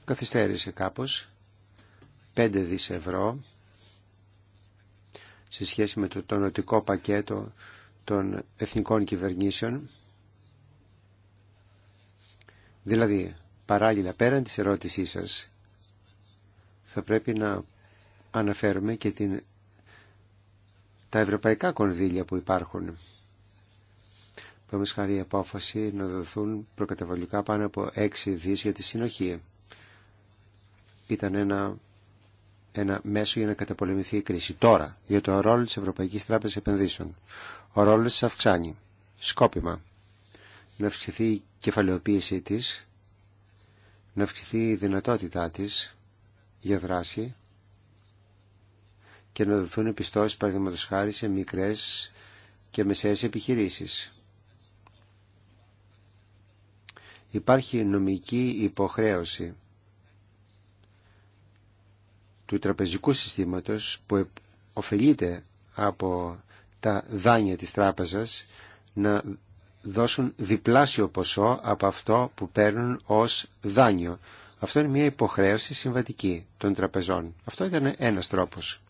Καθυστέρησε κάπως 5 δις ευρώ σε σχέση με το τονοτικό πακέτο των εθνικών κυβερνήσεων Δηλαδή, παράλληλα πέραν της ερώτησής σας, θα πρέπει να αναφέρουμε και την, τα ευρωπαϊκά κονδύλια που υπάρχουν. Πάμε χάρη η απόφαση να δοθούν προκαταβολικά πάνω από έξι δις για τη συνοχή. Ήταν ένα, ένα μέσο για να καταπολεμηθεί η κρίση. Τώρα, για το ρόλο της Ευρωπαϊκής Τράπεζας Επενδύσεων. Ο ρόλος της αυξάνει. Σκόπιμα να αυξηθεί η κεφαλαιοποίησή της, να αυξηθεί η δυνατότητά της για δράση και να δοθούν επιστώσεις παραδείγματο χάρη σε μικρές και μεσαίες επιχειρήσεις. Υπάρχει νομική υποχρέωση του τραπεζικού συστήματος που ωφελείται από τα δάνεια της τράπεζας να δώσουν διπλάσιο ποσό από αυτό που παίρνουν ως δάνειο. Αυτό είναι μια υποχρέωση συμβατική των τραπεζών. Αυτό ήταν ένας τρόπος.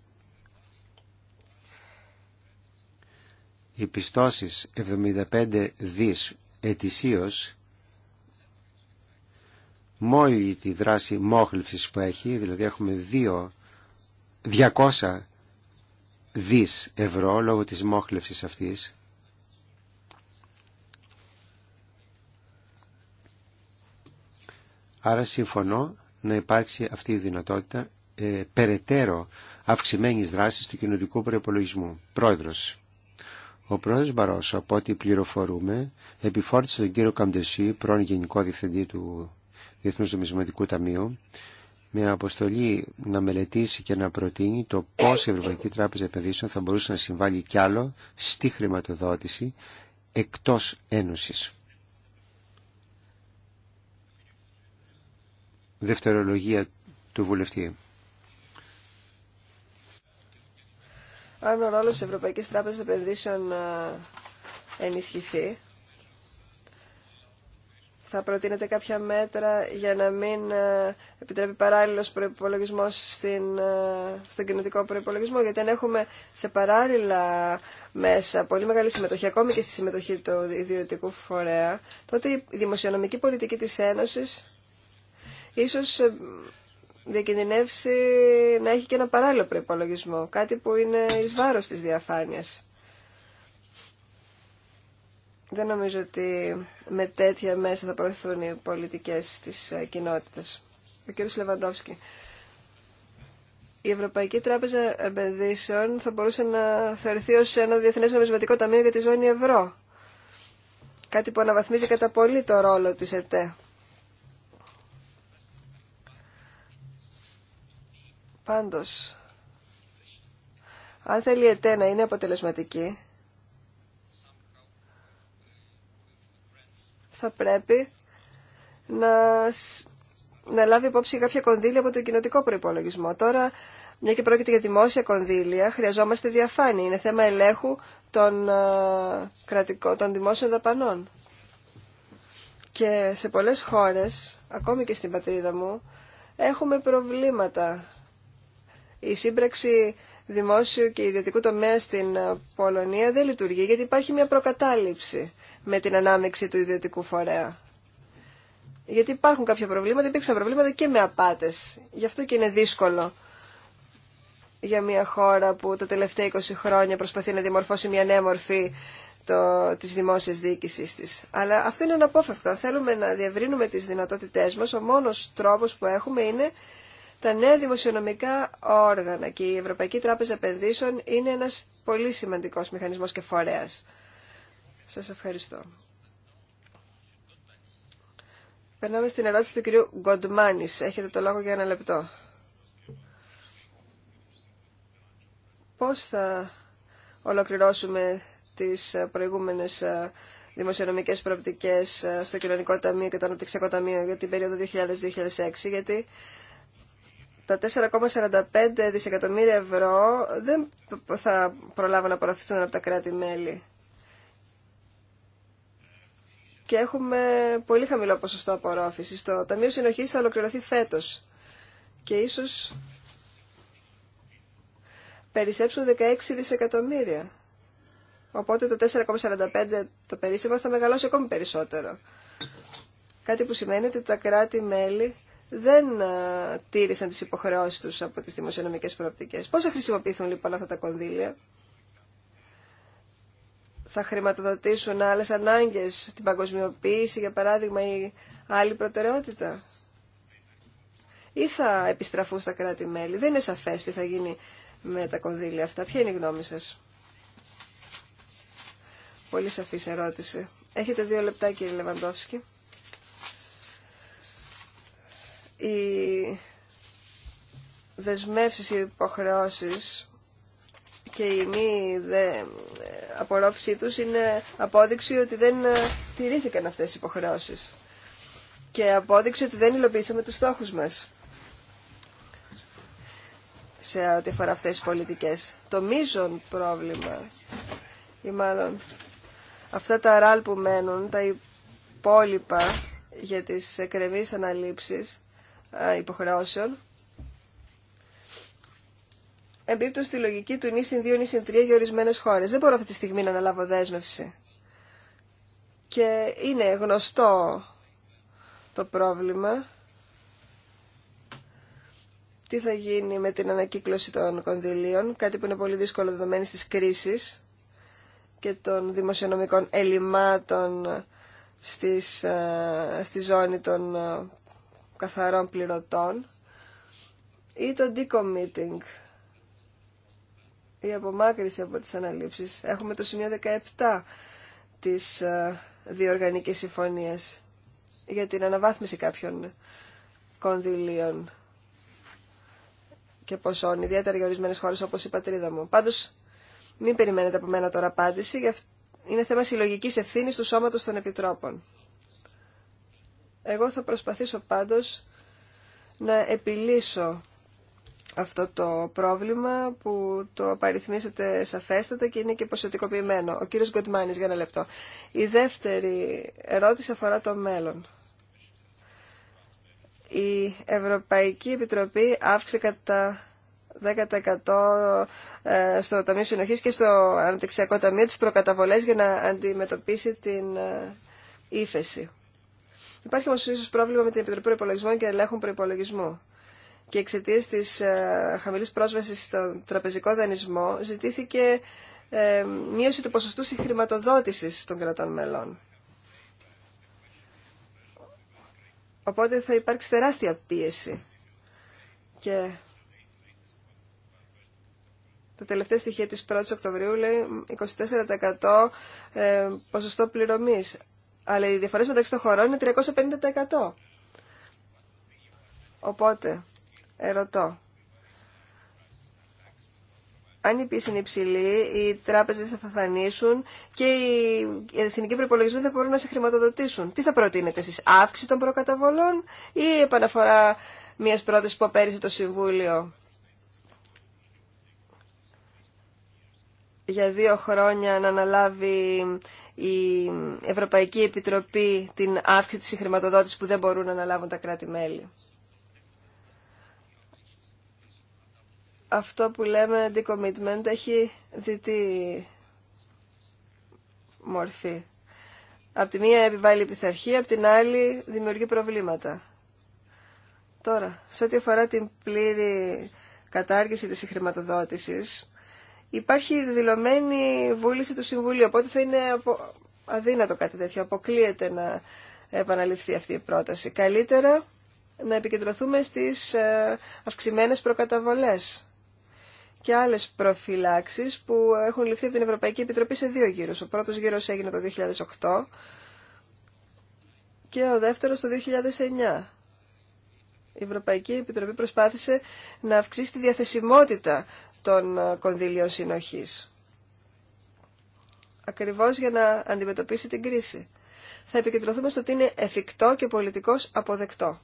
Οι πιστώσεις 75 δις ετησίως μόλι τη δράση μόχλευσης που έχει, δηλαδή έχουμε δύο, 200 δις ευρώ λόγω της μόχλευσης αυτής, Άρα συμφωνώ να υπάρξει αυτή η δυνατότητα ε, περαιτέρω αυξημένης δράσης του κοινωνικού προπολογισμού. Πρόεδρος. Ο πρόεδρος Μπαρόσο από ό,τι πληροφορούμε, επιφόρτησε τον κύριο Καμτεσί, πρώην Γενικό Διευθυντή του Διεθνούς Νομισματικού Ταμείου, με αποστολή να μελετήσει και να προτείνει το πώς η Ευρωπαϊκή Τράπεζα Επενδύσεων θα μπορούσε να συμβάλλει κι άλλο στη χρηματοδότηση εκτός Ένωσης. δευτερολογία του βουλευτή. Αν ο ρόλος της Ευρωπαϊκής Τράπεζας Επενδύσεων ενισχυθεί, θα προτείνετε κάποια μέτρα για να μην επιτρέπει παράλληλος προϋπολογισμός στην, στον κοινωτικό προϋπολογισμό, γιατί αν έχουμε σε παράλληλα μέσα πολύ μεγάλη συμμετοχή, ακόμη και στη συμμετοχή του ιδιωτικού φορέα, τότε η δημοσιονομική πολιτική της Ένωσης ίσως ε, διακινδυνεύσει να έχει και ένα παράλληλο προπολογισμό, κάτι που είναι εις βάρος της διαφάνειας. Δεν νομίζω ότι με τέτοια μέσα θα προωθούν οι πολιτικές της ε, κοινότητας. Ο κ. Λεβαντόφσκι. Η Ευρωπαϊκή Τράπεζα Επενδύσεων θα μπορούσε να θεωρηθεί ως ένα διεθνές νομισματικό ταμείο για τη ζώνη ευρώ. Κάτι που αναβαθμίζει κατά πολύ το ρόλο της ΕΤΕ. Πάντως, αν θέλει η να είναι αποτελεσματική, θα πρέπει να, να λάβει υπόψη κάποια κονδύλια από το κοινοτικό προϋπολογισμό. Τώρα, μια και πρόκειται για δημόσια κονδύλια, χρειαζόμαστε διαφάνεια. Είναι θέμα ελέγχου των, ε, κρατικό, των δημόσιων δαπανών. Και σε πολλές χώρες, ακόμη και στην πατρίδα μου, έχουμε προβλήματα η σύμπραξη δημόσιου και ιδιωτικού τομέα στην ε, Πολωνία δεν λειτουργεί γιατί υπάρχει μια προκατάληψη με την ανάμειξη του ιδιωτικού φορέα. Γιατί υπάρχουν κάποια προβλήματα, υπήρξαν προβλήματα και με απάτες. Γι' αυτό και είναι δύσκολο για μια χώρα που τα τελευταία 20 χρόνια προσπαθεί να δημορφώσει μια νέα μορφή το, της δημόσιας διοίκησής της. Αλλά αυτό είναι αναπόφευκτο. Αν θέλουμε να διευρύνουμε τις δυνατότητές μας, ο μόνος τρόπος που έχουμε είναι τα νέα δημοσιονομικά όργανα και η Ευρωπαϊκή Τράπεζα Επενδύσεων είναι ένας πολύ σημαντικός μηχανισμός και φορέας. Σας ευχαριστώ. Περνάμε στην ερώτηση του κυρίου Γκοντμάνης. Έχετε το λόγο για ένα λεπτό. Πώς θα ολοκληρώσουμε τις προηγούμενες ε, δημοσιονομικές προοπτικές ε, στο Κοινωνικό Ταμείο και το Αναπτυξιακό Ταμείο για την περίοδο 2000-2006, γιατί τα 4,45 δισεκατομμύρια ευρώ δεν θα προλάβουν να απορροφηθούν από τα κράτη-μέλη. Και έχουμε πολύ χαμηλό ποσοστό απορρόφηση. Το Ταμείο Συνοχής θα ολοκληρωθεί φέτος και ίσως περισσέψουν 16 δισεκατομμύρια. Οπότε το 4,45 το περίσσευμα θα μεγαλώσει ακόμη περισσότερο. Κάτι που σημαίνει ότι τα κράτη-μέλη δεν ε, τήρησαν τις υποχρεώσεις τους από τις δημοσιονομικές προοπτικές. Πώς θα χρησιμοποιηθούν λοιπόν αυτά τα κονδύλια. Θα χρηματοδοτήσουν άλλες ανάγκες, την παγκοσμιοποίηση για παράδειγμα ή άλλη προτεραιότητα. Ή θα επιστραφούν στα κράτη-μέλη. Δεν είναι σαφές τι θα γίνει με τα κονδύλια αυτά. Ποια είναι η γνώμη σας. Πολύ σαφής ερώτηση. Έχετε δύο λεπτά κύριε Λεβαντόφσκι. οι δεσμεύσεις, οι υποχρεώσεις και η μη απορρόφησή τους είναι απόδειξη ότι δεν τηρήθηκαν αυτές οι υποχρεώσεις και απόδειξη ότι δεν υλοποιήσαμε τους στόχους μας σε ό,τι αφορά αυτές τις πολιτικές. Το μείζον πρόβλημα ή μάλλον αυτά τα ράλ που μένουν, τα υπόλοιπα για τις εκρεμείς αναλήψεις ε, υποχρεώσεων εμπίπτω στη λογική του νήσιν 2, νήσιν 3 για ορισμένε χώρε. Δεν μπορώ αυτή τη στιγμή να αναλάβω δέσμευση. Και είναι γνωστό το πρόβλημα. Τι θα γίνει με την ανακύκλωση των κονδυλίων, κάτι που είναι πολύ δύσκολο δεδομένη της κρίσης και των δημοσιονομικών ελλημάτων στις, ε, στη ζώνη των ε, καθαρών πληρωτών ή το decommitting, η απομάκρυση από τις αναλήψεις. Έχουμε το σημείο 17 της ε, διοργανικής συμφωνίας για την αναβάθμιση κάποιων κονδυλίων και ποσών, ιδιαίτερα για ορισμένε χώρε όπως η πατρίδα μου. Πάντως, μην περιμένετε από μένα τώρα απάντηση, είναι θέμα συλλογική ευθύνη του Σώματος των επιτρόπων. Εγώ θα προσπαθήσω πάντως να επιλύσω αυτό το πρόβλημα που το απαριθμίσατε σαφέστατα και είναι και ποσοτικοποιημένο. Ο κύριος Γκοντμάνης, για ένα λεπτό. Η δεύτερη ερώτηση αφορά το μέλλον. Η Ευρωπαϊκή Επιτροπή αύξησε κατά 10% ε, στο Ταμείο Συνοχής και στο Αναπτυξιακό Ταμείο τις προκαταβολές για να αντιμετωπίσει την ε, ύφεση. Υπάρχει όμω ίσω πρόβλημα με την Επιτροπή Προπολογισμών και Ελέγχων Προπολογισμού. Και εξαιτία τη ε, χαμηλή πρόσβαση στον τραπεζικό δανεισμό ζητήθηκε ε, μείωση του ποσοστού συγχρηματοδότηση των κρατών μελών. Οπότε θα υπάρξει τεράστια πίεση. Και τα τελευταία στοιχεία της 1ης Οκτωβρίου λέει 24% ε, ποσοστό πληρωμής αλλά οι διαφορές μεταξύ των χωρών είναι 350%. Οπότε, ερωτώ, αν η πίεση είναι υψηλή, οι τράπεζες θα θαθανίσουν και οι εθνικοί προϋπολογισμοί θα μπορούν να σε χρηματοδοτήσουν. Τι θα προτείνετε εσείς, αύξηση των προκαταβολών ή επαναφορά μιας πρότασης που απέρισε το Συμβούλιο για δύο χρόνια να αναλάβει η Ευρωπαϊκή Επιτροπή την αύξηση της χρηματοδότησης που δεν μπορούν να αναλάβουν τα κράτη-μέλη. Αυτό που λέμε decommitment έχει διτή μορφή. Απ' τη μία επιβάλλει πειθαρχία, απ' την άλλη δημιουργεί προβλήματα. Τώρα, σε ό,τι αφορά την πλήρη κατάργηση της χρηματοδότησης, Υπάρχει δηλωμένη βούληση του Συμβουλίου, οπότε θα είναι αδύνατο κάτι τέτοιο. Αποκλείεται να επαναληφθεί αυτή η πρόταση. Καλύτερα να επικεντρωθούμε στις ε, αυξημένες προκαταβολές και άλλες προφυλάξεις που έχουν ληφθεί από την Ευρωπαϊκή Επιτροπή σε δύο γύρους. Ο πρώτος γύρος έγινε το 2008 και ο δεύτερος το 2009. Η Ευρωπαϊκή Επιτροπή προσπάθησε να αυξήσει τη διαθεσιμότητα των ε, κονδύλιων συνοχής. Ακριβώς για να αντιμετωπίσει την κρίση. Θα επικεντρωθούμε στο ότι είναι εφικτό και πολιτικός αποδεκτό.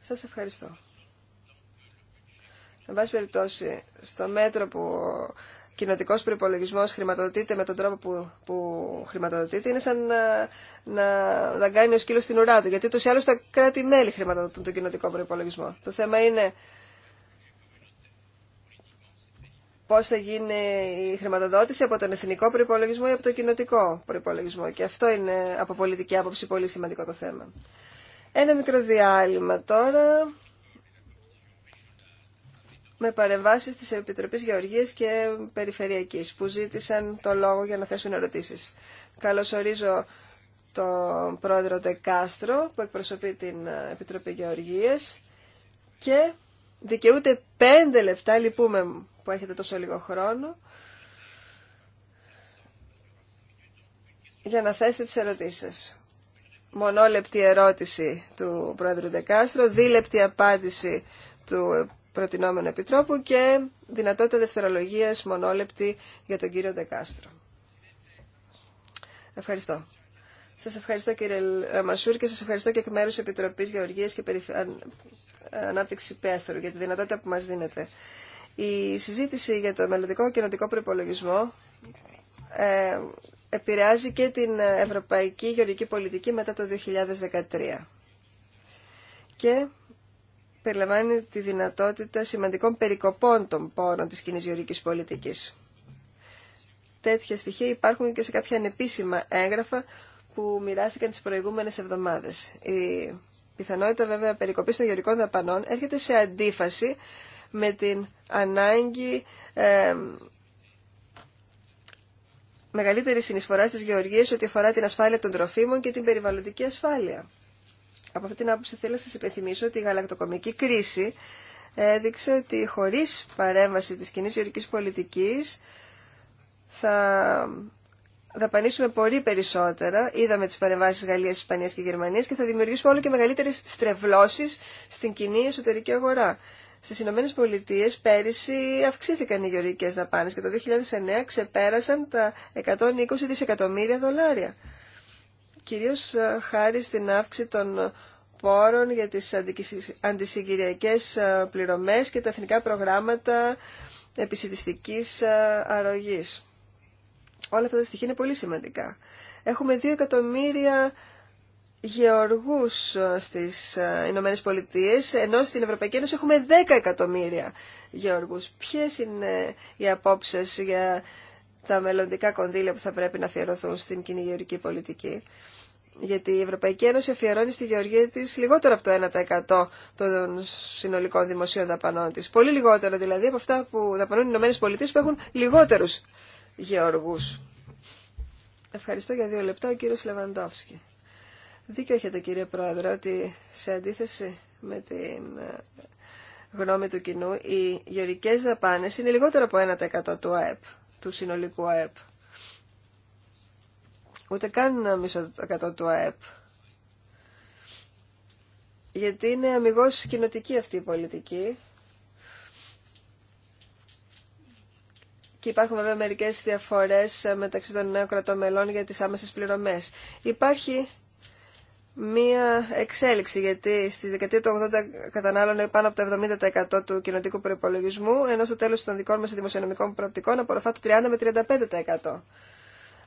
Σας ευχαριστώ. Εν πάση περιπτώσει, στο μέτρο που ο κοινοτικό προπολογισμό χρηματοδοτείται με τον τρόπο που, που χρηματοδοτείται, είναι σαν να, ε, να δαγκάνει ο σκύλο στην ουρά του. Γιατί τους άλλους τα κράτη-μέλη χρηματοδοτούν τον κοινοτικό προπολογισμό. Το θέμα είναι πώς θα γίνει η χρηματοδότηση από τον εθνικό προϋπολογισμό ή από τον κοινοτικό προϋπολογισμό. Και αυτό είναι από πολιτική άποψη πολύ σημαντικό το θέμα. Ένα μικρό διάλειμμα τώρα με παρεμβάσεις της Επιτροπής Γεωργίας και Περιφερειακής που ζήτησαν το λόγο για να θέσουν ερωτήσεις. Καλωσορίζω τον πρόεδρο Τεκάστρο που εκπροσωπεί την Επιτροπή Γεωργίας και δικαιούται πέντε λεπτά, λυπούμε μου που έχετε τόσο λίγο χρόνο για να θέσετε τις ερωτήσεις Μονόλεπτη ερώτηση του Πρόεδρου Δεκάστρο, δίλεπτη απάντηση του προτινόμενου Επιτρόπου και δυνατότητα δευτερολογίας μονόλεπτη για τον κύριο Δεκάστρο. Ευχαριστώ. Σας ευχαριστώ κύριε Μασούρ και σας ευχαριστώ και εκ μέρους Επιτροπής Γεωργίας και Ανάπτυξης Πέθρου για τη δυνατότητα που μας δίνετε. Η συζήτηση για το μελλοντικό κοινοτικό προπολογισμό ε, επηρεάζει και την ευρωπαϊκή γεωργική πολιτική μετά το 2013. Και περιλαμβάνει τη δυνατότητα σημαντικών περικοπών των πόρων της κοινή γεωργικής πολιτικής. Τέτοια στοιχεία υπάρχουν και σε κάποια ανεπίσημα έγγραφα που μοιράστηκαν τις προηγούμενες εβδομάδες. Η πιθανότητα βέβαια περικοπής των γεωργικών δαπανών έρχεται σε αντίφαση με την ανάγκη ε, μεγαλύτερη συνεισφορά στις γεωργίες ό,τι αφορά την ασφάλεια των τροφίμων και την περιβαλλοντική ασφάλεια. Από αυτή την άποψη θέλω να σας υπενθυμίσω ότι η γαλακτοκομική κρίση έδειξε ότι χωρίς παρέμβαση της κοινή γεωργικής πολιτικής θα δαπανίσουμε πολύ περισσότερα. Είδαμε τις παρεμβάσεις Γαλλίας, Ισπανίας και Γερμανίας και θα δημιουργήσουμε όλο και μεγαλύτερες στρεβλώσεις στην κοινή εσωτερική αγορά. Στι Ηνωμένε Πολιτείες πέρυσι αυξήθηκαν οι γεωργικέ δαπάνες και το 2009 ξεπέρασαν τα 120 δισεκατομμύρια δολάρια. Κυρίως ε, χάρη στην αύξηση των πόρων για τις αντισυγκυριακέ ε, πληρωμές και τα εθνικά προγράμματα επισητιστική ε, αρρωγής. Όλα αυτά τα στοιχεία είναι πολύ σημαντικά. Έχουμε 2 εκατομμύρια γεωργούς ε, στις ε, Ηνωμένες Πολιτείες, ενώ στην Ευρωπαϊκή Ένωση έχουμε 10 εκατομμύρια γεωργούς. Ποιες είναι οι απόψεις για τα μελλοντικά κονδύλια που θα πρέπει να αφιερωθούν στην κοινή γεωργική πολιτική. Γιατί η Ευρωπαϊκή Ένωση αφιερώνει στη γεωργία τη λιγότερο από το 1% των συνολικών δημοσίων δαπανών τη. Πολύ λιγότερο δηλαδή από αυτά που δαπανούν οι Ηνωμένε Πολιτείε που έχουν λιγότερου γεωργού. Ευχαριστώ για δύο λεπτά ο κύριο Λεβαντόφσκι. Δίκιο έχετε κύριε Πρόεδρε ότι σε αντίθεση με την ε, γνώμη του κοινού οι γεωρικές δαπάνες είναι λιγότερο από 1% του ΑΕΠ, του συνολικού ΑΕΠ. Ούτε καν μισό εκατό του ΑΕΠ. Γιατί είναι αμυγός κοινοτική αυτή η πολιτική. Και υπάρχουν βέβαια μερικές διαφορές μεταξύ των νέων κρατών μελών για τις άμεσες πληρωμές. Υπάρχει μία εξέλιξη, γιατί στη δεκαετία του 80 κατανάλωνε πάνω από το 70% του κοινοτικού προπολογισμού, ενώ στο τέλος των δικών μας δημοσιονομικών προοπτικών απορροφά το 30 με 35%.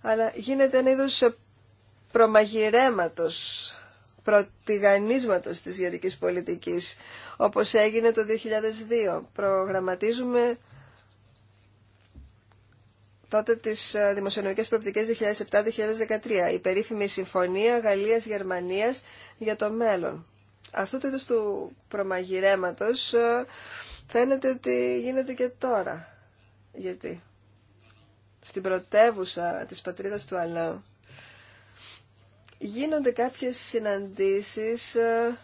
Αλλά γίνεται ένα είδος προμαγειρέματος, προτιγανίσματος της γεωρικής πολιτικής, όπως έγινε το 2002. Προγραμματίζουμε τότε τι ε, δημοσιονομικε προοπτικε προοπτικές 2007-2013, η περίφημη Συμφωνία Γερμανία για το μέλλον. Αυτό το είδο του προμαγειρέματο ε, φαίνεται ότι γίνεται και τώρα. Γιατί στην πρωτεύουσα της πατρίδας του Αλάου γίνονται κάποιες συναντήσεις ε,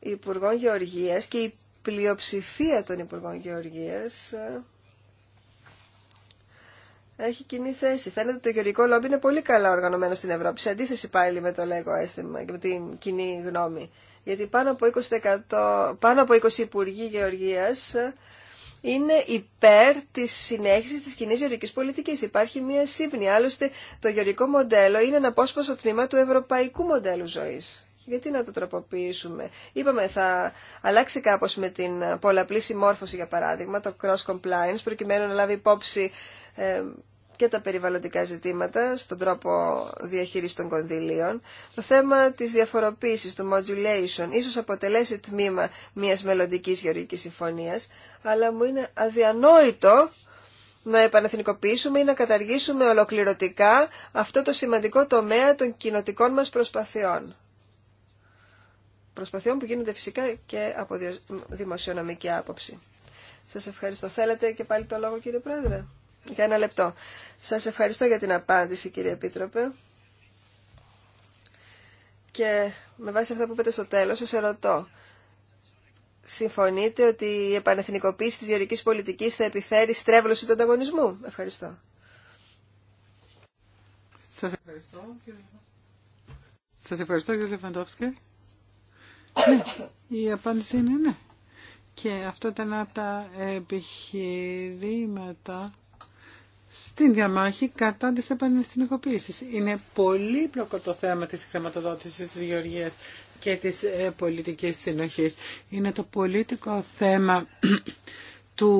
Υπουργών Γεωργίας και η πλειοψηφία των Υπουργών Γεωργίας έχει κοινή θέση. Φαίνεται ότι το γεωργικό λόμπι είναι πολύ καλά οργανωμένο στην Ευρώπη, σε αντίθεση πάλι με το λέγω αίσθημα και με την κοινή γνώμη. Γιατί πάνω από 20%, πάνω από 20 υπουργοί γεωργίας είναι υπέρ τη συνέχισης της κοινή γεωργικής πολιτικής. Υπάρχει μία σύμπνη. Άλλωστε το γεωργικό μοντέλο είναι ένα απόσπαστο τμήμα του ευρωπαϊκού μοντέλου ζωή. Γιατί να το τροποποιήσουμε. Είπαμε θα αλλάξει κάπως με την πολλαπλή συμμόρφωση για παράδειγμα, το cross compliance, προκειμένου να λάβει υπόψη ε, και τα περιβαλλοντικά ζητήματα στον τρόπο διαχείρισης των κονδυλίων. Το θέμα της διαφοροποίησης, του modulation, ίσως αποτελέσει τμήμα μιας μελλοντική γεωργικής συμφωνίας, αλλά μου είναι αδιανόητο να επαναθηνικοποιήσουμε ή να καταργήσουμε ολοκληρωτικά αυτό το σημαντικό τομέα των κοινοτικών μας προσπαθειών προσπαθειών που γίνονται φυσικά και από δημοσιονομική άποψη. Σας ευχαριστώ. Θέλετε και πάλι το λόγο κύριε Πρόεδρε. Για ένα λεπτό. Σας ευχαριστώ για την απάντηση κύριε Επίτροπε. Και με βάση αυτά που είπατε στο τέλος σας ερωτώ. Συμφωνείτε ότι η επανεθνικοποίηση της γεωρικής πολιτικής θα επιφέρει στρέβλωση του ανταγωνισμού. Ευχαριστώ. Σας ευχαριστώ κύριε, Σας ευχαριστώ, κύριε ναι, η απάντηση είναι ναι. Και αυτό ήταν από τα επιχειρήματα στην διαμάχη κατά της επανεθνικοποίησης. Είναι πολύ το θέμα της χρηματοδότησης της γεωργίας και της ε, πολιτικής συνοχής. Είναι το πολιτικό θέμα του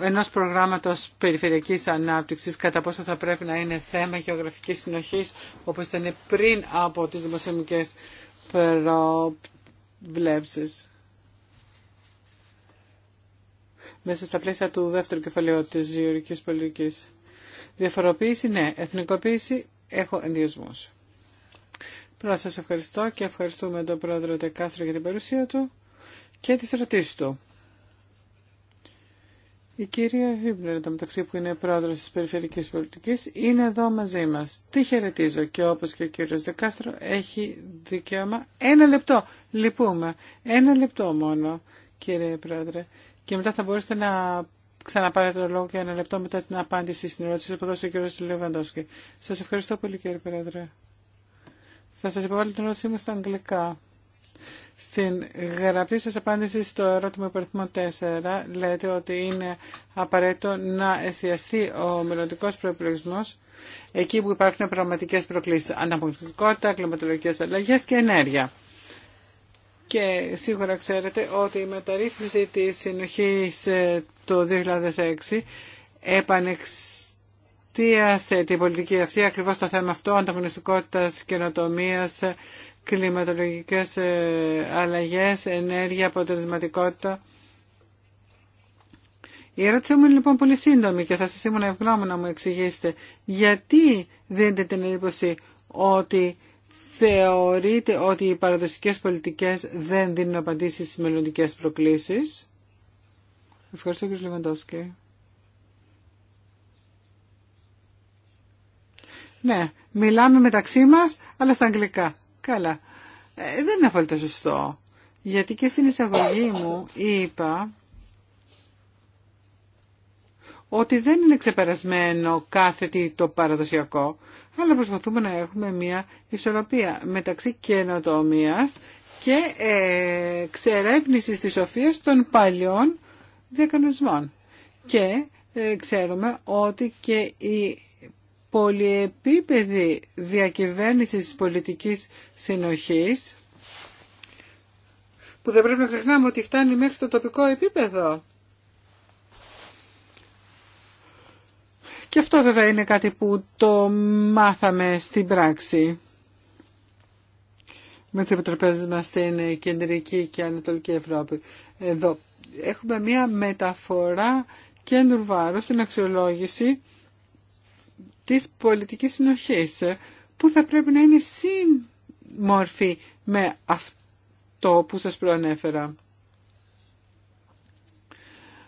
ενός προγράμματος περιφερειακής ανάπτυξης κατά πόσο θα πρέπει να είναι θέμα γεωγραφικής συνοχής όπως ήταν πριν από τις δημοσιονομικές βλέψεις. Μέσα στα πλαίσια του δεύτερου κεφαλαίου της γεωργικής πολιτικής. Διαφοροποίηση, ναι. Εθνικοποίηση, έχω ενδιασμούς. Πρώτα σας ευχαριστώ και ευχαριστούμε τον πρόεδρο Τεκάστρο για την παρουσία του και τις ερωτήσεις του. Η κυρία Χίμπνερ, το μεταξύ που είναι πρόεδρος της περιφερειακής Πολιτικής, είναι εδώ μαζί μας. Τι χαιρετίζω και όπως και ο κύριος Δεκάστρο έχει δικαίωμα. Ένα λεπτό, λυπούμε. Ένα λεπτό μόνο, κύριε πρόεδρε. Και μετά θα μπορέσετε να ξαναπάρετε το λόγο και ένα λεπτό μετά την απάντηση στην ερώτηση που δώσε ο κύριος Λεβαντόσκη. Σα ευχαριστώ πολύ κύριε πρόεδρε. Θα σα υποβάλω την ερώτησή μου στα αγγλικά. Στην γραπτή σας απάντηση στο ερώτημα υπ. 4 λέτε ότι είναι απαραίτητο να εστιαστεί ο μελλοντικό προπολογισμό εκεί που υπάρχουν πραγματικές προκλήσεις, ανταγωνιστικότητα, κλιματολογικές αλλαγές και ενέργεια. Και σίγουρα ξέρετε ότι η μεταρρύθμιση της συνοχής ε, το 2006 επανεξτίασε την πολιτική αυτή ακριβώς το θέμα αυτό ανταγωνιστικότητας, καινοτομίας, κλιματολογικές ε, αλλαγές, ενέργεια, αποτελεσματικότητα. Η ερώτησή μου είναι λοιπόν πολύ σύντομη και θα σας ήμουν ευγνώμη να μου εξηγήσετε γιατί δίνετε την εντύπωση ότι θεωρείτε ότι οι παραδοσιακές πολιτικές δεν δίνουν απαντήσεις στις μελλοντικές προκλήσεις. Ευχαριστώ κ. Λεβαντόφσκι. Ναι, μιλάμε μεταξύ μας, αλλά στα αγγλικά. Καλά. Ε, δεν είναι απόλυτα σωστό. Γιατί και στην εισαγωγή μου είπα ότι δεν είναι ξεπερασμένο κάθε τι το παραδοσιακό, αλλά προσπαθούμε να έχουμε μια ισορροπία μεταξύ καινοτομία και ε, της σοφίας των παλιών διακανονισμών. Και ε, ξέρουμε ότι και η πολυεπίπεδη διακυβέρνηση της πολιτικής συνοχής που δεν πρέπει να ξεχνάμε ότι φτάνει μέχρι το τοπικό επίπεδο. Και αυτό βέβαια είναι κάτι που το μάθαμε στην πράξη με τις επιτροπές μας στην Κεντρική και Ανατολική Ευρώπη. Εδώ έχουμε μία μεταφορά κέντρου βάρου στην αξιολόγηση της πολιτικής συνοχής ε, που θα πρέπει να είναι σύμμορφη με αυτό που σας προανέφερα.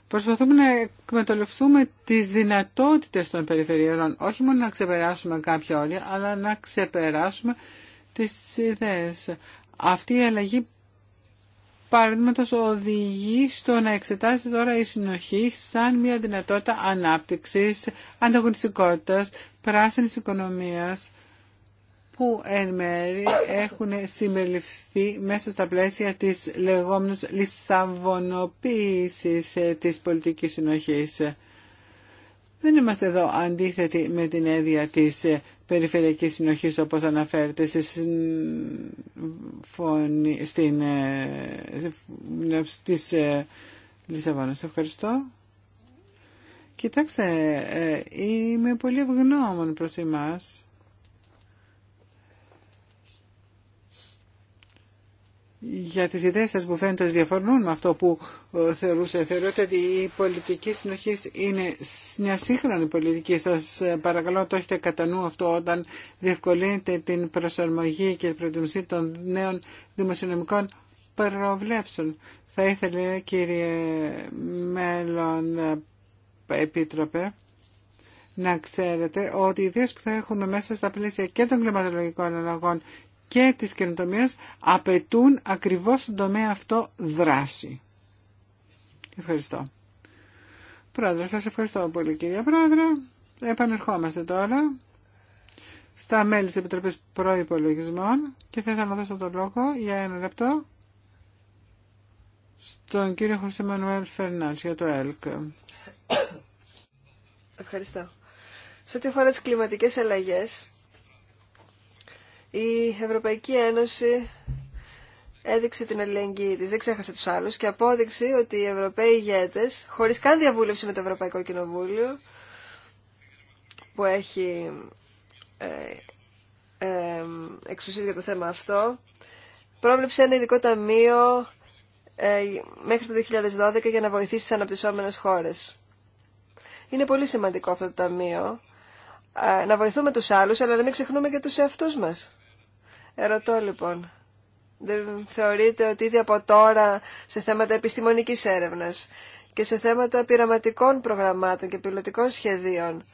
Προσπαθούμε να εκμεταλλευτούμε τις δυνατότητες των περιφερειών, όχι μόνο να ξεπεράσουμε κάποια όρια, αλλά να ξεπεράσουμε τις ιδέες. Αυτή η αλλαγή παραδείγματο οδηγεί στο να εξετάσει τώρα η συνοχή σαν μια δυνατότητα ανάπτυξη ανταγωνιστικότητας, πράσινης οικονομίας που εν μέρει έχουν συμμεληφθεί μέσα στα πλαίσια της λεγόμενης λισαβονοποίηση ε, της πολιτικής συνοχής. Δεν είμαστε εδώ αντίθετοι με την έδεια της ε, περιφερειακής συνοχής όπως αναφέρεται στη συμφωνία στην, ε, της ε, Λισαβόνας. Ευχαριστώ. Κοιτάξτε, ε, είμαι πολύ ευγνώμων προς εμάς για τις ιδέες σας που φαίνεται ότι διαφορούν με αυτό που ε, θεωρούσε Θεωρείτε ότι η πολιτική συνοχή είναι μια σύγχρονη πολιτική. Σας ε, παρακαλώ το έχετε κατά νου αυτό όταν διευκολύνετε την προσαρμογή και την προετοιμασία των νέων δημοσιονομικών προβλέψεων. Θα ήθελε κύριε μέλλον ε, επίτροπε να ξέρετε ότι οι ιδέες που θα έχουμε μέσα στα πλαίσια και των κλιματολογικών αλλαγών και της καινοτομίας απαιτούν ακριβώς στον τομέα αυτό δράση. Ευχαριστώ. Πρόεδρε, σας ευχαριστώ πολύ κυρία Πρόεδρε. Επανερχόμαστε τώρα στα μέλη της Επιτροπής Προϋπολογισμών και θα ήθελα να δώσω τον λόγο για ένα λεπτό στον κύριο Χωσή Μανουέλ Φερνάς για το ΕΛΚ. Ευχαριστώ. Σε ό,τι αφορά τις κλιματικές αλλαγές, η Ευρωπαϊκή Ένωση έδειξε την αλληλεγγύη της, δεν ξέχασε τους άλλους και απόδειξε ότι οι Ευρωπαίοι ηγέτες, χωρίς καν διαβούλευση με το Ευρωπαϊκό Κοινοβούλιο, που έχει ε, ε, εξουσίες για το θέμα αυτό, πρόβλεψε ένα ειδικό ταμείο ε, μέχρι το 2012 για να βοηθήσει τις αναπτυσσόμενες χώρες. Είναι πολύ σημαντικό αυτό το ταμείο, ε, να βοηθούμε τους άλλους, αλλά να μην ξεχνούμε και τους εαυτούς μας. Ερωτώ λοιπόν, δεν θεωρείτε ότι ήδη από τώρα σε θέματα επιστημονικής έρευνας και σε θέματα πειραματικών προγραμμάτων και πιλωτικών σχεδίων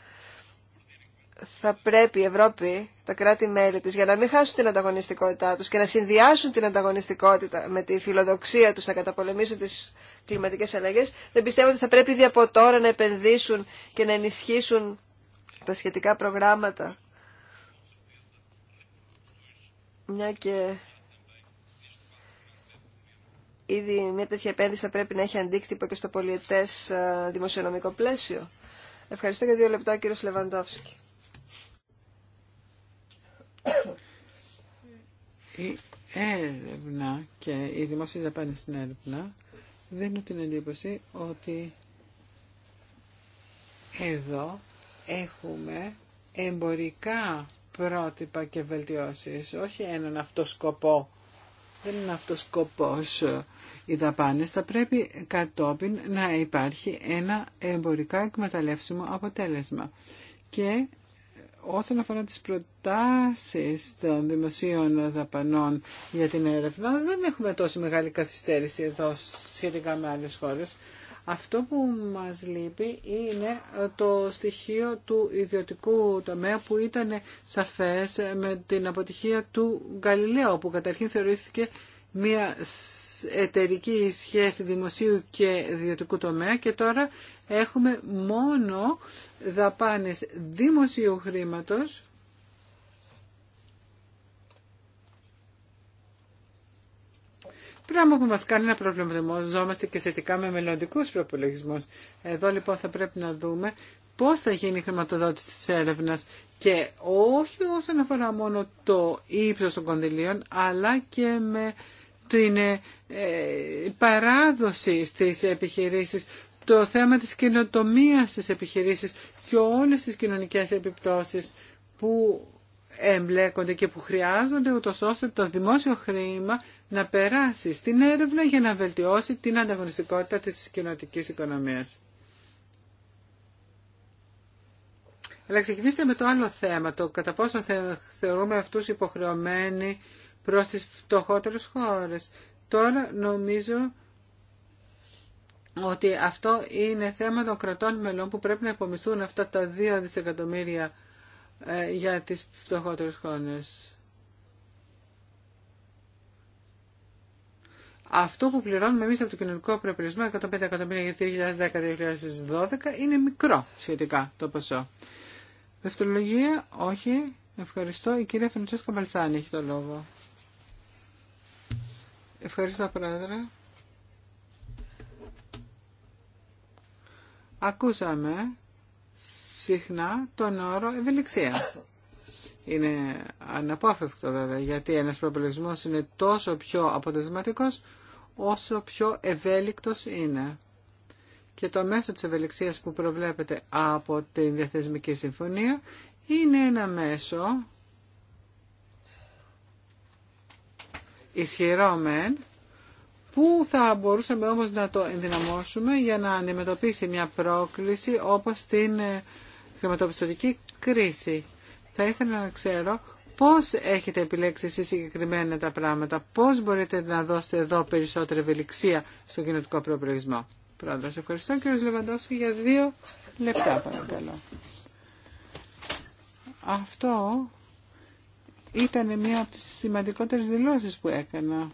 θα πρέπει η Ευρώπη, τα κράτη-μέλη της, για να μην χάσουν την ανταγωνιστικότητά τους και να συνδυάσουν την ανταγωνιστικότητα με τη φιλοδοξία τους να καταπολεμήσουν τις κλιματικές αλλαγές, δεν πιστεύω ότι θα πρέπει ήδη από τώρα να επενδύσουν και να ενισχύσουν τα σχετικά προγράμματα μια και ήδη μια τέτοια επένδυση θα πρέπει να έχει αντίκτυπο και στο πολιτέ ε, δημοσιονομικό πλαίσιο. Ευχαριστώ για δύο λεπτά, κύριο Λεβαντόφσκι. Η έρευνα και οι δημόσιες δαπάνες στην έρευνα δίνουν την εντύπωση ότι εδώ έχουμε εμπορικά πρότυπα και βελτιώσεις. Όχι έναν αυτό σκοπό. Δεν είναι αυτό σκοπός ε, οι δαπάνες. Θα πρέπει κατόπιν να υπάρχει ένα εμπορικά εκμεταλλεύσιμο αποτέλεσμα. Και ε, όσον αφορά τις προτάσεις των δημοσίων δαπανών για την έρευνα, δεν έχουμε τόσο μεγάλη καθυστέρηση εδώ σχετικά με άλλες χώρες. Αυτό που μας λείπει είναι ε, το στοιχείο του ιδιωτικού τομέα που ήταν σαφές ε, με την αποτυχία του Γαλιλαίου που καταρχήν θεωρήθηκε μια εταιρική σχέση δημοσίου και ιδιωτικού τομέα και τώρα έχουμε μόνο δαπάνες δημοσίου χρήματος Πράγμα που μας κάνει να προβληματιζόμαστε και σχετικά με μελλοντικού προπολογισμού. Εδώ λοιπόν θα πρέπει να δούμε πώς θα γίνει η χρηματοδότηση της έρευνα και όχι όσον αφορά μόνο το ύψος των κονδυλίων, αλλά και με την ε, παράδοση στις επιχειρήσεις, το θέμα της κοινοτομίας στις επιχειρήσεις και όλες τις κοινωνικές επιπτώσεις που εμπλέκονται και που χρειάζονται ούτως ώστε το δημόσιο χρήμα να περάσει στην έρευνα για να βελτιώσει την ανταγωνιστικότητα της κοινωτικής οικονομίας. Αλλά ξεκινήστε με το άλλο θέμα, το κατά πόσο θεωρούμε αυτούς υποχρεωμένοι προς τις φτωχότερες χώρες. Τώρα νομίζω ότι αυτό είναι θέμα των κρατών μελών που πρέπει να υπομισθούν αυτά τα 2 δισεκατομμύρια ε, για τις φτωχότερες χρόνες. Αυτό που πληρώνουμε εμείς από το κοινωνικό προπληρωισμό 105 εκατομμύρια για 2010-2012 είναι μικρό σχετικά το ποσό. Δευτερολογία, όχι. Ευχαριστώ. Η κυρία Φραντσέσκα Μπαλτσάνη έχει το λόγο. Ευχαριστώ, Πρόεδρε. Ακούσαμε συχνά τον όρο ευελιξία. Είναι αναπόφευκτο βέβαια, γιατί ένας προπολογισμός είναι τόσο πιο αποτελεσματικός όσο πιο ευέλικτος είναι. Και το μέσο της ευελιξίας που προβλέπεται από την Διαθεσμική Συμφωνία είναι ένα μέσο ισχυρό που θα μπορούσαμε όμως να το ενδυναμώσουμε για να αντιμετωπίσει μια πρόκληση όπως την ε, χρηματοπιστωτική κρίση. Θα ήθελα να ξέρω πώς έχετε επιλέξει εσείς συγκεκριμένα τα πράγματα, πώς μπορείτε να δώσετε εδώ περισσότερη ευελιξία στο κοινωτικό προπολογισμό. Πρόεδρος, ευχαριστώ κύριο και για δύο λεπτά παρακαλώ. Αυτό ήταν μία από τις σημαντικότερες δηλώσεις που έκανα.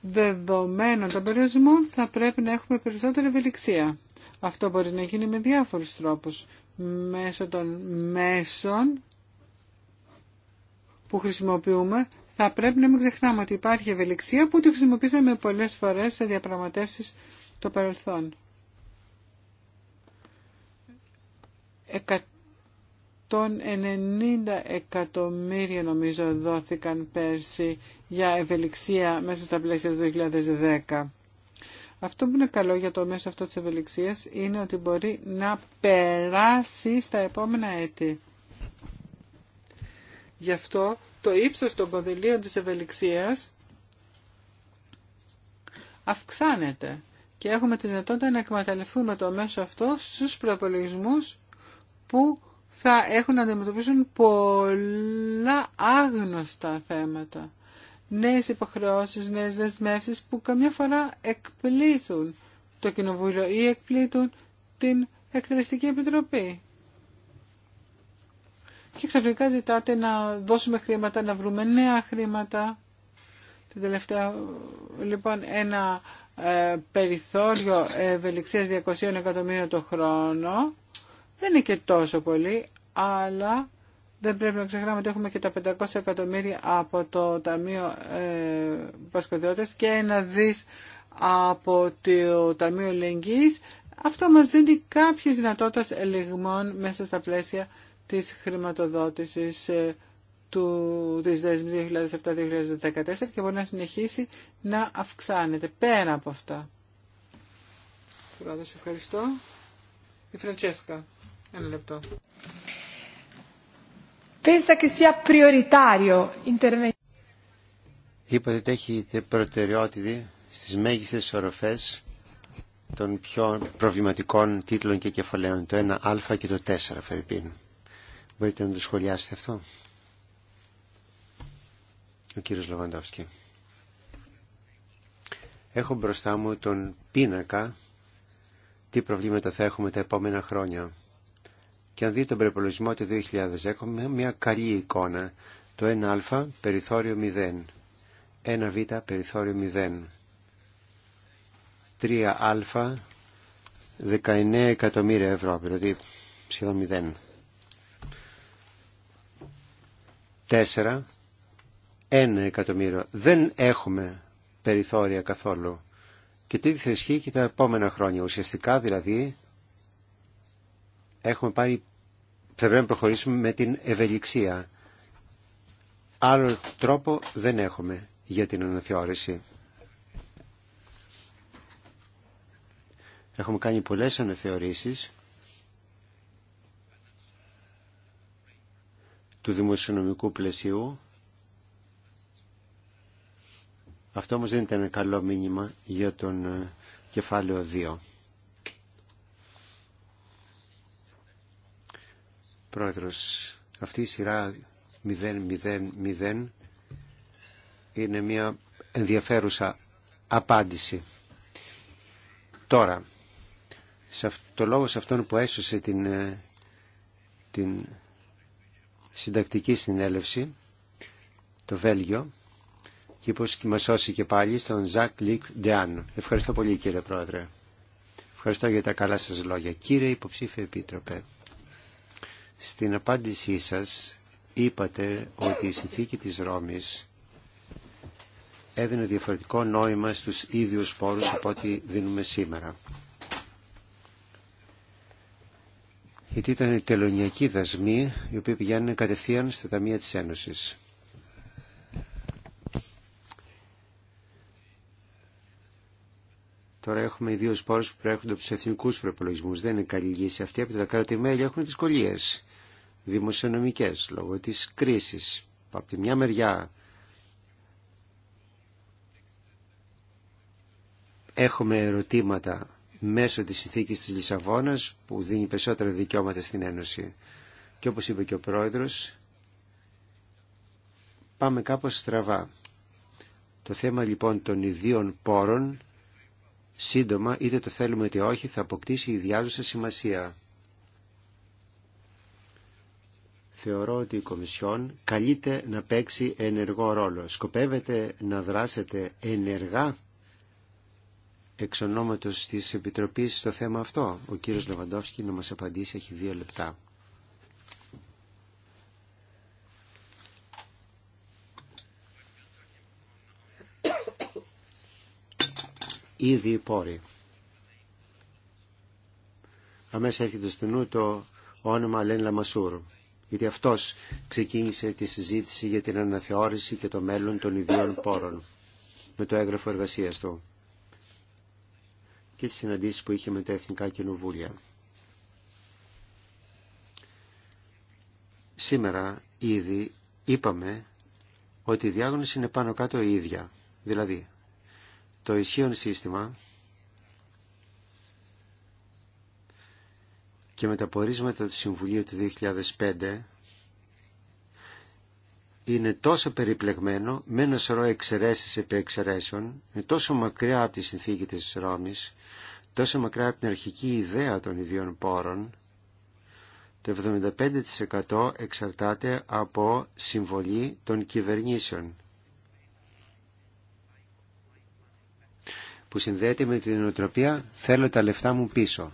Δεδομένων των περιορισμών θα πρέπει να έχουμε περισσότερη ευελιξία. Αυτό μπορεί να γίνει με διάφορους τρόπους. Μέσω των μέσων που χρησιμοποιούμε θα πρέπει να μην ξεχνάμε ότι υπάρχει ευελιξία που τη χρησιμοποίησαμε πολλές φορές σε διαπραγματεύσεις το παρελθόν. 90 εκατομμύρια νομίζω δόθηκαν πέρσι για ευελιξία μέσα στα πλαίσια του 2010. Αυτό που είναι καλό για το μέσο αυτό της ευελιξίας είναι ότι μπορεί να περάσει στα επόμενα έτη. Γι' αυτό το ύψος των κονδυλίων της ευελιξίας αυξάνεται και έχουμε τη δυνατότητα να εκμεταλλευτούμε το μέσο αυτό στους προπολογισμούς που θα έχουν να αντιμετωπίσουν πολλά άγνωστα θέματα νέες υποχρεώσει, νέες δεσμεύσει που καμιά φορά εκπλήσουν το Κοινοβούλιο ή εκπλήττουν την Εκτελεστική Επιτροπή. Και ξαφνικά ζητάτε να δώσουμε χρήματα, να βρούμε νέα χρήματα. Την τελευταία, λοιπόν, ένα ε, περιθώριο ευελιξία 200 εκατομμύρια το χρόνο. Δεν είναι και τόσο πολύ, αλλά δεν πρέπει να ξεχνάμε ότι έχουμε και τα 500 εκατομμύρια από το Ταμείο ε, Πασκοδιώτες και ένα δις από το Ταμείο Λεγγύης. Αυτό μας δίνει κάποιες δυνατότητες ελιγμών μέσα στα πλαίσια της χρηματοδότησης ε, του, της 2007 2007-2014 και μπορεί να συνεχίσει να αυξάνεται πέρα από αυτά. ευχαριστώ. Η Φραντσέσκα, ένα λεπτό. Pensa che sia prioritario intervenire. Είπατε ότι έχετε προτεραιότητα στις μέγιστες οροφέ των πιο προβληματικών τίτλων και κεφαλαίων, το 1α και το 4, Φερρυπίν. Μπορείτε να το σχολιάσετε αυτό. Ο κύριο Λαβαντόφσκι. Έχω μπροστά μου τον πίνακα τι προβλήματα θα έχουμε τα επόμενα χρόνια και αν δείτε τον προπολογισμό του 2010 έχουμε μια καλή εικόνα. Το 1α περιθώριο 0, 1β περιθώριο 0, 3α 19 εκατομμύρια ευρώ, δηλαδή σχεδόν 0. 4, 1 εκατομμύριο. Δεν έχουμε περιθώρια καθόλου. Και το ίδιο ισχύει και τα επόμενα χρόνια. Ουσιαστικά δηλαδή έχουμε πάρει, θα πρέπει να προχωρήσουμε με την ευελιξία. Άλλο τρόπο δεν έχουμε για την αναθεώρηση. Έχουμε κάνει πολλές αναθεωρήσεις του δημοσιονομικού πλαισίου. Αυτό όμως δεν ήταν ένα καλό μήνυμα για τον ε, κεφάλαιο 2. Πρόεδρος, αυτή η σειρά 0-0-0 είναι μια ενδιαφέρουσα απάντηση. Τώρα, το λόγο σε αυτόν που έσωσε την, ε, την συντακτική συνέλευση, το Βέλγιο, και πως μας σώσει και πάλι στον Ζακ Λίκ Ντεάν. Ευχαριστώ πολύ κύριε Πρόεδρε. Ευχαριστώ για τα καλά σας λόγια. Κύριε Υποψήφιο Επίτροπε. Στην απάντησή σας είπατε ότι η συνθήκη της Ρώμης έδινε διαφορετικό νόημα στους ίδιους πόρους από ό,τι δίνουμε σήμερα. Γιατί ήταν τελωνιακοί δασμοί οι οποίοι πηγαίνουν κατευθείαν στα ταμεία της Ένωσης. Τώρα έχουμε ιδίω πόρου που προέρχονται από του εθνικού προπολογισμού. Δεν είναι καλή λύση αυτή, από τα κράτη-μέλη έχουν δυσκολίε δημοσιονομικέ λόγω τη κρίση. Από τη μια μεριά έχουμε ερωτήματα μέσω της συνθήκης της Λισαβόνας που δίνει περισσότερα δικαιώματα στην Ένωση. Και όπως είπε και ο Πρόεδρος, πάμε κάπως στραβά. Το θέμα λοιπόν των ιδίων πόρων σύντομα, είτε το θέλουμε είτε όχι, θα αποκτήσει ιδιάζουσα σημασία. Θεωρώ ότι η Κομισιόν καλείται να παίξει ενεργό ρόλο. Σκοπεύετε να δράσετε ενεργά εξ ονόματος της Επιτροπής στο θέμα αυτό. Ο κύριος Λεβαντόφσκι να μας απαντήσει έχει δύο λεπτά. ήδη οι πόροι. Αμέσως έρχεται στο νου το όνομα Λέν Λαμασούρ, γιατί αυτός ξεκίνησε τη συζήτηση για την αναθεώρηση και το μέλλον των ιδίων πόρων με το έγγραφο εργασία του και τις συναντήσεις που είχε με τα Εθνικά Κοινοβούλια. Σήμερα ήδη είπαμε ότι η διάγνωση είναι πάνω κάτω η ίδια. Δηλαδή, το ισχύον σύστημα και με τα πορίσματα του Συμβουλίου του 2005 είναι τόσο περιπλεγμένο, με ένα σωρό εξαιρέσεις επί εξαιρέσεων, είναι τόσο μακριά από τη συνθήκη της Ρώμης, τόσο μακριά από την αρχική ιδέα των ιδίων πόρων, το 75% εξαρτάται από συμβολή των κυβερνήσεων. που συνδέεται με την νοοτροπία θέλω τα λεφτά μου πίσω.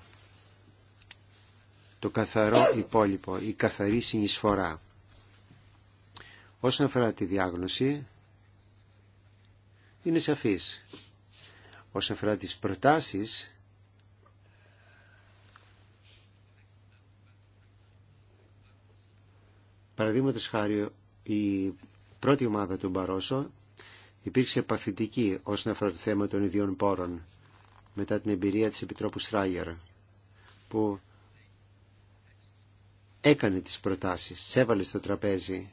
Το καθαρό υπόλοιπο, η καθαρή συνεισφορά. Όσον αφορά τη διάγνωση, είναι σαφής. Όσον αφορά τις προτάσεις, παραδείγματος χάρη η πρώτη ομάδα του Μπαρόσο υπήρξε παθητική όσον αφορά το θέμα των ιδιών πόρων μετά την εμπειρία της Επιτρόπου Στράγερ που έκανε τις προτάσεις, τις έβαλε στο τραπέζι.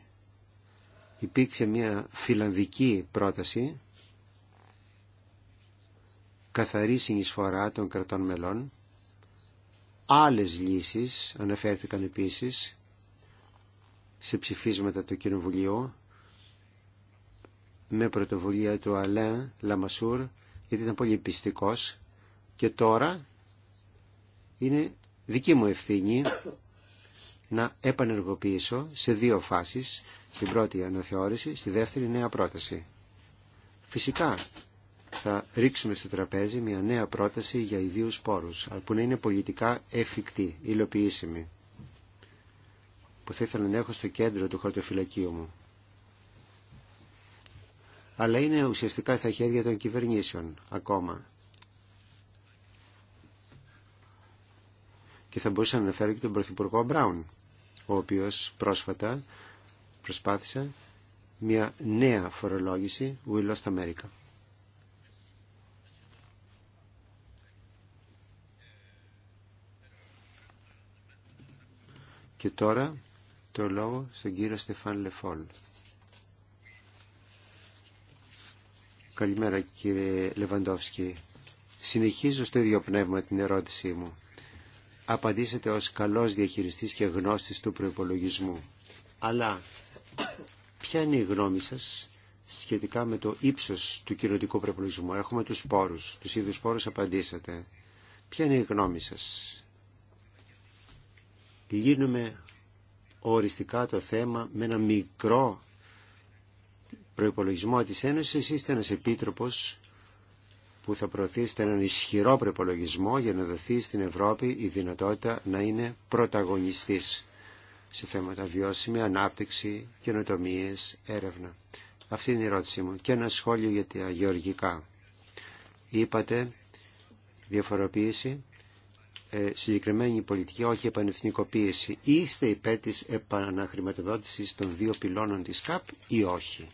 Υπήρξε μια φιλανδική πρόταση καθαρή συνεισφορά των κρατών μελών. Άλλες λύσεις αναφέρθηκαν επίσης σε ψηφίσματα του Κοινοβουλίου με πρωτοβουλία του Αλέν Λαμασούρ γιατί ήταν πολύ πιστικός και τώρα είναι δική μου ευθύνη να επανεργοποιήσω σε δύο φάσεις την πρώτη αναθεώρηση, στη δεύτερη νέα πρόταση. Φυσικά θα ρίξουμε στο τραπέζι μια νέα πρόταση για ιδίους πόρους που να είναι πολιτικά εφικτή, υλοποιήσιμη που θα ήθελα να έχω στο κέντρο του χαρτοφυλακίου μου αλλά είναι ουσιαστικά στα χέρια των κυβερνήσεων ακόμα. Και θα μπορούσα να αναφέρω και τον Πρωθυπουργό Μπράουν, ο οποίος πρόσφατα προσπάθησε μια νέα φορολόγηση Willow Lost America. Και τώρα το λόγο στον κύριο Στεφάν Λεφόλ. Καλημέρα κύριε Λεβαντόφσκι. Συνεχίζω στο ίδιο πνεύμα την ερώτησή μου. Απαντήσατε ως καλός διαχειριστής και γνώστης του προϋπολογισμού. Αλλά ποια είναι η γνώμη σας σχετικά με το ύψος του κοινωτικού προϋπολογισμού. Έχουμε τους πόρους, τους ίδιους πόρους απαντήσατε. Ποια είναι η γνώμη σας. Λύνουμε οριστικά το θέμα με ένα μικρό Προπολογισμό της Ένωση είστε ένα επίτροπος που θα προωθήσετε έναν ισχυρό προπολογισμό για να δοθεί στην Ευρώπη η δυνατότητα να είναι πρωταγωνιστής σε θέματα βιώσιμη, ανάπτυξη, καινοτομίε, έρευνα. Αυτή είναι η ερώτησή μου. Και ένα σχόλιο για τα γεωργικά. Είπατε διαφοροποίηση, ε, συγκεκριμένη πολιτική, όχι επανεθνικοποίηση. Είστε υπέρ της επαναχρηματοδότησης των δύο πυλώνων της ΚΑΠ ή όχι.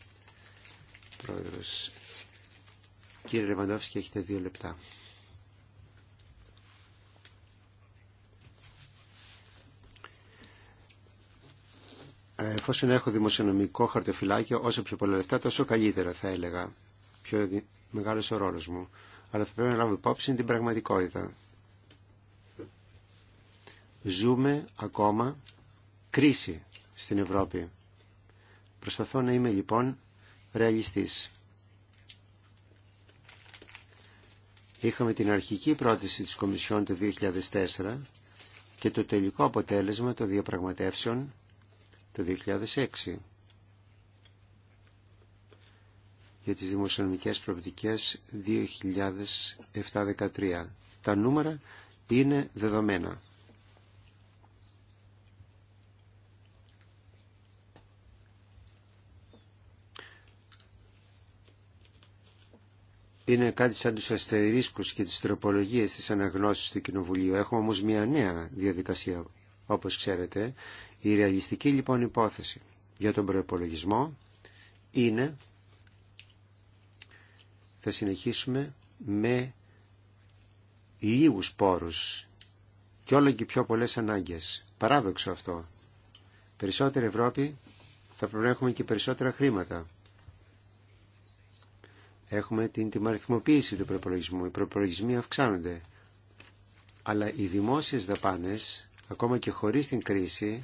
Πρόεδρος. Κύριε Ρεβαντόφσκι, έχετε δύο λεπτά. Ε, εφόσον έχω δημοσιονομικό χαρτοφυλάκιο, όσο πιο πολλά τόσο καλύτερα θα έλεγα. Πιο μεγάλο ο ρόλος μου. Αλλά θα πρέπει να λάβω υπόψη την πραγματικότητα. Ζούμε ακόμα κρίση στην Ευρώπη. Προσπαθώ να είμαι λοιπόν ρεαλιστής. Είχαμε την αρχική πρόταση της Κομισιόν του 2004 και το τελικό αποτέλεσμα των διαπραγματεύσεων το 2006 για τις δημοσιονομικές προοπτικές 2007-2013. Τα νούμερα είναι δεδομένα. είναι κάτι σαν τους αστερίσκους και τις τροπολογίες της αναγνώσης του Κοινοβουλίου. Έχουμε όμως μια νέα διαδικασία, όπως ξέρετε. Η ρεαλιστική λοιπόν υπόθεση για τον προϋπολογισμό είναι θα συνεχίσουμε με λίγους πόρους και όλο και πιο πολλές ανάγκες. Παράδοξο αυτό. Περισσότερη Ευρώπη θα πρέπει και περισσότερα χρήματα. Έχουμε την τιμαριθμοποίηση του προπολογισμού. Οι προπολογισμοί αυξάνονται. Αλλά οι δημόσιες δαπάνες, ακόμα και χωρίς την κρίση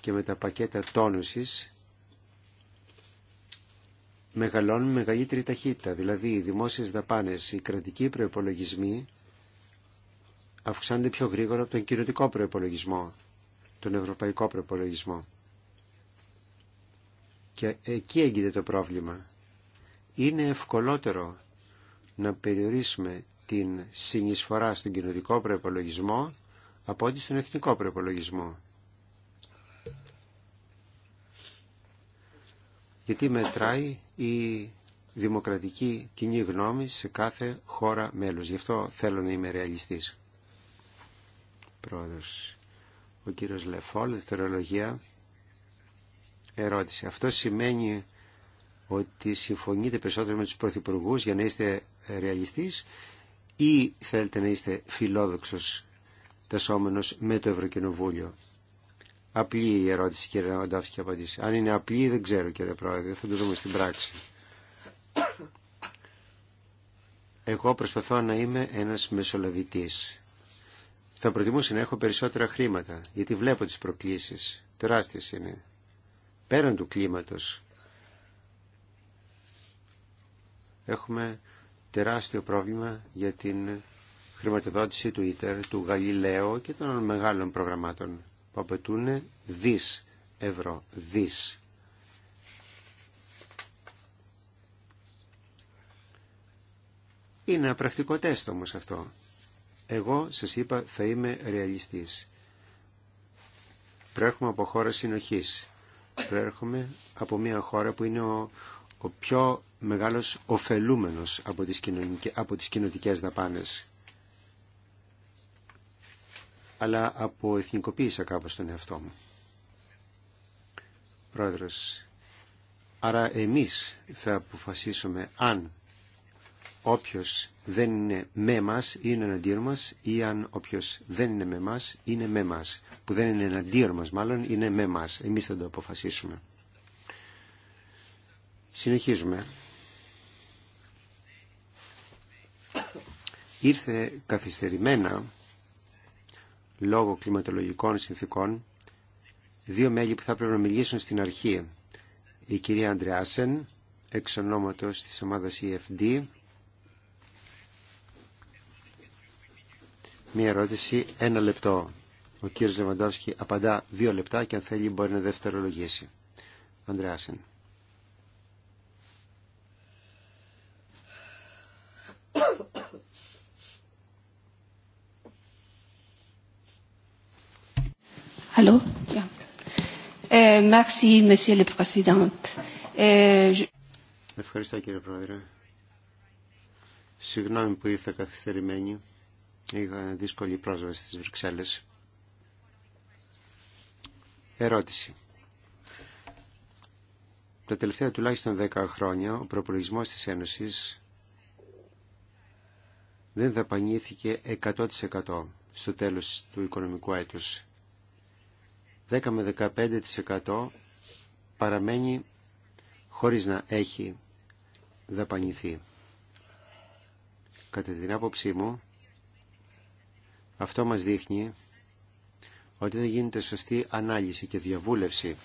και με τα πακέτα τόνωσης, μεγαλώνουν μεγαλύτερη ταχύτητα. Δηλαδή οι δημόσιες δαπάνες, οι κρατικοί προπολογισμοί αυξάνονται πιο γρήγορα από τον κυρωτικό προπολογισμό, τον ευρωπαϊκό προπολογισμό. Και εκεί έγινε το πρόβλημα είναι ευκολότερο να περιορίσουμε την συνεισφορά στον κοινωτικό προπολογισμό από ό,τι στον εθνικό προπολογισμό. Γιατί μετράει η δημοκρατική κοινή γνώμη σε κάθε χώρα μέλος. Γι' αυτό θέλω να είμαι ρεαλιστής. Πρόεδρος, ο κύριος Λεφόλ, δευτερολογία, ερώτηση. Αυτό σημαίνει ότι συμφωνείτε περισσότερο με τους πρωθυπουργούς για να είστε ρεαλιστής ή θέλετε να είστε φιλόδοξος τεσόμενος με το Ευρωκοινοβούλιο. Απλή η ερώτηση κύριε και απαντήσει. Αν είναι απλή δεν ξέρω κύριε Πρόεδρε, θα το δούμε στην πράξη. Εγώ προσπαθώ να είμαι ένας μεσολαβητής. Θα προτιμούσα να έχω περισσότερα χρήματα, γιατί βλέπω τις προκλήσεις. Τεράστιες είναι. Πέραν του κλίματος, έχουμε τεράστιο πρόβλημα για την χρηματοδότηση του ΙΤΕΡ, του Γαλιλαίου και των μεγάλων προγραμμάτων που απαιτούν δις ευρώ, δις. Είναι απρακτικό τεστ όμως αυτό. Εγώ σας είπα θα είμαι ρεαλιστής. Προέρχομαι από χώρα συνοχής. Προέρχομαι από μια χώρα που είναι ο, ο πιο μεγάλος ωφελούμενος από τις, κοινωνικές, από τις κοινωτικές δαπάνες. Αλλά από εθνικοποίησα κάπως τον εαυτό μου. Πρόεδρος, άρα εμείς θα αποφασίσουμε αν όποιος δεν είναι με μας είναι εναντίον μας ή αν όποιος δεν είναι με μας είναι με μας. Που δεν είναι εναντίον μας μάλλον είναι με μας. Εμείς θα το αποφασίσουμε. Συνεχίζουμε. ήρθε καθυστερημένα λόγω κλιματολογικών συνθήκων δύο μέλη που θα πρέπει να μιλήσουν στην αρχή. Η κυρία Αντρεάσεν, εξ ονόματος της ομάδας EFD. Μία ερώτηση, ένα λεπτό. Ο κύριος Λεβαντόφσκι απαντά δύο λεπτά και αν θέλει μπορεί να δευτερολογήσει. Αντρεάσεν. Euh, euh, Ευχαριστώ κύριε Πρόεδρε. Συγγνώμη που ήρθα καθυστερημένη. Είχα δύσκολη πρόσβαση στις Βρυξέλλες. Ερώτηση. Τα τελευταία τουλάχιστον 10 χρόνια ο προπολογισμό της Ένωσης δεν δαπανήθηκε 100% στο τέλος του οικονομικού έτους. 10 με 15% παραμένει χωρίς να έχει δαπανηθεί. Κατά την άποψή μου, αυτό μας δείχνει ότι δεν γίνεται σωστή ανάλυση και διαβούλευση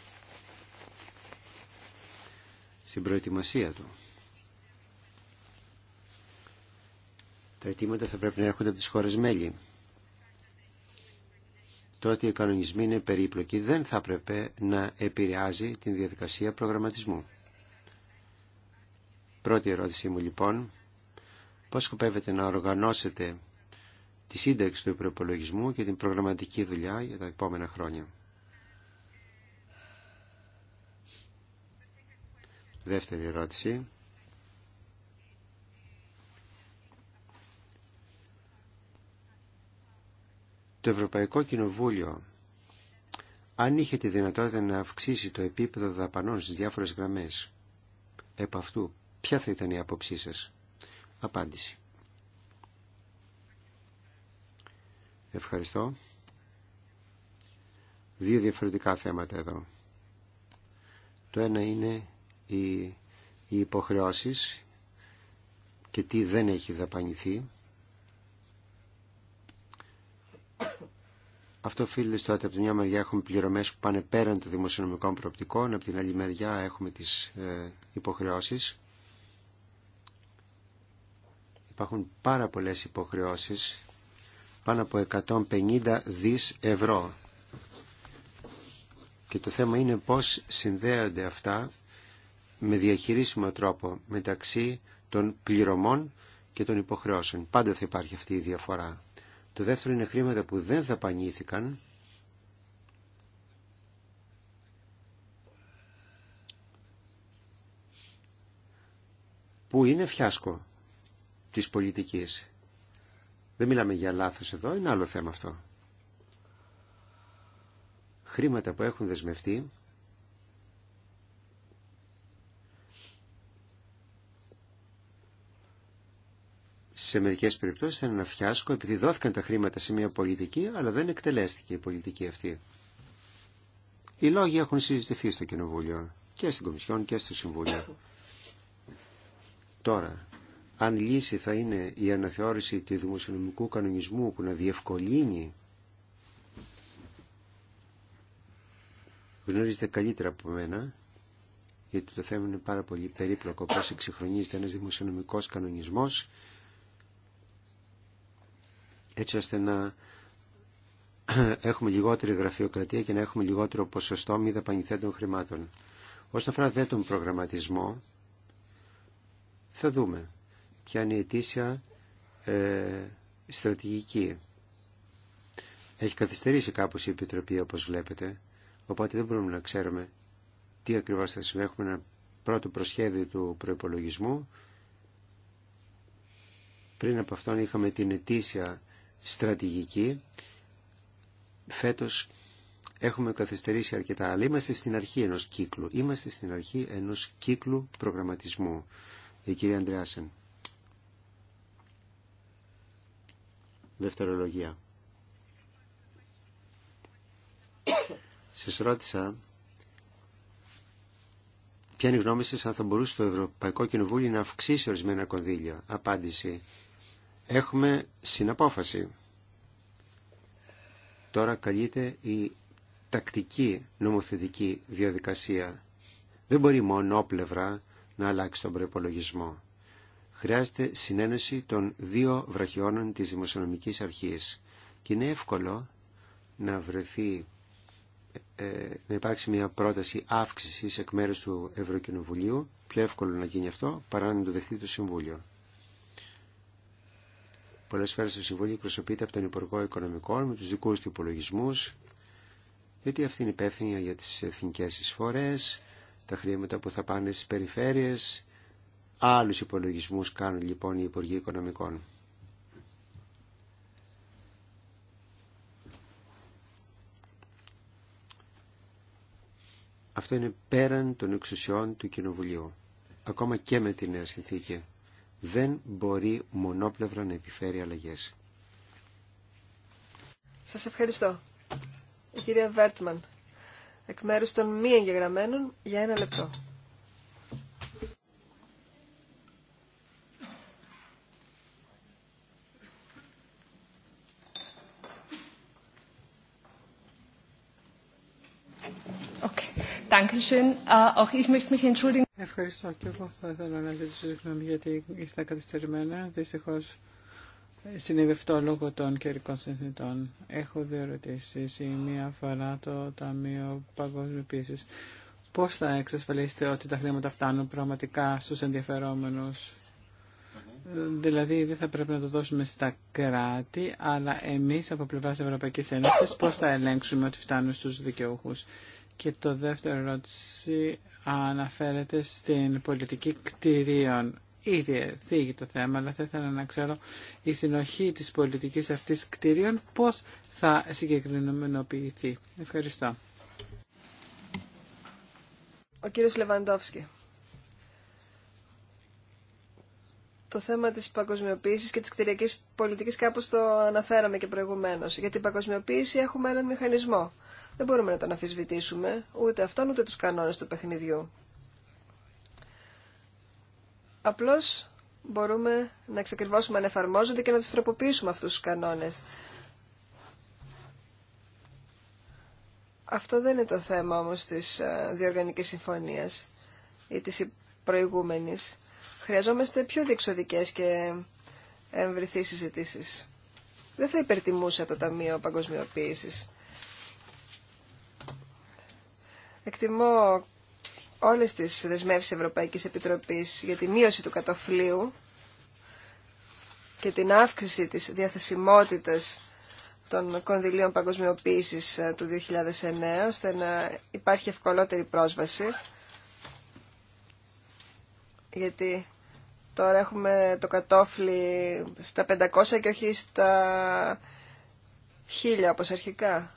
στην προετοιμασία του. Τα αιτήματα θα πρέπει να έρχονται από τις χώρες μέλη. Το ότι οι κανονισμοί είναι περίπλοκοι δεν θα έπρεπε να επηρεάζει την διαδικασία προγραμματισμού. Πρώτη ερώτησή μου λοιπόν, πώς σκοπεύετε να οργανώσετε τη σύνταξη του προπολογισμού και την προγραμματική δουλειά για τα επόμενα χρόνια. Δεύτερη ερώτηση. Το Ευρωπαϊκό Κοινοβούλιο, αν είχε τη δυνατότητα να αυξήσει το επίπεδο δαπανών στις διάφορες γραμμές, επ' αυτού, ποια θα ήταν η άποψή σας. Απάντηση. Ευχαριστώ. Δύο διαφορετικά θέματα εδώ. Το ένα είναι οι, οι και τι δεν έχει δαπανηθεί αυτό οφείλεται στο ότι από τη μια μεριά έχουμε πληρωμέ που πάνε πέραν των δημοσιονομικών προοπτικών, από την άλλη μεριά έχουμε τι ε, υποχρεώσει. Υπάρχουν πάρα πολλέ υποχρεώσει, πάνω από 150 δι ευρώ. Και το θέμα είναι πώς συνδέονται αυτά με διαχειρίσιμο τρόπο μεταξύ των πληρωμών και των υποχρεώσεων. Πάντα θα υπάρχει αυτή η διαφορά. Το δεύτερο είναι χρήματα που δεν δαπανήθηκαν που είναι φιάσκο της πολιτικής. Δεν μιλάμε για λάθος εδώ, είναι άλλο θέμα αυτό. Χρήματα που έχουν δεσμευτεί σε μερικές περιπτώσεις ήταν ένα φιάσκο επειδή δόθηκαν τα χρήματα σε μια πολιτική αλλά δεν εκτελέστηκε η πολιτική αυτή. Οι λόγοι έχουν συζητηθεί στο Κοινοβούλιο και στην Κομισιόν και στο Συμβούλιο. Τώρα, αν λύση θα είναι η αναθεώρηση του δημοσιονομικού κανονισμού που να διευκολύνει γνωρίζετε καλύτερα από μένα γιατί το θέμα είναι πάρα πολύ περίπλοκο πώς εξυγχρονίζεται ένας δημοσιονομικός κανονισμός έτσι ώστε να έχουμε λιγότερη γραφειοκρατία και να έχουμε λιγότερο ποσοστό μη δαπανηθέντων χρημάτων. Όσον αφορά δε τον προγραμματισμό, θα δούμε ποια είναι η αιτήσια ε, στρατηγική. Έχει καθυστερήσει κάπως η Επιτροπή όπως βλέπετε, οπότε δεν μπορούμε να ξέρουμε τι ακριβώς θα συμβεί. Έχουμε ένα πρώτο προσχέδιο του προϋπολογισμού. Πριν από αυτόν είχαμε την αιτήσια στρατηγική. Φέτος έχουμε καθυστερήσει αρκετά, αλλά είμαστε στην αρχή ενός κύκλου. Είμαστε στην αρχή ενός κύκλου προγραμματισμού. Η κυρία Αντρεάσεν. Δευτερολογία. Σας ρώτησα ποια είναι η γνώμη σας αν θα μπορούσε το Ευρωπαϊκό Κοινοβούλιο να αυξήσει ορισμένα κονδύλια. Απάντηση έχουμε συναπόφαση. Τώρα καλείται η τακτική νομοθετική διαδικασία. Δεν μπορεί μονόπλευρα να αλλάξει τον προπολογισμό. Χρειάζεται συνένωση των δύο βραχιώνων της δημοσιονομικής αρχής. Και είναι εύκολο να βρεθεί ε, να υπάρξει μια πρόταση αύξησης εκ μέρους του Ευρωκοινοβουλίου, πιο εύκολο να γίνει αυτό παρά να το δεχτεί το Συμβούλιο. Πολλέ φορέ το Συμβούλιο εκπροσωπείται από τον Υπουργό Οικονομικών με του δικού του υπολογισμού, γιατί αυτή είναι υπεύθυνη για τι εθνικέ εισφορέ, τα χρήματα που θα πάνε στι περιφέρειε. Άλλου υπολογισμού κάνουν λοιπόν οι Υπουργοί Οικονομικών. Αυτό είναι πέραν των εξουσιών του Κοινοβουλίου, ακόμα και με τη νέα συνθήκη δεν μπορεί μονόπλευρα να επιφέρει αλλαγές. Σας ευχαριστώ. Η κυρία Βέρτμαν, εκ μέρου των μη εγγεγραμμένων, για ένα λεπτό. Äh, Ευχαριστώ και εγώ θα ήθελα να ζητήσω συγγνώμη γιατί ήρθα καθυστερημένα. Δυστυχώ αυτό λόγω των καιρικών συνθητών. Έχω δύο ερωτήσει. Η μία αφορά το Ταμείο Παγκόσμιου Πίση. Πώ θα εξασφαλίσετε ότι τα χρήματα φτάνουν πραγματικά στου ενδιαφερόμενου. Δηλαδή δεν θα πρέπει να το δώσουμε στα κράτη, αλλά εμεί από πλευρά Ευρωπαϊκή Ένωση, πώ θα ελέγξουμε ότι φτάνουν στου δικαιούχου. Και το δεύτερο ερώτηση αναφέρεται στην πολιτική κτηρίων. Ήδη θίγει το θέμα, αλλά θα ήθελα να ξέρω η συνοχή της πολιτικής αυτής κτηρίων πώς θα συγκεκριμενοποιηθεί. Ευχαριστώ. Ο κύριος Λεβαντόφσκι. το θέμα της παγκοσμιοποίησης και της κτηριακής πολιτικής κάπως το αναφέραμε και προηγουμένως. Για την παγκοσμιοποίηση έχουμε έναν μηχανισμό δεν μπορούμε να τον αφισβητήσουμε ούτε αυτόν ούτε τους κανόνες του παιχνιδιού. Απλώς μπορούμε να εξακριβώσουμε αν εφαρμόζονται και να τους τροποποιήσουμε αυτούς τους κανόνες. Αυτό δεν είναι το θέμα όμως της ε, διοργανικής συμφωνίας ή της προηγούμενης. Χρειαζόμαστε πιο διεξοδικές και εμβριθείς συζητήσει. Δεν θα υπερτιμούσε το Ταμείο Παγκοσμιοποίησης. Εκτιμώ όλες τις δεσμεύσεις Ευρωπαϊκής Επιτροπής για τη μείωση του κατοφλίου και την αύξηση της διαθεσιμότητας των κονδυλίων παγκοσμιοποίησης ε, του 2009, ώστε να υπάρχει ευκολότερη πρόσβαση. Γιατί τώρα έχουμε το κατόφλι στα 500 και όχι στα 1000 όπως αρχικά.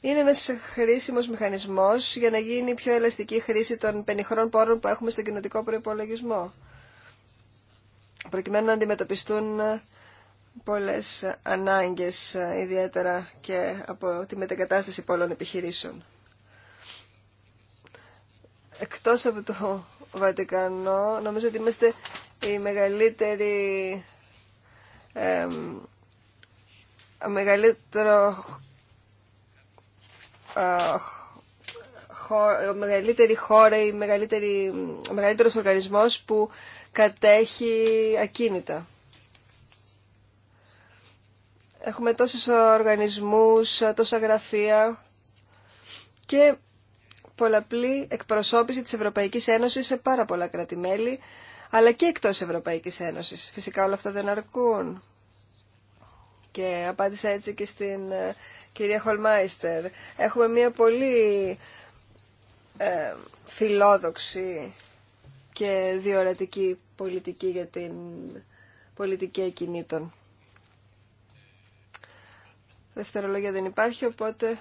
Είναι ένας χρήσιμος μηχανισμός για να γίνει πιο ελαστική χρήση των πενιχρών πόρων που έχουμε στον κοινοτικό προϋπολογισμό, προκειμένου να αντιμετωπιστούν πολλές ανάγκες, ιδιαίτερα και από τη μετεγκατάσταση πολλών επιχειρήσεων. Εκτός από το Βατικανό, νομίζω ότι είμαστε η μεγαλύτερη, ε, μεγαλύτερο ε, μεγαλύτερη χώρα ή μεγαλύτερη, ο μεγαλύτερος οργανισμός που κατέχει ακίνητα. Έχουμε τόσους οργανισμούς, τόσα γραφεία και πολλαπλή εκπροσώπηση της Ευρωπαϊκής Ένωσης σε πάρα πολλά αλλά και εκτός Ευρωπαϊκής Ένωσης. Φυσικά όλα αυτά δεν αρκούν. Και απάντησα έτσι και στην ε, κυρία Χολμάιστερ. Έχουμε μια πολύ ε, φιλόδοξη και διορατική πολιτική για την πολιτική ακινήτων. Δευτερολόγια δεν υπάρχει, οπότε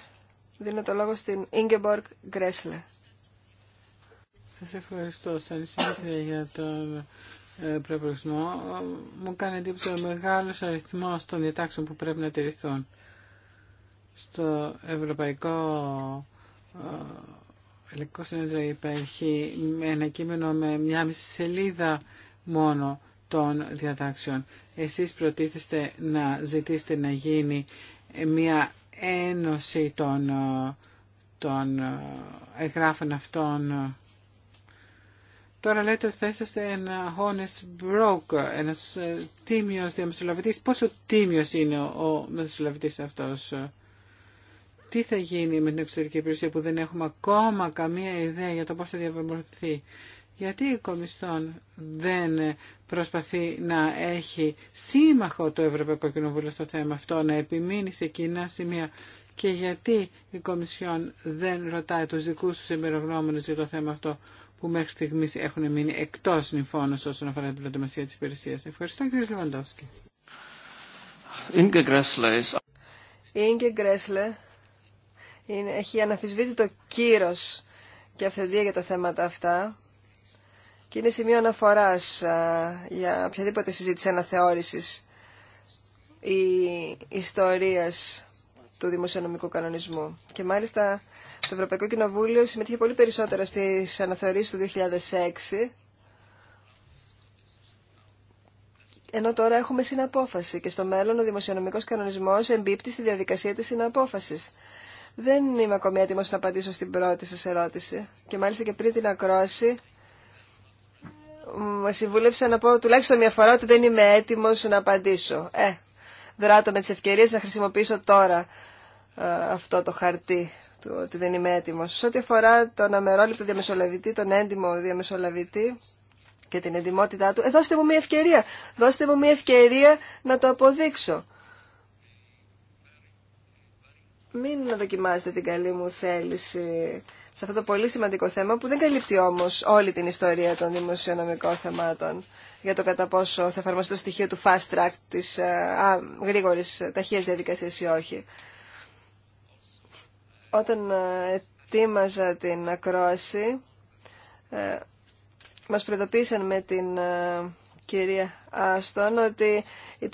δίνω το λόγο στην Ingeborg Γκρέσλε. Σας ευχαριστώ, σαν συνήθεια, για τον ε, προπολογισμό. Μου κάνει εντύπωση ο μεγάλος αριθμός των διατάξεων που πρέπει να τηρηθούν στο Ευρωπαϊκό ε, Ελεκτικό Συνέδριο υπάρχει ένα κείμενο με μια μισή σελίδα μόνο των διατάξεων. Εσείς προτίθεστε να ζητήσετε να γίνει μια ένωση των, ε, των ε, εγγράφων αυτών. Τώρα λέτε ότι θα είσαστε ένα honest broker, ένας τίμιος διαμεσολαβητής. Πόσο τίμιος είναι ο μεσολαβητής αυτός τι θα γίνει με την εξωτερική υπηρεσία που δεν έχουμε ακόμα καμία ιδέα για το πώς θα διαβεβαιωθεί. Γιατί η Κομισιόν δεν προσπαθεί να έχει σύμμαχο το Ευρωπαϊκό Κοινοβούλιο στο θέμα αυτό, να επιμείνει σε κοινά σημεία και γιατί η Κομισιόν δεν ρωτάει τους δικούς τους εμπειρογνώμονες για το θέμα αυτό που μέχρι στιγμής έχουν μείνει εκτός νυμφώνος όσον αφορά την προετοιμασία της υπηρεσίας. Ευχαριστώ κύριε Λεβαντόφσκι. Γκρέσλε είναι, έχει αναφυσβήτητο κύρος και αυθεντία για τα θέματα αυτά και είναι σημείο αναφοράς για οποιαδήποτε συζήτηση αναθεώρησης ή ιστορίας του δημοσιονομικού κανονισμού. Και μάλιστα το Ευρωπαϊκό Κοινοβούλιο συμμετείχε πολύ περισσότερο στις αναθεωρήσεις του 2006 ενώ τώρα έχουμε συναπόφαση και στο μέλλον ο δημοσιονομικός κανονισμός εμπίπτει στη διαδικασία της συναπόφασης. Δεν είμαι ακόμη έτοιμο να απαντήσω στην πρώτη σα ερώτηση. Και μάλιστα και πριν την ακρόαση, με συμβούλευσε να πω τουλάχιστον μια φορά ότι δεν είμαι έτοιμο να απαντήσω. Ε, δράτω με τι ευκαιρίε να χρησιμοποιήσω τώρα ε, αυτό το χαρτί του ότι δεν είμαι έτοιμο. Σε ό,τι αφορά τον αμερόληπτο διαμεσολαβητή, τον έντιμο διαμεσολαβητή και την εντιμότητά του, ε, δώστε μου μια ευκαιρία. Δώστε μου μια ευκαιρία να το αποδείξω μην δοκιμάζετε την καλή μου θέληση σε αυτό το πολύ σημαντικό θέμα που δεν καλύπτει όμως όλη την ιστορία των δημοσιονομικών θεμάτων για το κατά πόσο θα εφαρμοστεί το στοιχείο του fast track της ε, α, γρήγορης ε, ταχείας διαδικασίας ή όχι. Όταν ε, ετοίμαζα την ακρόαση, μας προειδοποίησαν με την κυρία Άστον ότι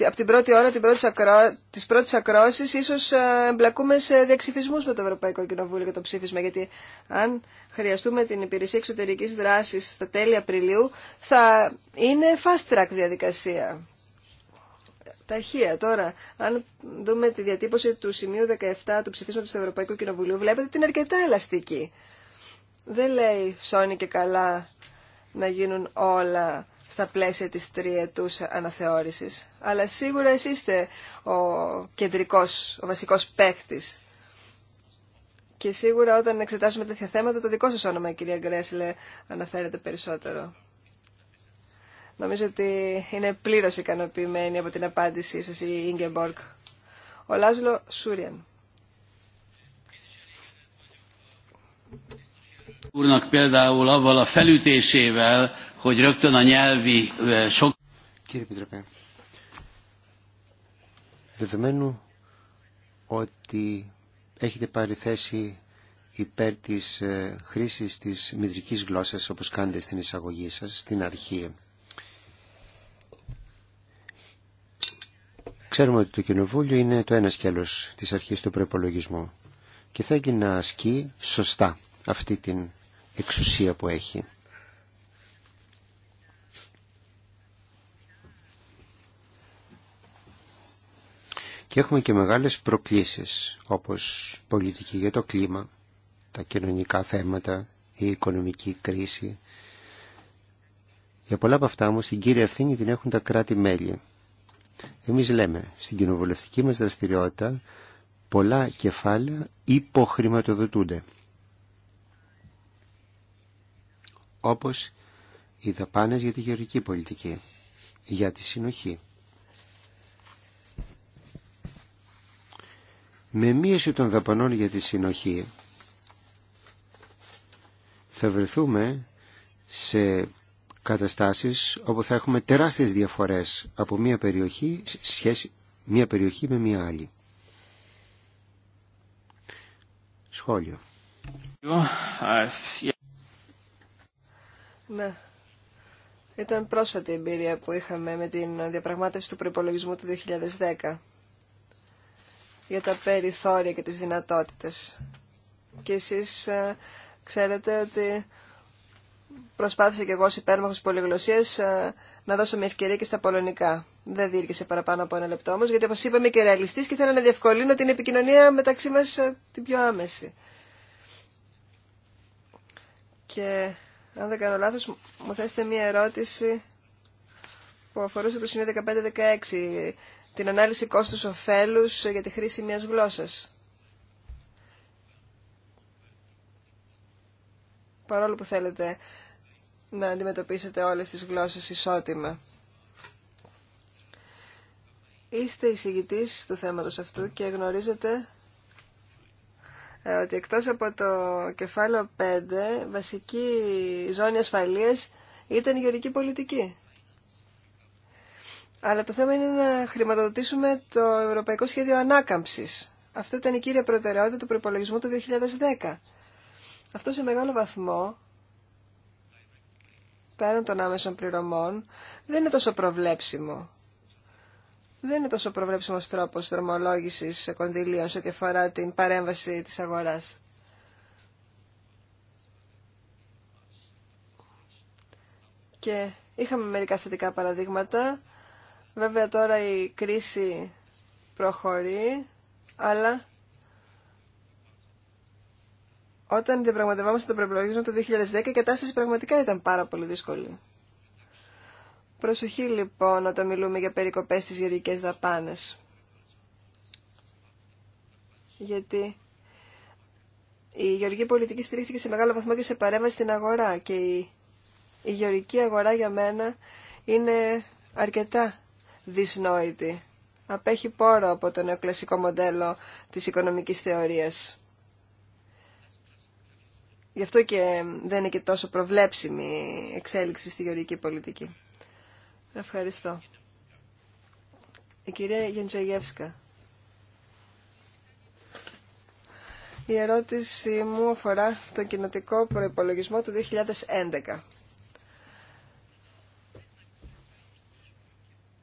από την πρώτη ώρα την πρώτη ακρό... της πρώτης ίσως ε, εμπλακούμε σε διαξυφισμούς με το Ευρωπαϊκό Κοινοβούλιο για το ψήφισμα γιατί αν χρειαστούμε την υπηρεσία εξωτερικής δράσης στα τέλη Απριλίου θα είναι fast track διαδικασία. Ταχεία. Τώρα, αν δούμε τη διατύπωση του σημείου 17 του ψηφίσματος του Ευρωπαϊκού Κοινοβουλίου, βλέπετε ότι είναι αρκετά ελαστική. Δεν λέει «σώνει και καλά να γίνουν όλα στα πλαίσια της τριετούς αναθεώρησης. Αλλά σίγουρα εσείς είστε ο κεντρικός, ο βασικός παίκτη. Και σίγουρα όταν εξετάσουμε τέτοια θέματα, το δικό σας όνομα, κυρία Γκρέσλε, αναφέρεται περισσότερο. Νομίζω ότι είναι πλήρως ικανοποιημένη από την απάντησή σας η Ίγκεμπορκ. Ο Λάζλο Σούριαν. úrnak például hogy rögtön a nyelvi sok... Κύριε Επιτροπέ, δεδομένου ότι έχετε πάρει θέση υπέρ της ε, χρήσης της μητρικής γλώσσας όπως κάνετε στην εισαγωγή σας, στην αρχή. Ξέρουμε ότι το Κοινοβούλιο είναι το ένα σκέλος της αρχής του προπολογισμού και θα να ασκεί σωστά αυτή την εξουσία που έχει. Και έχουμε και μεγάλες προκλήσεις όπως πολιτική για το κλίμα, τα κοινωνικά θέματα, η οικονομική κρίση. Για πολλά από αυτά όμως την κύρια ευθύνη την έχουν τα κράτη-μέλη. Εμείς λέμε στην κοινοβουλευτική μας δραστηριότητα πολλά κεφάλαια υποχρηματοδοτούνται. Όπως οι δαπάνες για τη γεωργική πολιτική, για τη συνοχή, με μείωση των δαπανών για τη συνοχή θα βρεθούμε σε καταστάσεις όπου θα έχουμε τεράστιες διαφορές από μία περιοχή, σχέση, μία περιοχή με μία άλλη. Σχόλιο. Ναι. Ήταν πρόσφατη εμπειρία που είχαμε με την διαπραγμάτευση του προϋπολογισμού του 2010 για τα περιθώρια και τις δυνατότητες. Και εσείς ε, ξέρετε ότι προσπάθησα και εγώ ως υπέρμαχος πολυγλωσσίας ε, να δώσω μια ευκαιρία και στα πολωνικά. Δεν διήρκησε παραπάνω από ένα λεπτό όμως, γιατί όπως είπαμε και ρεαλιστή και θέλω να διευκολύνω την επικοινωνία μεταξύ μας ε, την πιο άμεση. Και αν δεν κάνω λάθος, μου θέσετε μια ερώτηση που αφορούσε το σημείο 15-16 την ανάλυση κόστους κόστους-οφέλους για τη χρήση μιας γλώσσας. Παρόλο που θέλετε να αντιμετωπίσετε όλες τις γλώσσες ισότιμα. Είστε εισηγητής του θέματος αυτού και γνωρίζετε ε, ότι εκτός από το κεφάλαιο 5, βασική ζώνη ασφαλείας ήταν η γεωρική πολιτική. Αλλά το θέμα είναι να χρηματοδοτήσουμε το Ευρωπαϊκό Σχέδιο Ανάκαμψης. Αυτό ήταν η κύρια προτεραιότητα του προπολογισμού του 2010. Αυτό σε μεγάλο βαθμό, πέραν των άμεσων πληρωμών, δεν είναι τόσο προβλέψιμο. Δεν είναι τόσο προβλέψιμος τρόπος δρομολόγηση κονδυλίων σε ό,τι αφορά την παρέμβαση τη αγορά. Και είχαμε μερικά θετικά παραδείγματα Βέβαια τώρα η κρίση προχωρεί, αλλά όταν διαπραγματευόμαστε το προεπλογισμό το 2010 η κατάσταση πραγματικά ήταν πάρα πολύ δύσκολη. Προσοχή λοιπόν όταν μιλούμε για περικοπές στις γερικές δαπάνες. Γιατί η γεωργική πολιτική στηρίχθηκε σε μεγάλο βαθμό και σε παρέμβαση στην αγορά και η, η γεωργική αγορά για μένα είναι αρκετά δυσνόητη. Απέχει πόρο από το νεοκλασικό μοντέλο της οικονομικής θεωρίας. Γι' αυτό και δεν είναι και τόσο προβλέψιμη η εξέλιξη στη γεωργική πολιτική. Ευχαριστώ. Η κυρία Γεντζογεύσκα. Η ερώτηση μου αφορά το κοινοτικό προϋπολογισμό του 2011.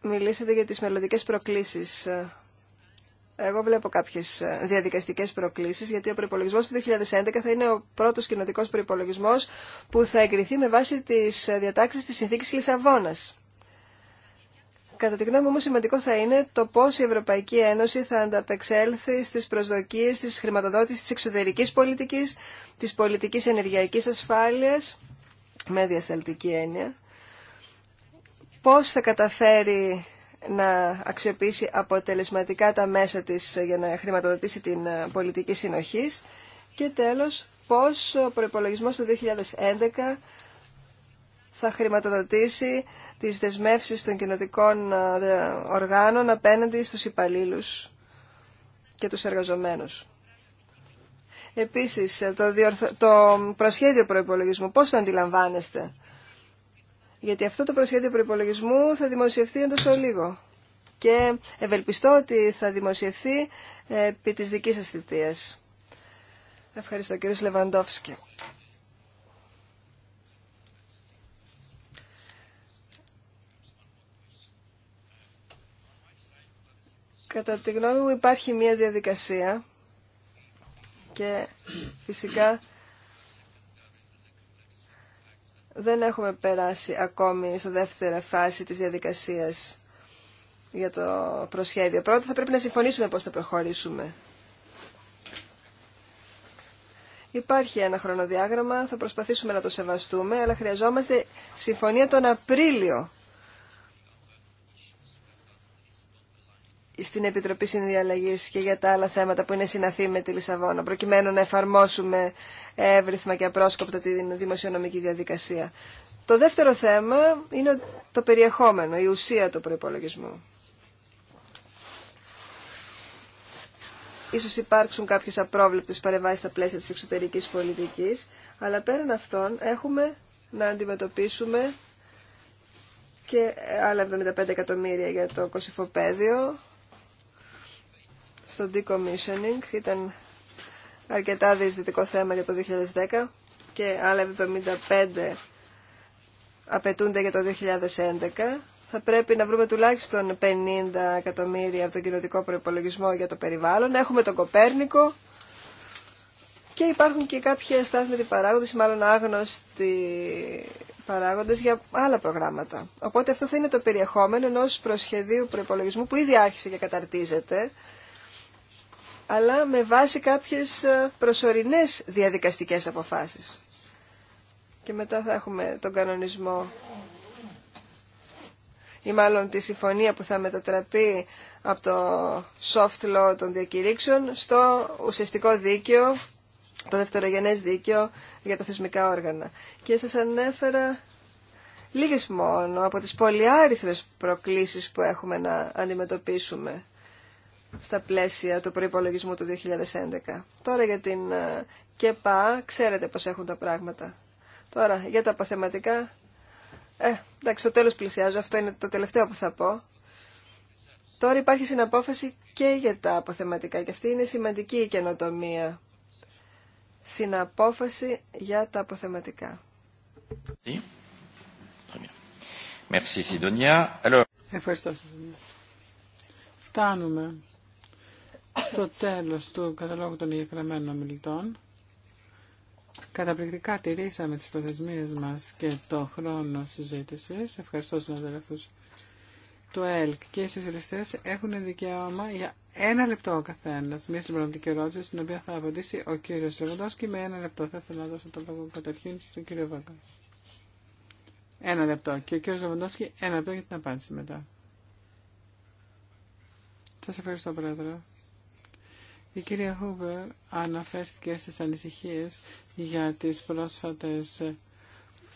μιλήσατε για τις μελλοντικέ προκλήσεις. Εγώ βλέπω κάποιες ε, διαδικαστικές προκλήσεις, γιατί ο προϋπολογισμός του 2011 θα είναι ο πρώτος κοινοτικός προϋπολογισμός που θα εγκριθεί με βάση τις ε, διατάξεις της Συνθήκης Λισαβόνας. Κατά τη γνώμη μου σημαντικό θα είναι το πώ η Ευρωπαϊκή Ένωση θα ανταπεξέλθει στι προσδοκίε τη χρηματοδότηση τη εξωτερική πολιτική, τη πολιτική ενεργειακή ασφάλεια με διασταλτική έννοια, πώς θα καταφέρει να αξιοποιήσει αποτελεσματικά τα μέσα της για να χρηματοδοτήσει την ε, πολιτική συνοχής και τέλος πώς ο προϋπολογισμός του 2011 θα χρηματοδοτήσει τις δεσμεύσεις των κοινοτικών ε, οργάνων απέναντι στους υπαλλήλους και τους εργαζομένους. Επίσης, ε, το, το προσχέδιο προϋπολογισμού, πώς το αντιλαμβάνεστε. Γιατί αυτό το προσχέδιο προπολογισμού θα δημοσιευθεί εντός λίγο Και ευελπιστώ ότι θα δημοσιευθεί επί της δικής σας θητείας. Ευχαριστώ κύριο Λεβαντόφσκι. Κατά τη γνώμη μου υπάρχει μια διαδικασία και φυσικά δεν έχουμε περάσει ακόμη στη δεύτερη φάση της διαδικασίας για το προσχέδιο. Πρώτα θα πρέπει να συμφωνήσουμε πώς θα προχωρήσουμε. Υπάρχει ένα χρονοδιάγραμμα, θα προσπαθήσουμε να το σεβαστούμε, αλλά χρειαζόμαστε συμφωνία τον Απρίλιο στην Επιτροπή Συνδιαλλαγή και για τα άλλα θέματα που είναι συναφή με τη Λισαβόνα, προκειμένου να εφαρμόσουμε εύρυθμα και απρόσκοπτα τη δημοσιονομική διαδικασία. Το δεύτερο θέμα είναι το περιεχόμενο, η ουσία του προπολογισμού. Ίσως υπάρξουν κάποιες απρόβλεπτες παρεμβάσεις στα πλαίσια της εξωτερικής πολιτικής, αλλά πέραν αυτών έχουμε να αντιμετωπίσουμε και άλλα 75 εκατομμύρια για το κοσυφοπαίδιο, στο decommissioning. Ήταν αρκετά διεισδυτικό θέμα για το 2010 και άλλα 75 απαιτούνται για το 2011. Θα πρέπει να βρούμε τουλάχιστον 50 εκατομμύρια από τον κοινοτικό προϋπολογισμό για το περιβάλλον. Έχουμε τον Κοπέρνικο και υπάρχουν και κάποια στάθμιτη παράγοντες, μάλλον άγνωστοι παράγοντες για άλλα προγράμματα. Οπότε αυτό θα είναι το περιεχόμενο ενός προσχεδίου προϋπολογισμού που ήδη άρχισε και καταρτίζεται αλλά με βάση κάποιες ε, προσωρινές διαδικαστικές αποφάσεις. Και μετά θα έχουμε τον κανονισμό ή μάλλον τη συμφωνία που θα μετατραπεί από το soft law των διακηρύξεων στο ουσιαστικό δίκαιο, το δευτερογενές δίκαιο για τα θεσμικά όργανα. Και σας ανέφερα λίγες μόνο από τις πολυάριθμες προκλήσεις που έχουμε να αντιμετωπίσουμε στα πλαίσια του προϋπολογισμού του 2011. Τώρα για την ε, ΚΕΠΑ, ξέρετε πώς έχουν τα πράγματα. Τώρα, για τα αποθεματικά, ε, εντάξει, το τέλος πλησιάζω, αυτό είναι το τελευταίο που θα πω. Τώρα υπάρχει συναπόφαση και για τα αποθεματικά και αυτή είναι σημαντική η καινοτομία. Συναπόφαση για τα αποθεματικά. Ευχαριστώ. Φτάνουμε στο τέλος του καταλόγου των εγγεγραμμένων ομιλητών. Καταπληκτικά τηρήσαμε τις προθεσμίες μας και το χρόνο συζήτησης. Ευχαριστώ στους αδελφούς του ΕΛΚ και οι σοσιαλιστές έχουν δικαίωμα για ένα λεπτό ο καθένας. Μια συμπληρωματική ερώτηση στην οποία θα απαντήσει ο κύριος Λεβοντός με ένα λεπτό θα ήθελα να δώσω το λόγο καταρχήν στον κύριο Βάγκα. Ένα λεπτό. Και ο κύριος Λεβοντός ένα λεπτό για την απάντηση μετά. Σας ευχαριστώ, Πρόεδρε. Η κυρία Χούβερ αναφέρθηκε στις ανησυχίες για τις πρόσφατες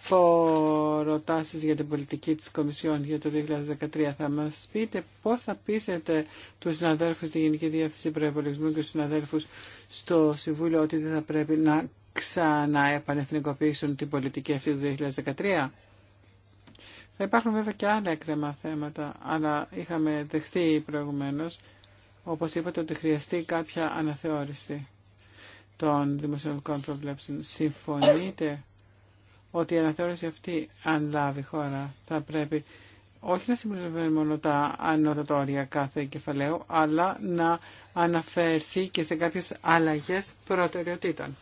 προτάσεις για την πολιτική της Κομισιόν για το 2013. Θα μας πείτε πώς θα πείσετε τους συναδέλφους στη Γενική Διεύθυνση Προεπολογισμού και τους συναδέλφους στο Συμβούλιο ότι δεν θα πρέπει να ξαναεπανεθνικοποιήσουν την πολιτική αυτή του 2013. Θα υπάρχουν βέβαια και άλλα έκρεμα θέματα, αλλά είχαμε δεχθεί προηγουμένως όπως είπατε, ότι χρειαστεί κάποια αναθεώρηση των δημοσιονομικών προβλέψεων. Συμφωνείτε ότι η αναθεώρηση αυτή, αν λάβει χώρα, θα πρέπει όχι να συμπληρώνει μόνο τα όρια κάθε κεφαλαίου, αλλά να αναφερθεί και σε κάποιες αλλαγές προτεραιοτήτων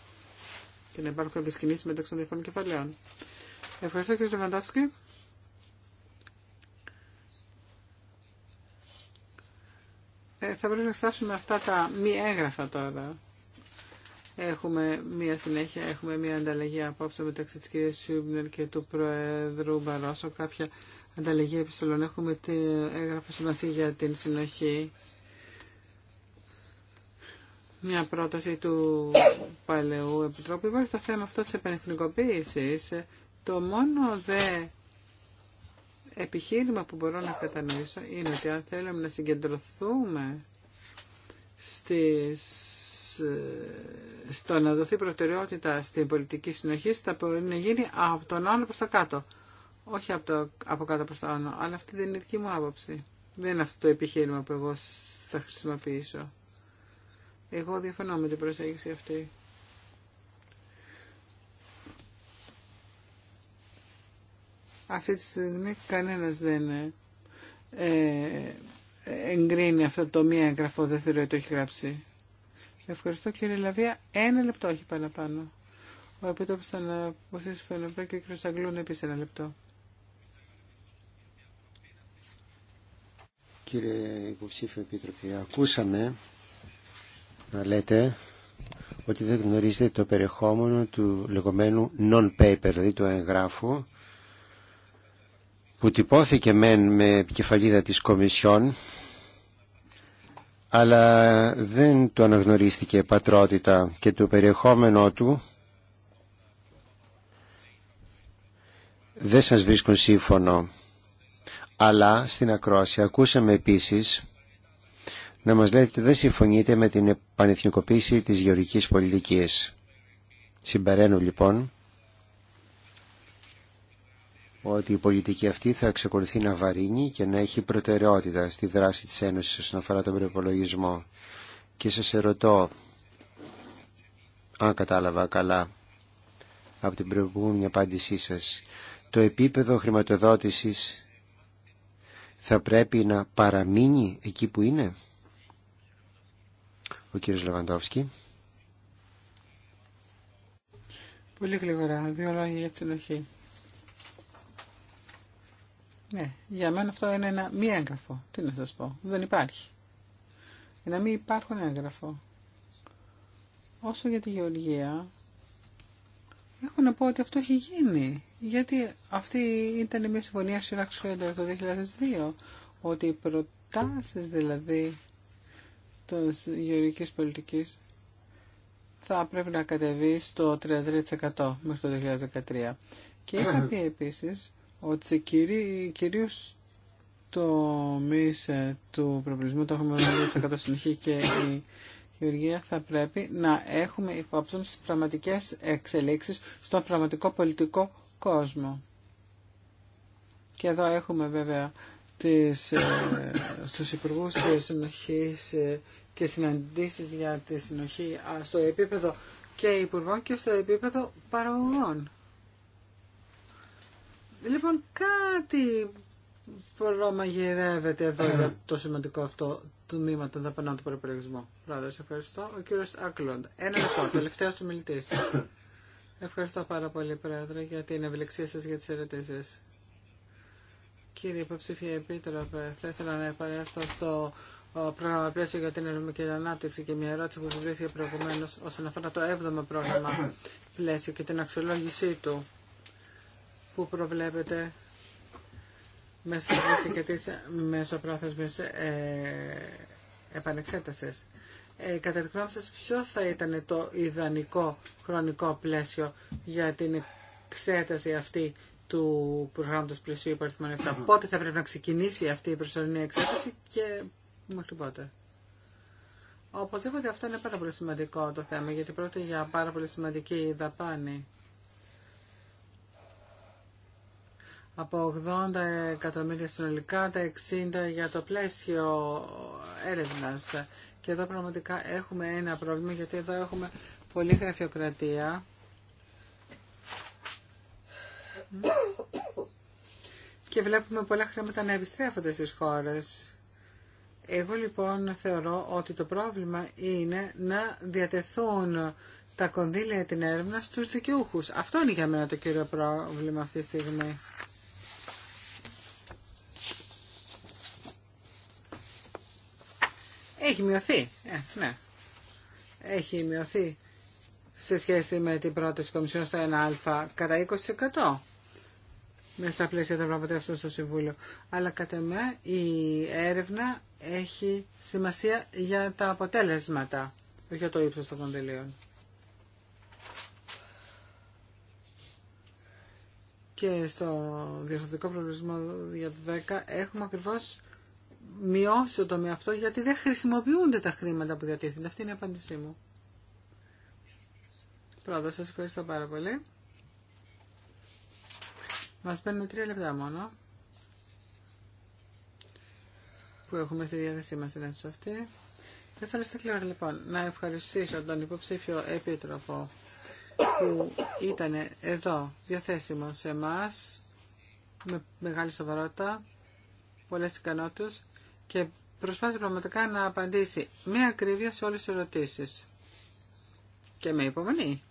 και να υπάρχουν κάποιες κινήσεις μεταξύ των διαφόρων κεφαλαίων. Ευχαριστώ κύριε Λεβαντάφσκι. Ε, θα πρέπει να φτάσουμε αυτά τα μη έγγραφα τώρα. Έχουμε μία συνέχεια, έχουμε μία ανταλλαγή απόψε μεταξύ της κυρίας Σιούμπνερ και του Προέδρου Μπαρόσο. Κάποια ανταλλαγή επιστολών. Έχουμε την έγγραφα σημασία για την συνοχή. Μια πρόταση του παλαιού Επιτρόπου. Υπάρχει το θέμα αυτό της επενεθνικοποίησης. Το μόνο δε επιχείρημα που μπορώ να κατανοήσω είναι ότι αν θέλουμε να συγκεντρωθούμε στις, ε, στο να δοθεί προτεραιότητα στην πολιτική συνοχή θα μπορεί να γίνει από τον άλλο προς τα κάτω. Όχι από, το, από κάτω προς τα άνω, αλλά αυτή δεν είναι η δική μου άποψη. Δεν είναι αυτό το επιχείρημα που εγώ θα χρησιμοποιήσω. Εγώ διαφωνώ με την προσέγγιση αυτή. Αυτή τη στιγμή κανένας δεν ε, ε, εγκρίνει αυτό το μία εγγραφό, δεν θεωρεί ότι το έχει γράψει. Ευχαριστώ κύριε Λαβία. Ένα λεπτό, όχι παραπάνω. Ο Επίτροπος θα αναποσίσει φαινοπέ και ο κύριος Αγγλούν επίσης ένα λεπτό. Κύριε Υποψήφιο Επίτροπη, ακούσαμε να λέτε ότι δεν γνωρίζετε το περιεχόμενο του λεγόμενου non-paper, δηλαδή του εγγράφου που τυπώθηκε μεν με επικεφαλίδα της Κομισιόν αλλά δεν του αναγνωρίστηκε πατρότητα και το περιεχόμενό του δεν σας βρίσκουν σύμφωνο. Αλλά στην ακρόαση ακούσαμε επίσης να μας λέτε ότι δεν συμφωνείτε με την επανεθνικοποίηση της γεωργικής πολιτικής. Συμπεραίνω λοιπόν ότι η πολιτική αυτή θα εξακολουθεί να βαρύνει και να έχει προτεραιότητα στη δράση της Ένωσης όσον αφορά τον προπολογισμό. Και σας ερωτώ, αν κατάλαβα καλά από την προηγούμενη απάντησή σας, το επίπεδο χρηματοδότησης θα πρέπει να παραμείνει εκεί που είναι. Ο κύριος Λεβαντόφσκι. Πολύ γρήγορα, Δύο λόγια για ναι, για μένα αυτό είναι ένα μη έγγραφο. Τι να σας πω, δεν υπάρχει. Για να μην υπάρχουν έγγραφο. Όσο για τη γεωργία, έχω να πω ότι αυτό έχει γίνει. Γιατί αυτή ήταν μια συμφωνία σύραξου έντερα το 2002, ότι οι προτάσεις δηλαδή της γεωργικής πολιτικής θα πρέπει να κατεβεί στο 33% μέχρι το 2013. Και είχα πει επίσης ότι κυρί, κυρίως το μης ε, του προβλησμού, το έχουμε 100% συνοχή και η Γεωργία θα πρέπει να έχουμε υπόψη στις πραγματικές εξελίξεις στον πραγματικό πολιτικό κόσμο. Και εδώ έχουμε βέβαια τις, ε, στους υπουργούς ε, συνοχής και συναντήσεις για τη συνοχή στο επίπεδο και υπουργών και στο επίπεδο παραγωγών. Λοιπόν, κάτι προμαγειρεύεται εδώ το σημαντικό αυτό του μήμα των δαπανών του προπολογισμού. Πρόεδρε, ευχαριστώ. Ο κύριο Άκλοντ. Ένα λεπτό, τελευταίο ομιλητή. Ευχαριστώ πάρα πολύ, Πρόεδρε, για την ευελιξία σα για τι ερωτήσει. Κύριε Υποψήφια Επίτροπε, θα ήθελα να επανέλθω στο πρόγραμμα πλαίσιο για την ελληνική ανάπτυξη και μια ερώτηση που βρήθηκε προηγουμένω όσον αφορά το 7ο πρόγραμμα πλαίσιο και την αξιολόγησή του που προβλέπεται μέσα στη αυτές και ε, Ε, κατά τη γνώμη σας, ποιο θα ήταν το ιδανικό χρονικό πλαίσιο για την εξέταση αυτή του προγράμματος πλαισίου υπαριθμών 7. Πότε θα πρέπει να ξεκινήσει αυτή η προσωρινή εξέταση και μέχρι πότε. Οπωσδήποτε αυτό είναι πάρα πολύ σημαντικό το θέμα, γιατί πρόκειται για πάρα πολύ σημαντική δαπάνη. από 80 εκατομμύρια συνολικά, τα 60 για το πλαίσιο έρευνας. Και εδώ πραγματικά έχουμε ένα πρόβλημα, γιατί εδώ έχουμε πολλή γραφειοκρατία. Και βλέπουμε πολλά χρήματα να επιστρέφονται στις χώρες. Εγώ λοιπόν θεωρώ ότι το πρόβλημα είναι να διατεθούν τα κονδύλια την έρευνα στους δικαιούχους. Αυτό είναι για μένα το κύριο πρόβλημα αυτή τη στιγμή. Έχει μειωθεί. Ε, ναι. Έχει μειωθεί σε σχέση με την πρόταση Κομισιόν στο 1α κατά 20% μέσα στα πλαίσια των πραγματεύσεων στο Συμβούλιο. Αλλά κατά με η έρευνα έχει σημασία για τα αποτέλεσματα, όχι για το ύψος των κονδυλίων. Και στο διευθυντικό προβλησμό για το 10 έχουμε ακριβώς μειώσω το με αυτό γιατί δεν χρησιμοποιούνται τα χρήματα που διατίθενται. Αυτή είναι η απάντησή μου. Πρώτα, σας ευχαριστώ πάρα πολύ. Μας παίρνουν τρία λεπτά μόνο που έχουμε στη διάθεσή μας την αίθουσα αυτή. Θα ήθελα λοιπόν να ευχαριστήσω τον υποψήφιο επίτροπο που ήταν εδώ διαθέσιμο σε εμά με μεγάλη σοβαρότητα, πολλές ικανότητες και προσπάθησε πραγματικά να απαντήσει με ακρίβεια σε όλες τις ερωτήσεις και με υπομονή.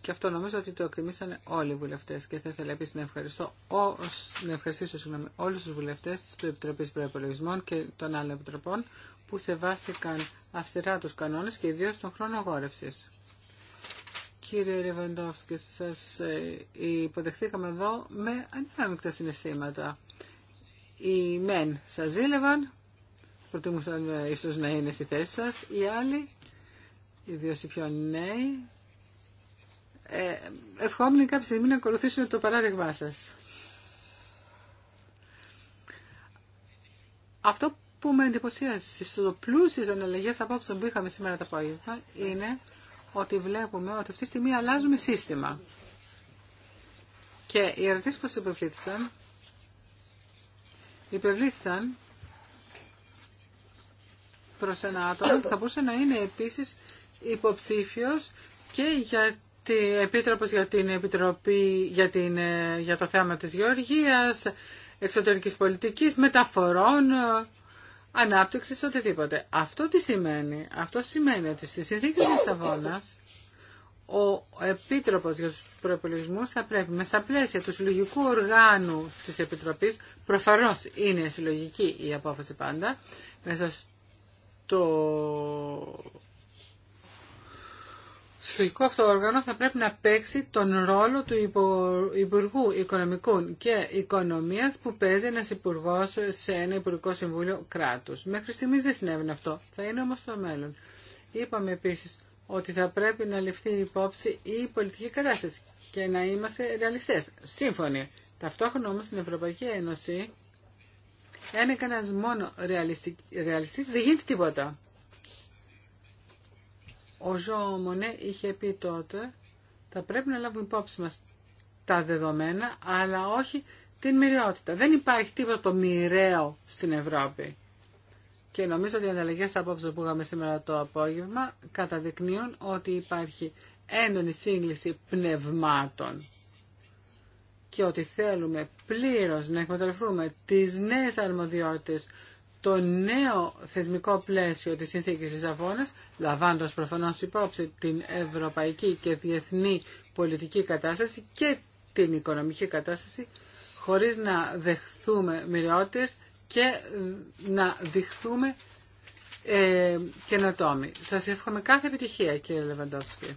Και αυτό νομίζω ότι το εκτιμήσανε όλοι οι βουλευτέ. Και θα ήθελα επίση να, ευχαριστώ, να ευχαριστήσω συγγνώμη, όλους τους βουλευτές της Επιτροπής Προεπολογισμών και των άλλων επιτροπών που σεβάστηκαν αυστηρά τους κανόνες και ιδίως τον χρόνο αγόρευσης. Κύριε Ρεβεντόφσκη, σας ε, υποδεχθήκαμε εδώ με ανάμεικτα συναισθήματα. Οι μεν σας ζήλευαν, προτιμούσαν ε, ίσως να είναι στη θέση σας, οι άλλοι, ιδίω οι πιο νέοι, ε, ευχόμενοι κάποια στιγμή να ακολουθήσουν το παράδειγμά σας. Αυτό που με εντυπωσίασε στις πλούσιες αναλλαγές απόψεων που είχαμε σήμερα το απόγευμα είναι ότι βλέπουμε ότι αυτή τη στιγμή αλλάζουμε σύστημα. Και οι ερωτήσεις που σας υπευλήθησαν υπευλήθησαν προς ένα άτομο που θα μπορούσε να είναι επίσης υποψήφιος και για την Επίτροπος για Επιτροπή για, την, ε, για το θέμα της Γεωργίας, εξωτερικής πολιτικής, μεταφορών, ανάπτυξης, οτιδήποτε. Αυτό τι σημαίνει. Αυτό σημαίνει ότι στη συνθήκη της Αβώνας ο Επίτροπος για τους Προπολογισμούς θα πρέπει με στα πλαίσια του συλλογικού οργάνου της Επιτροπής, προφανώς είναι συλλογική η απόφαση πάντα, μέσα στο συλλογικό αυτό όργανο θα πρέπει να παίξει τον ρόλο του Υπουργού Οικονομικού και Οικονομίας που παίζει ένας υπουργό σε ένα Υπουργικό Συμβούλιο Κράτους. Μέχρι στιγμής δεν συνέβαινε αυτό, θα είναι όμως το μέλλον. Είπαμε επίσης ότι θα πρέπει να ληφθεί υπόψη η πολιτική κατάσταση και να είμαστε ρεαλιστές. Σύμφωνοι. Ταυτόχρονα όμω, στην Ευρωπαϊκή Ένωση, αν κανένα μόνο ρεαλιστή, ρεαλιστής, δεν γίνεται τίποτα. Ο Ζω είχε πει τότε, θα πρέπει να λάβουμε υπόψη μας τα δεδομένα, αλλά όχι την μοιραιότητα. Δεν υπάρχει τίποτα το μοιραίο στην Ευρώπη. Και νομίζω ότι οι ανταλλαγέ απόψε που είχαμε σήμερα το απόγευμα καταδεικνύουν ότι υπάρχει έντονη σύγκληση πνευμάτων και ότι θέλουμε πλήρως να εκμεταλλευτούμε τις νέες αρμοδιότητες, το νέο θεσμικό πλαίσιο της συνθήκης της Αβώνα, λαμβάνοντας προφανώς υπόψη την ευρωπαϊκή και διεθνή πολιτική κατάσταση και την οικονομική κατάσταση, χωρίς να δεχθούμε μοιριότητες και ε, να δειχθούμε ε, καινοτόμοι. Σας εύχομαι κάθε επιτυχία κύριε Λεβαντόφσκι.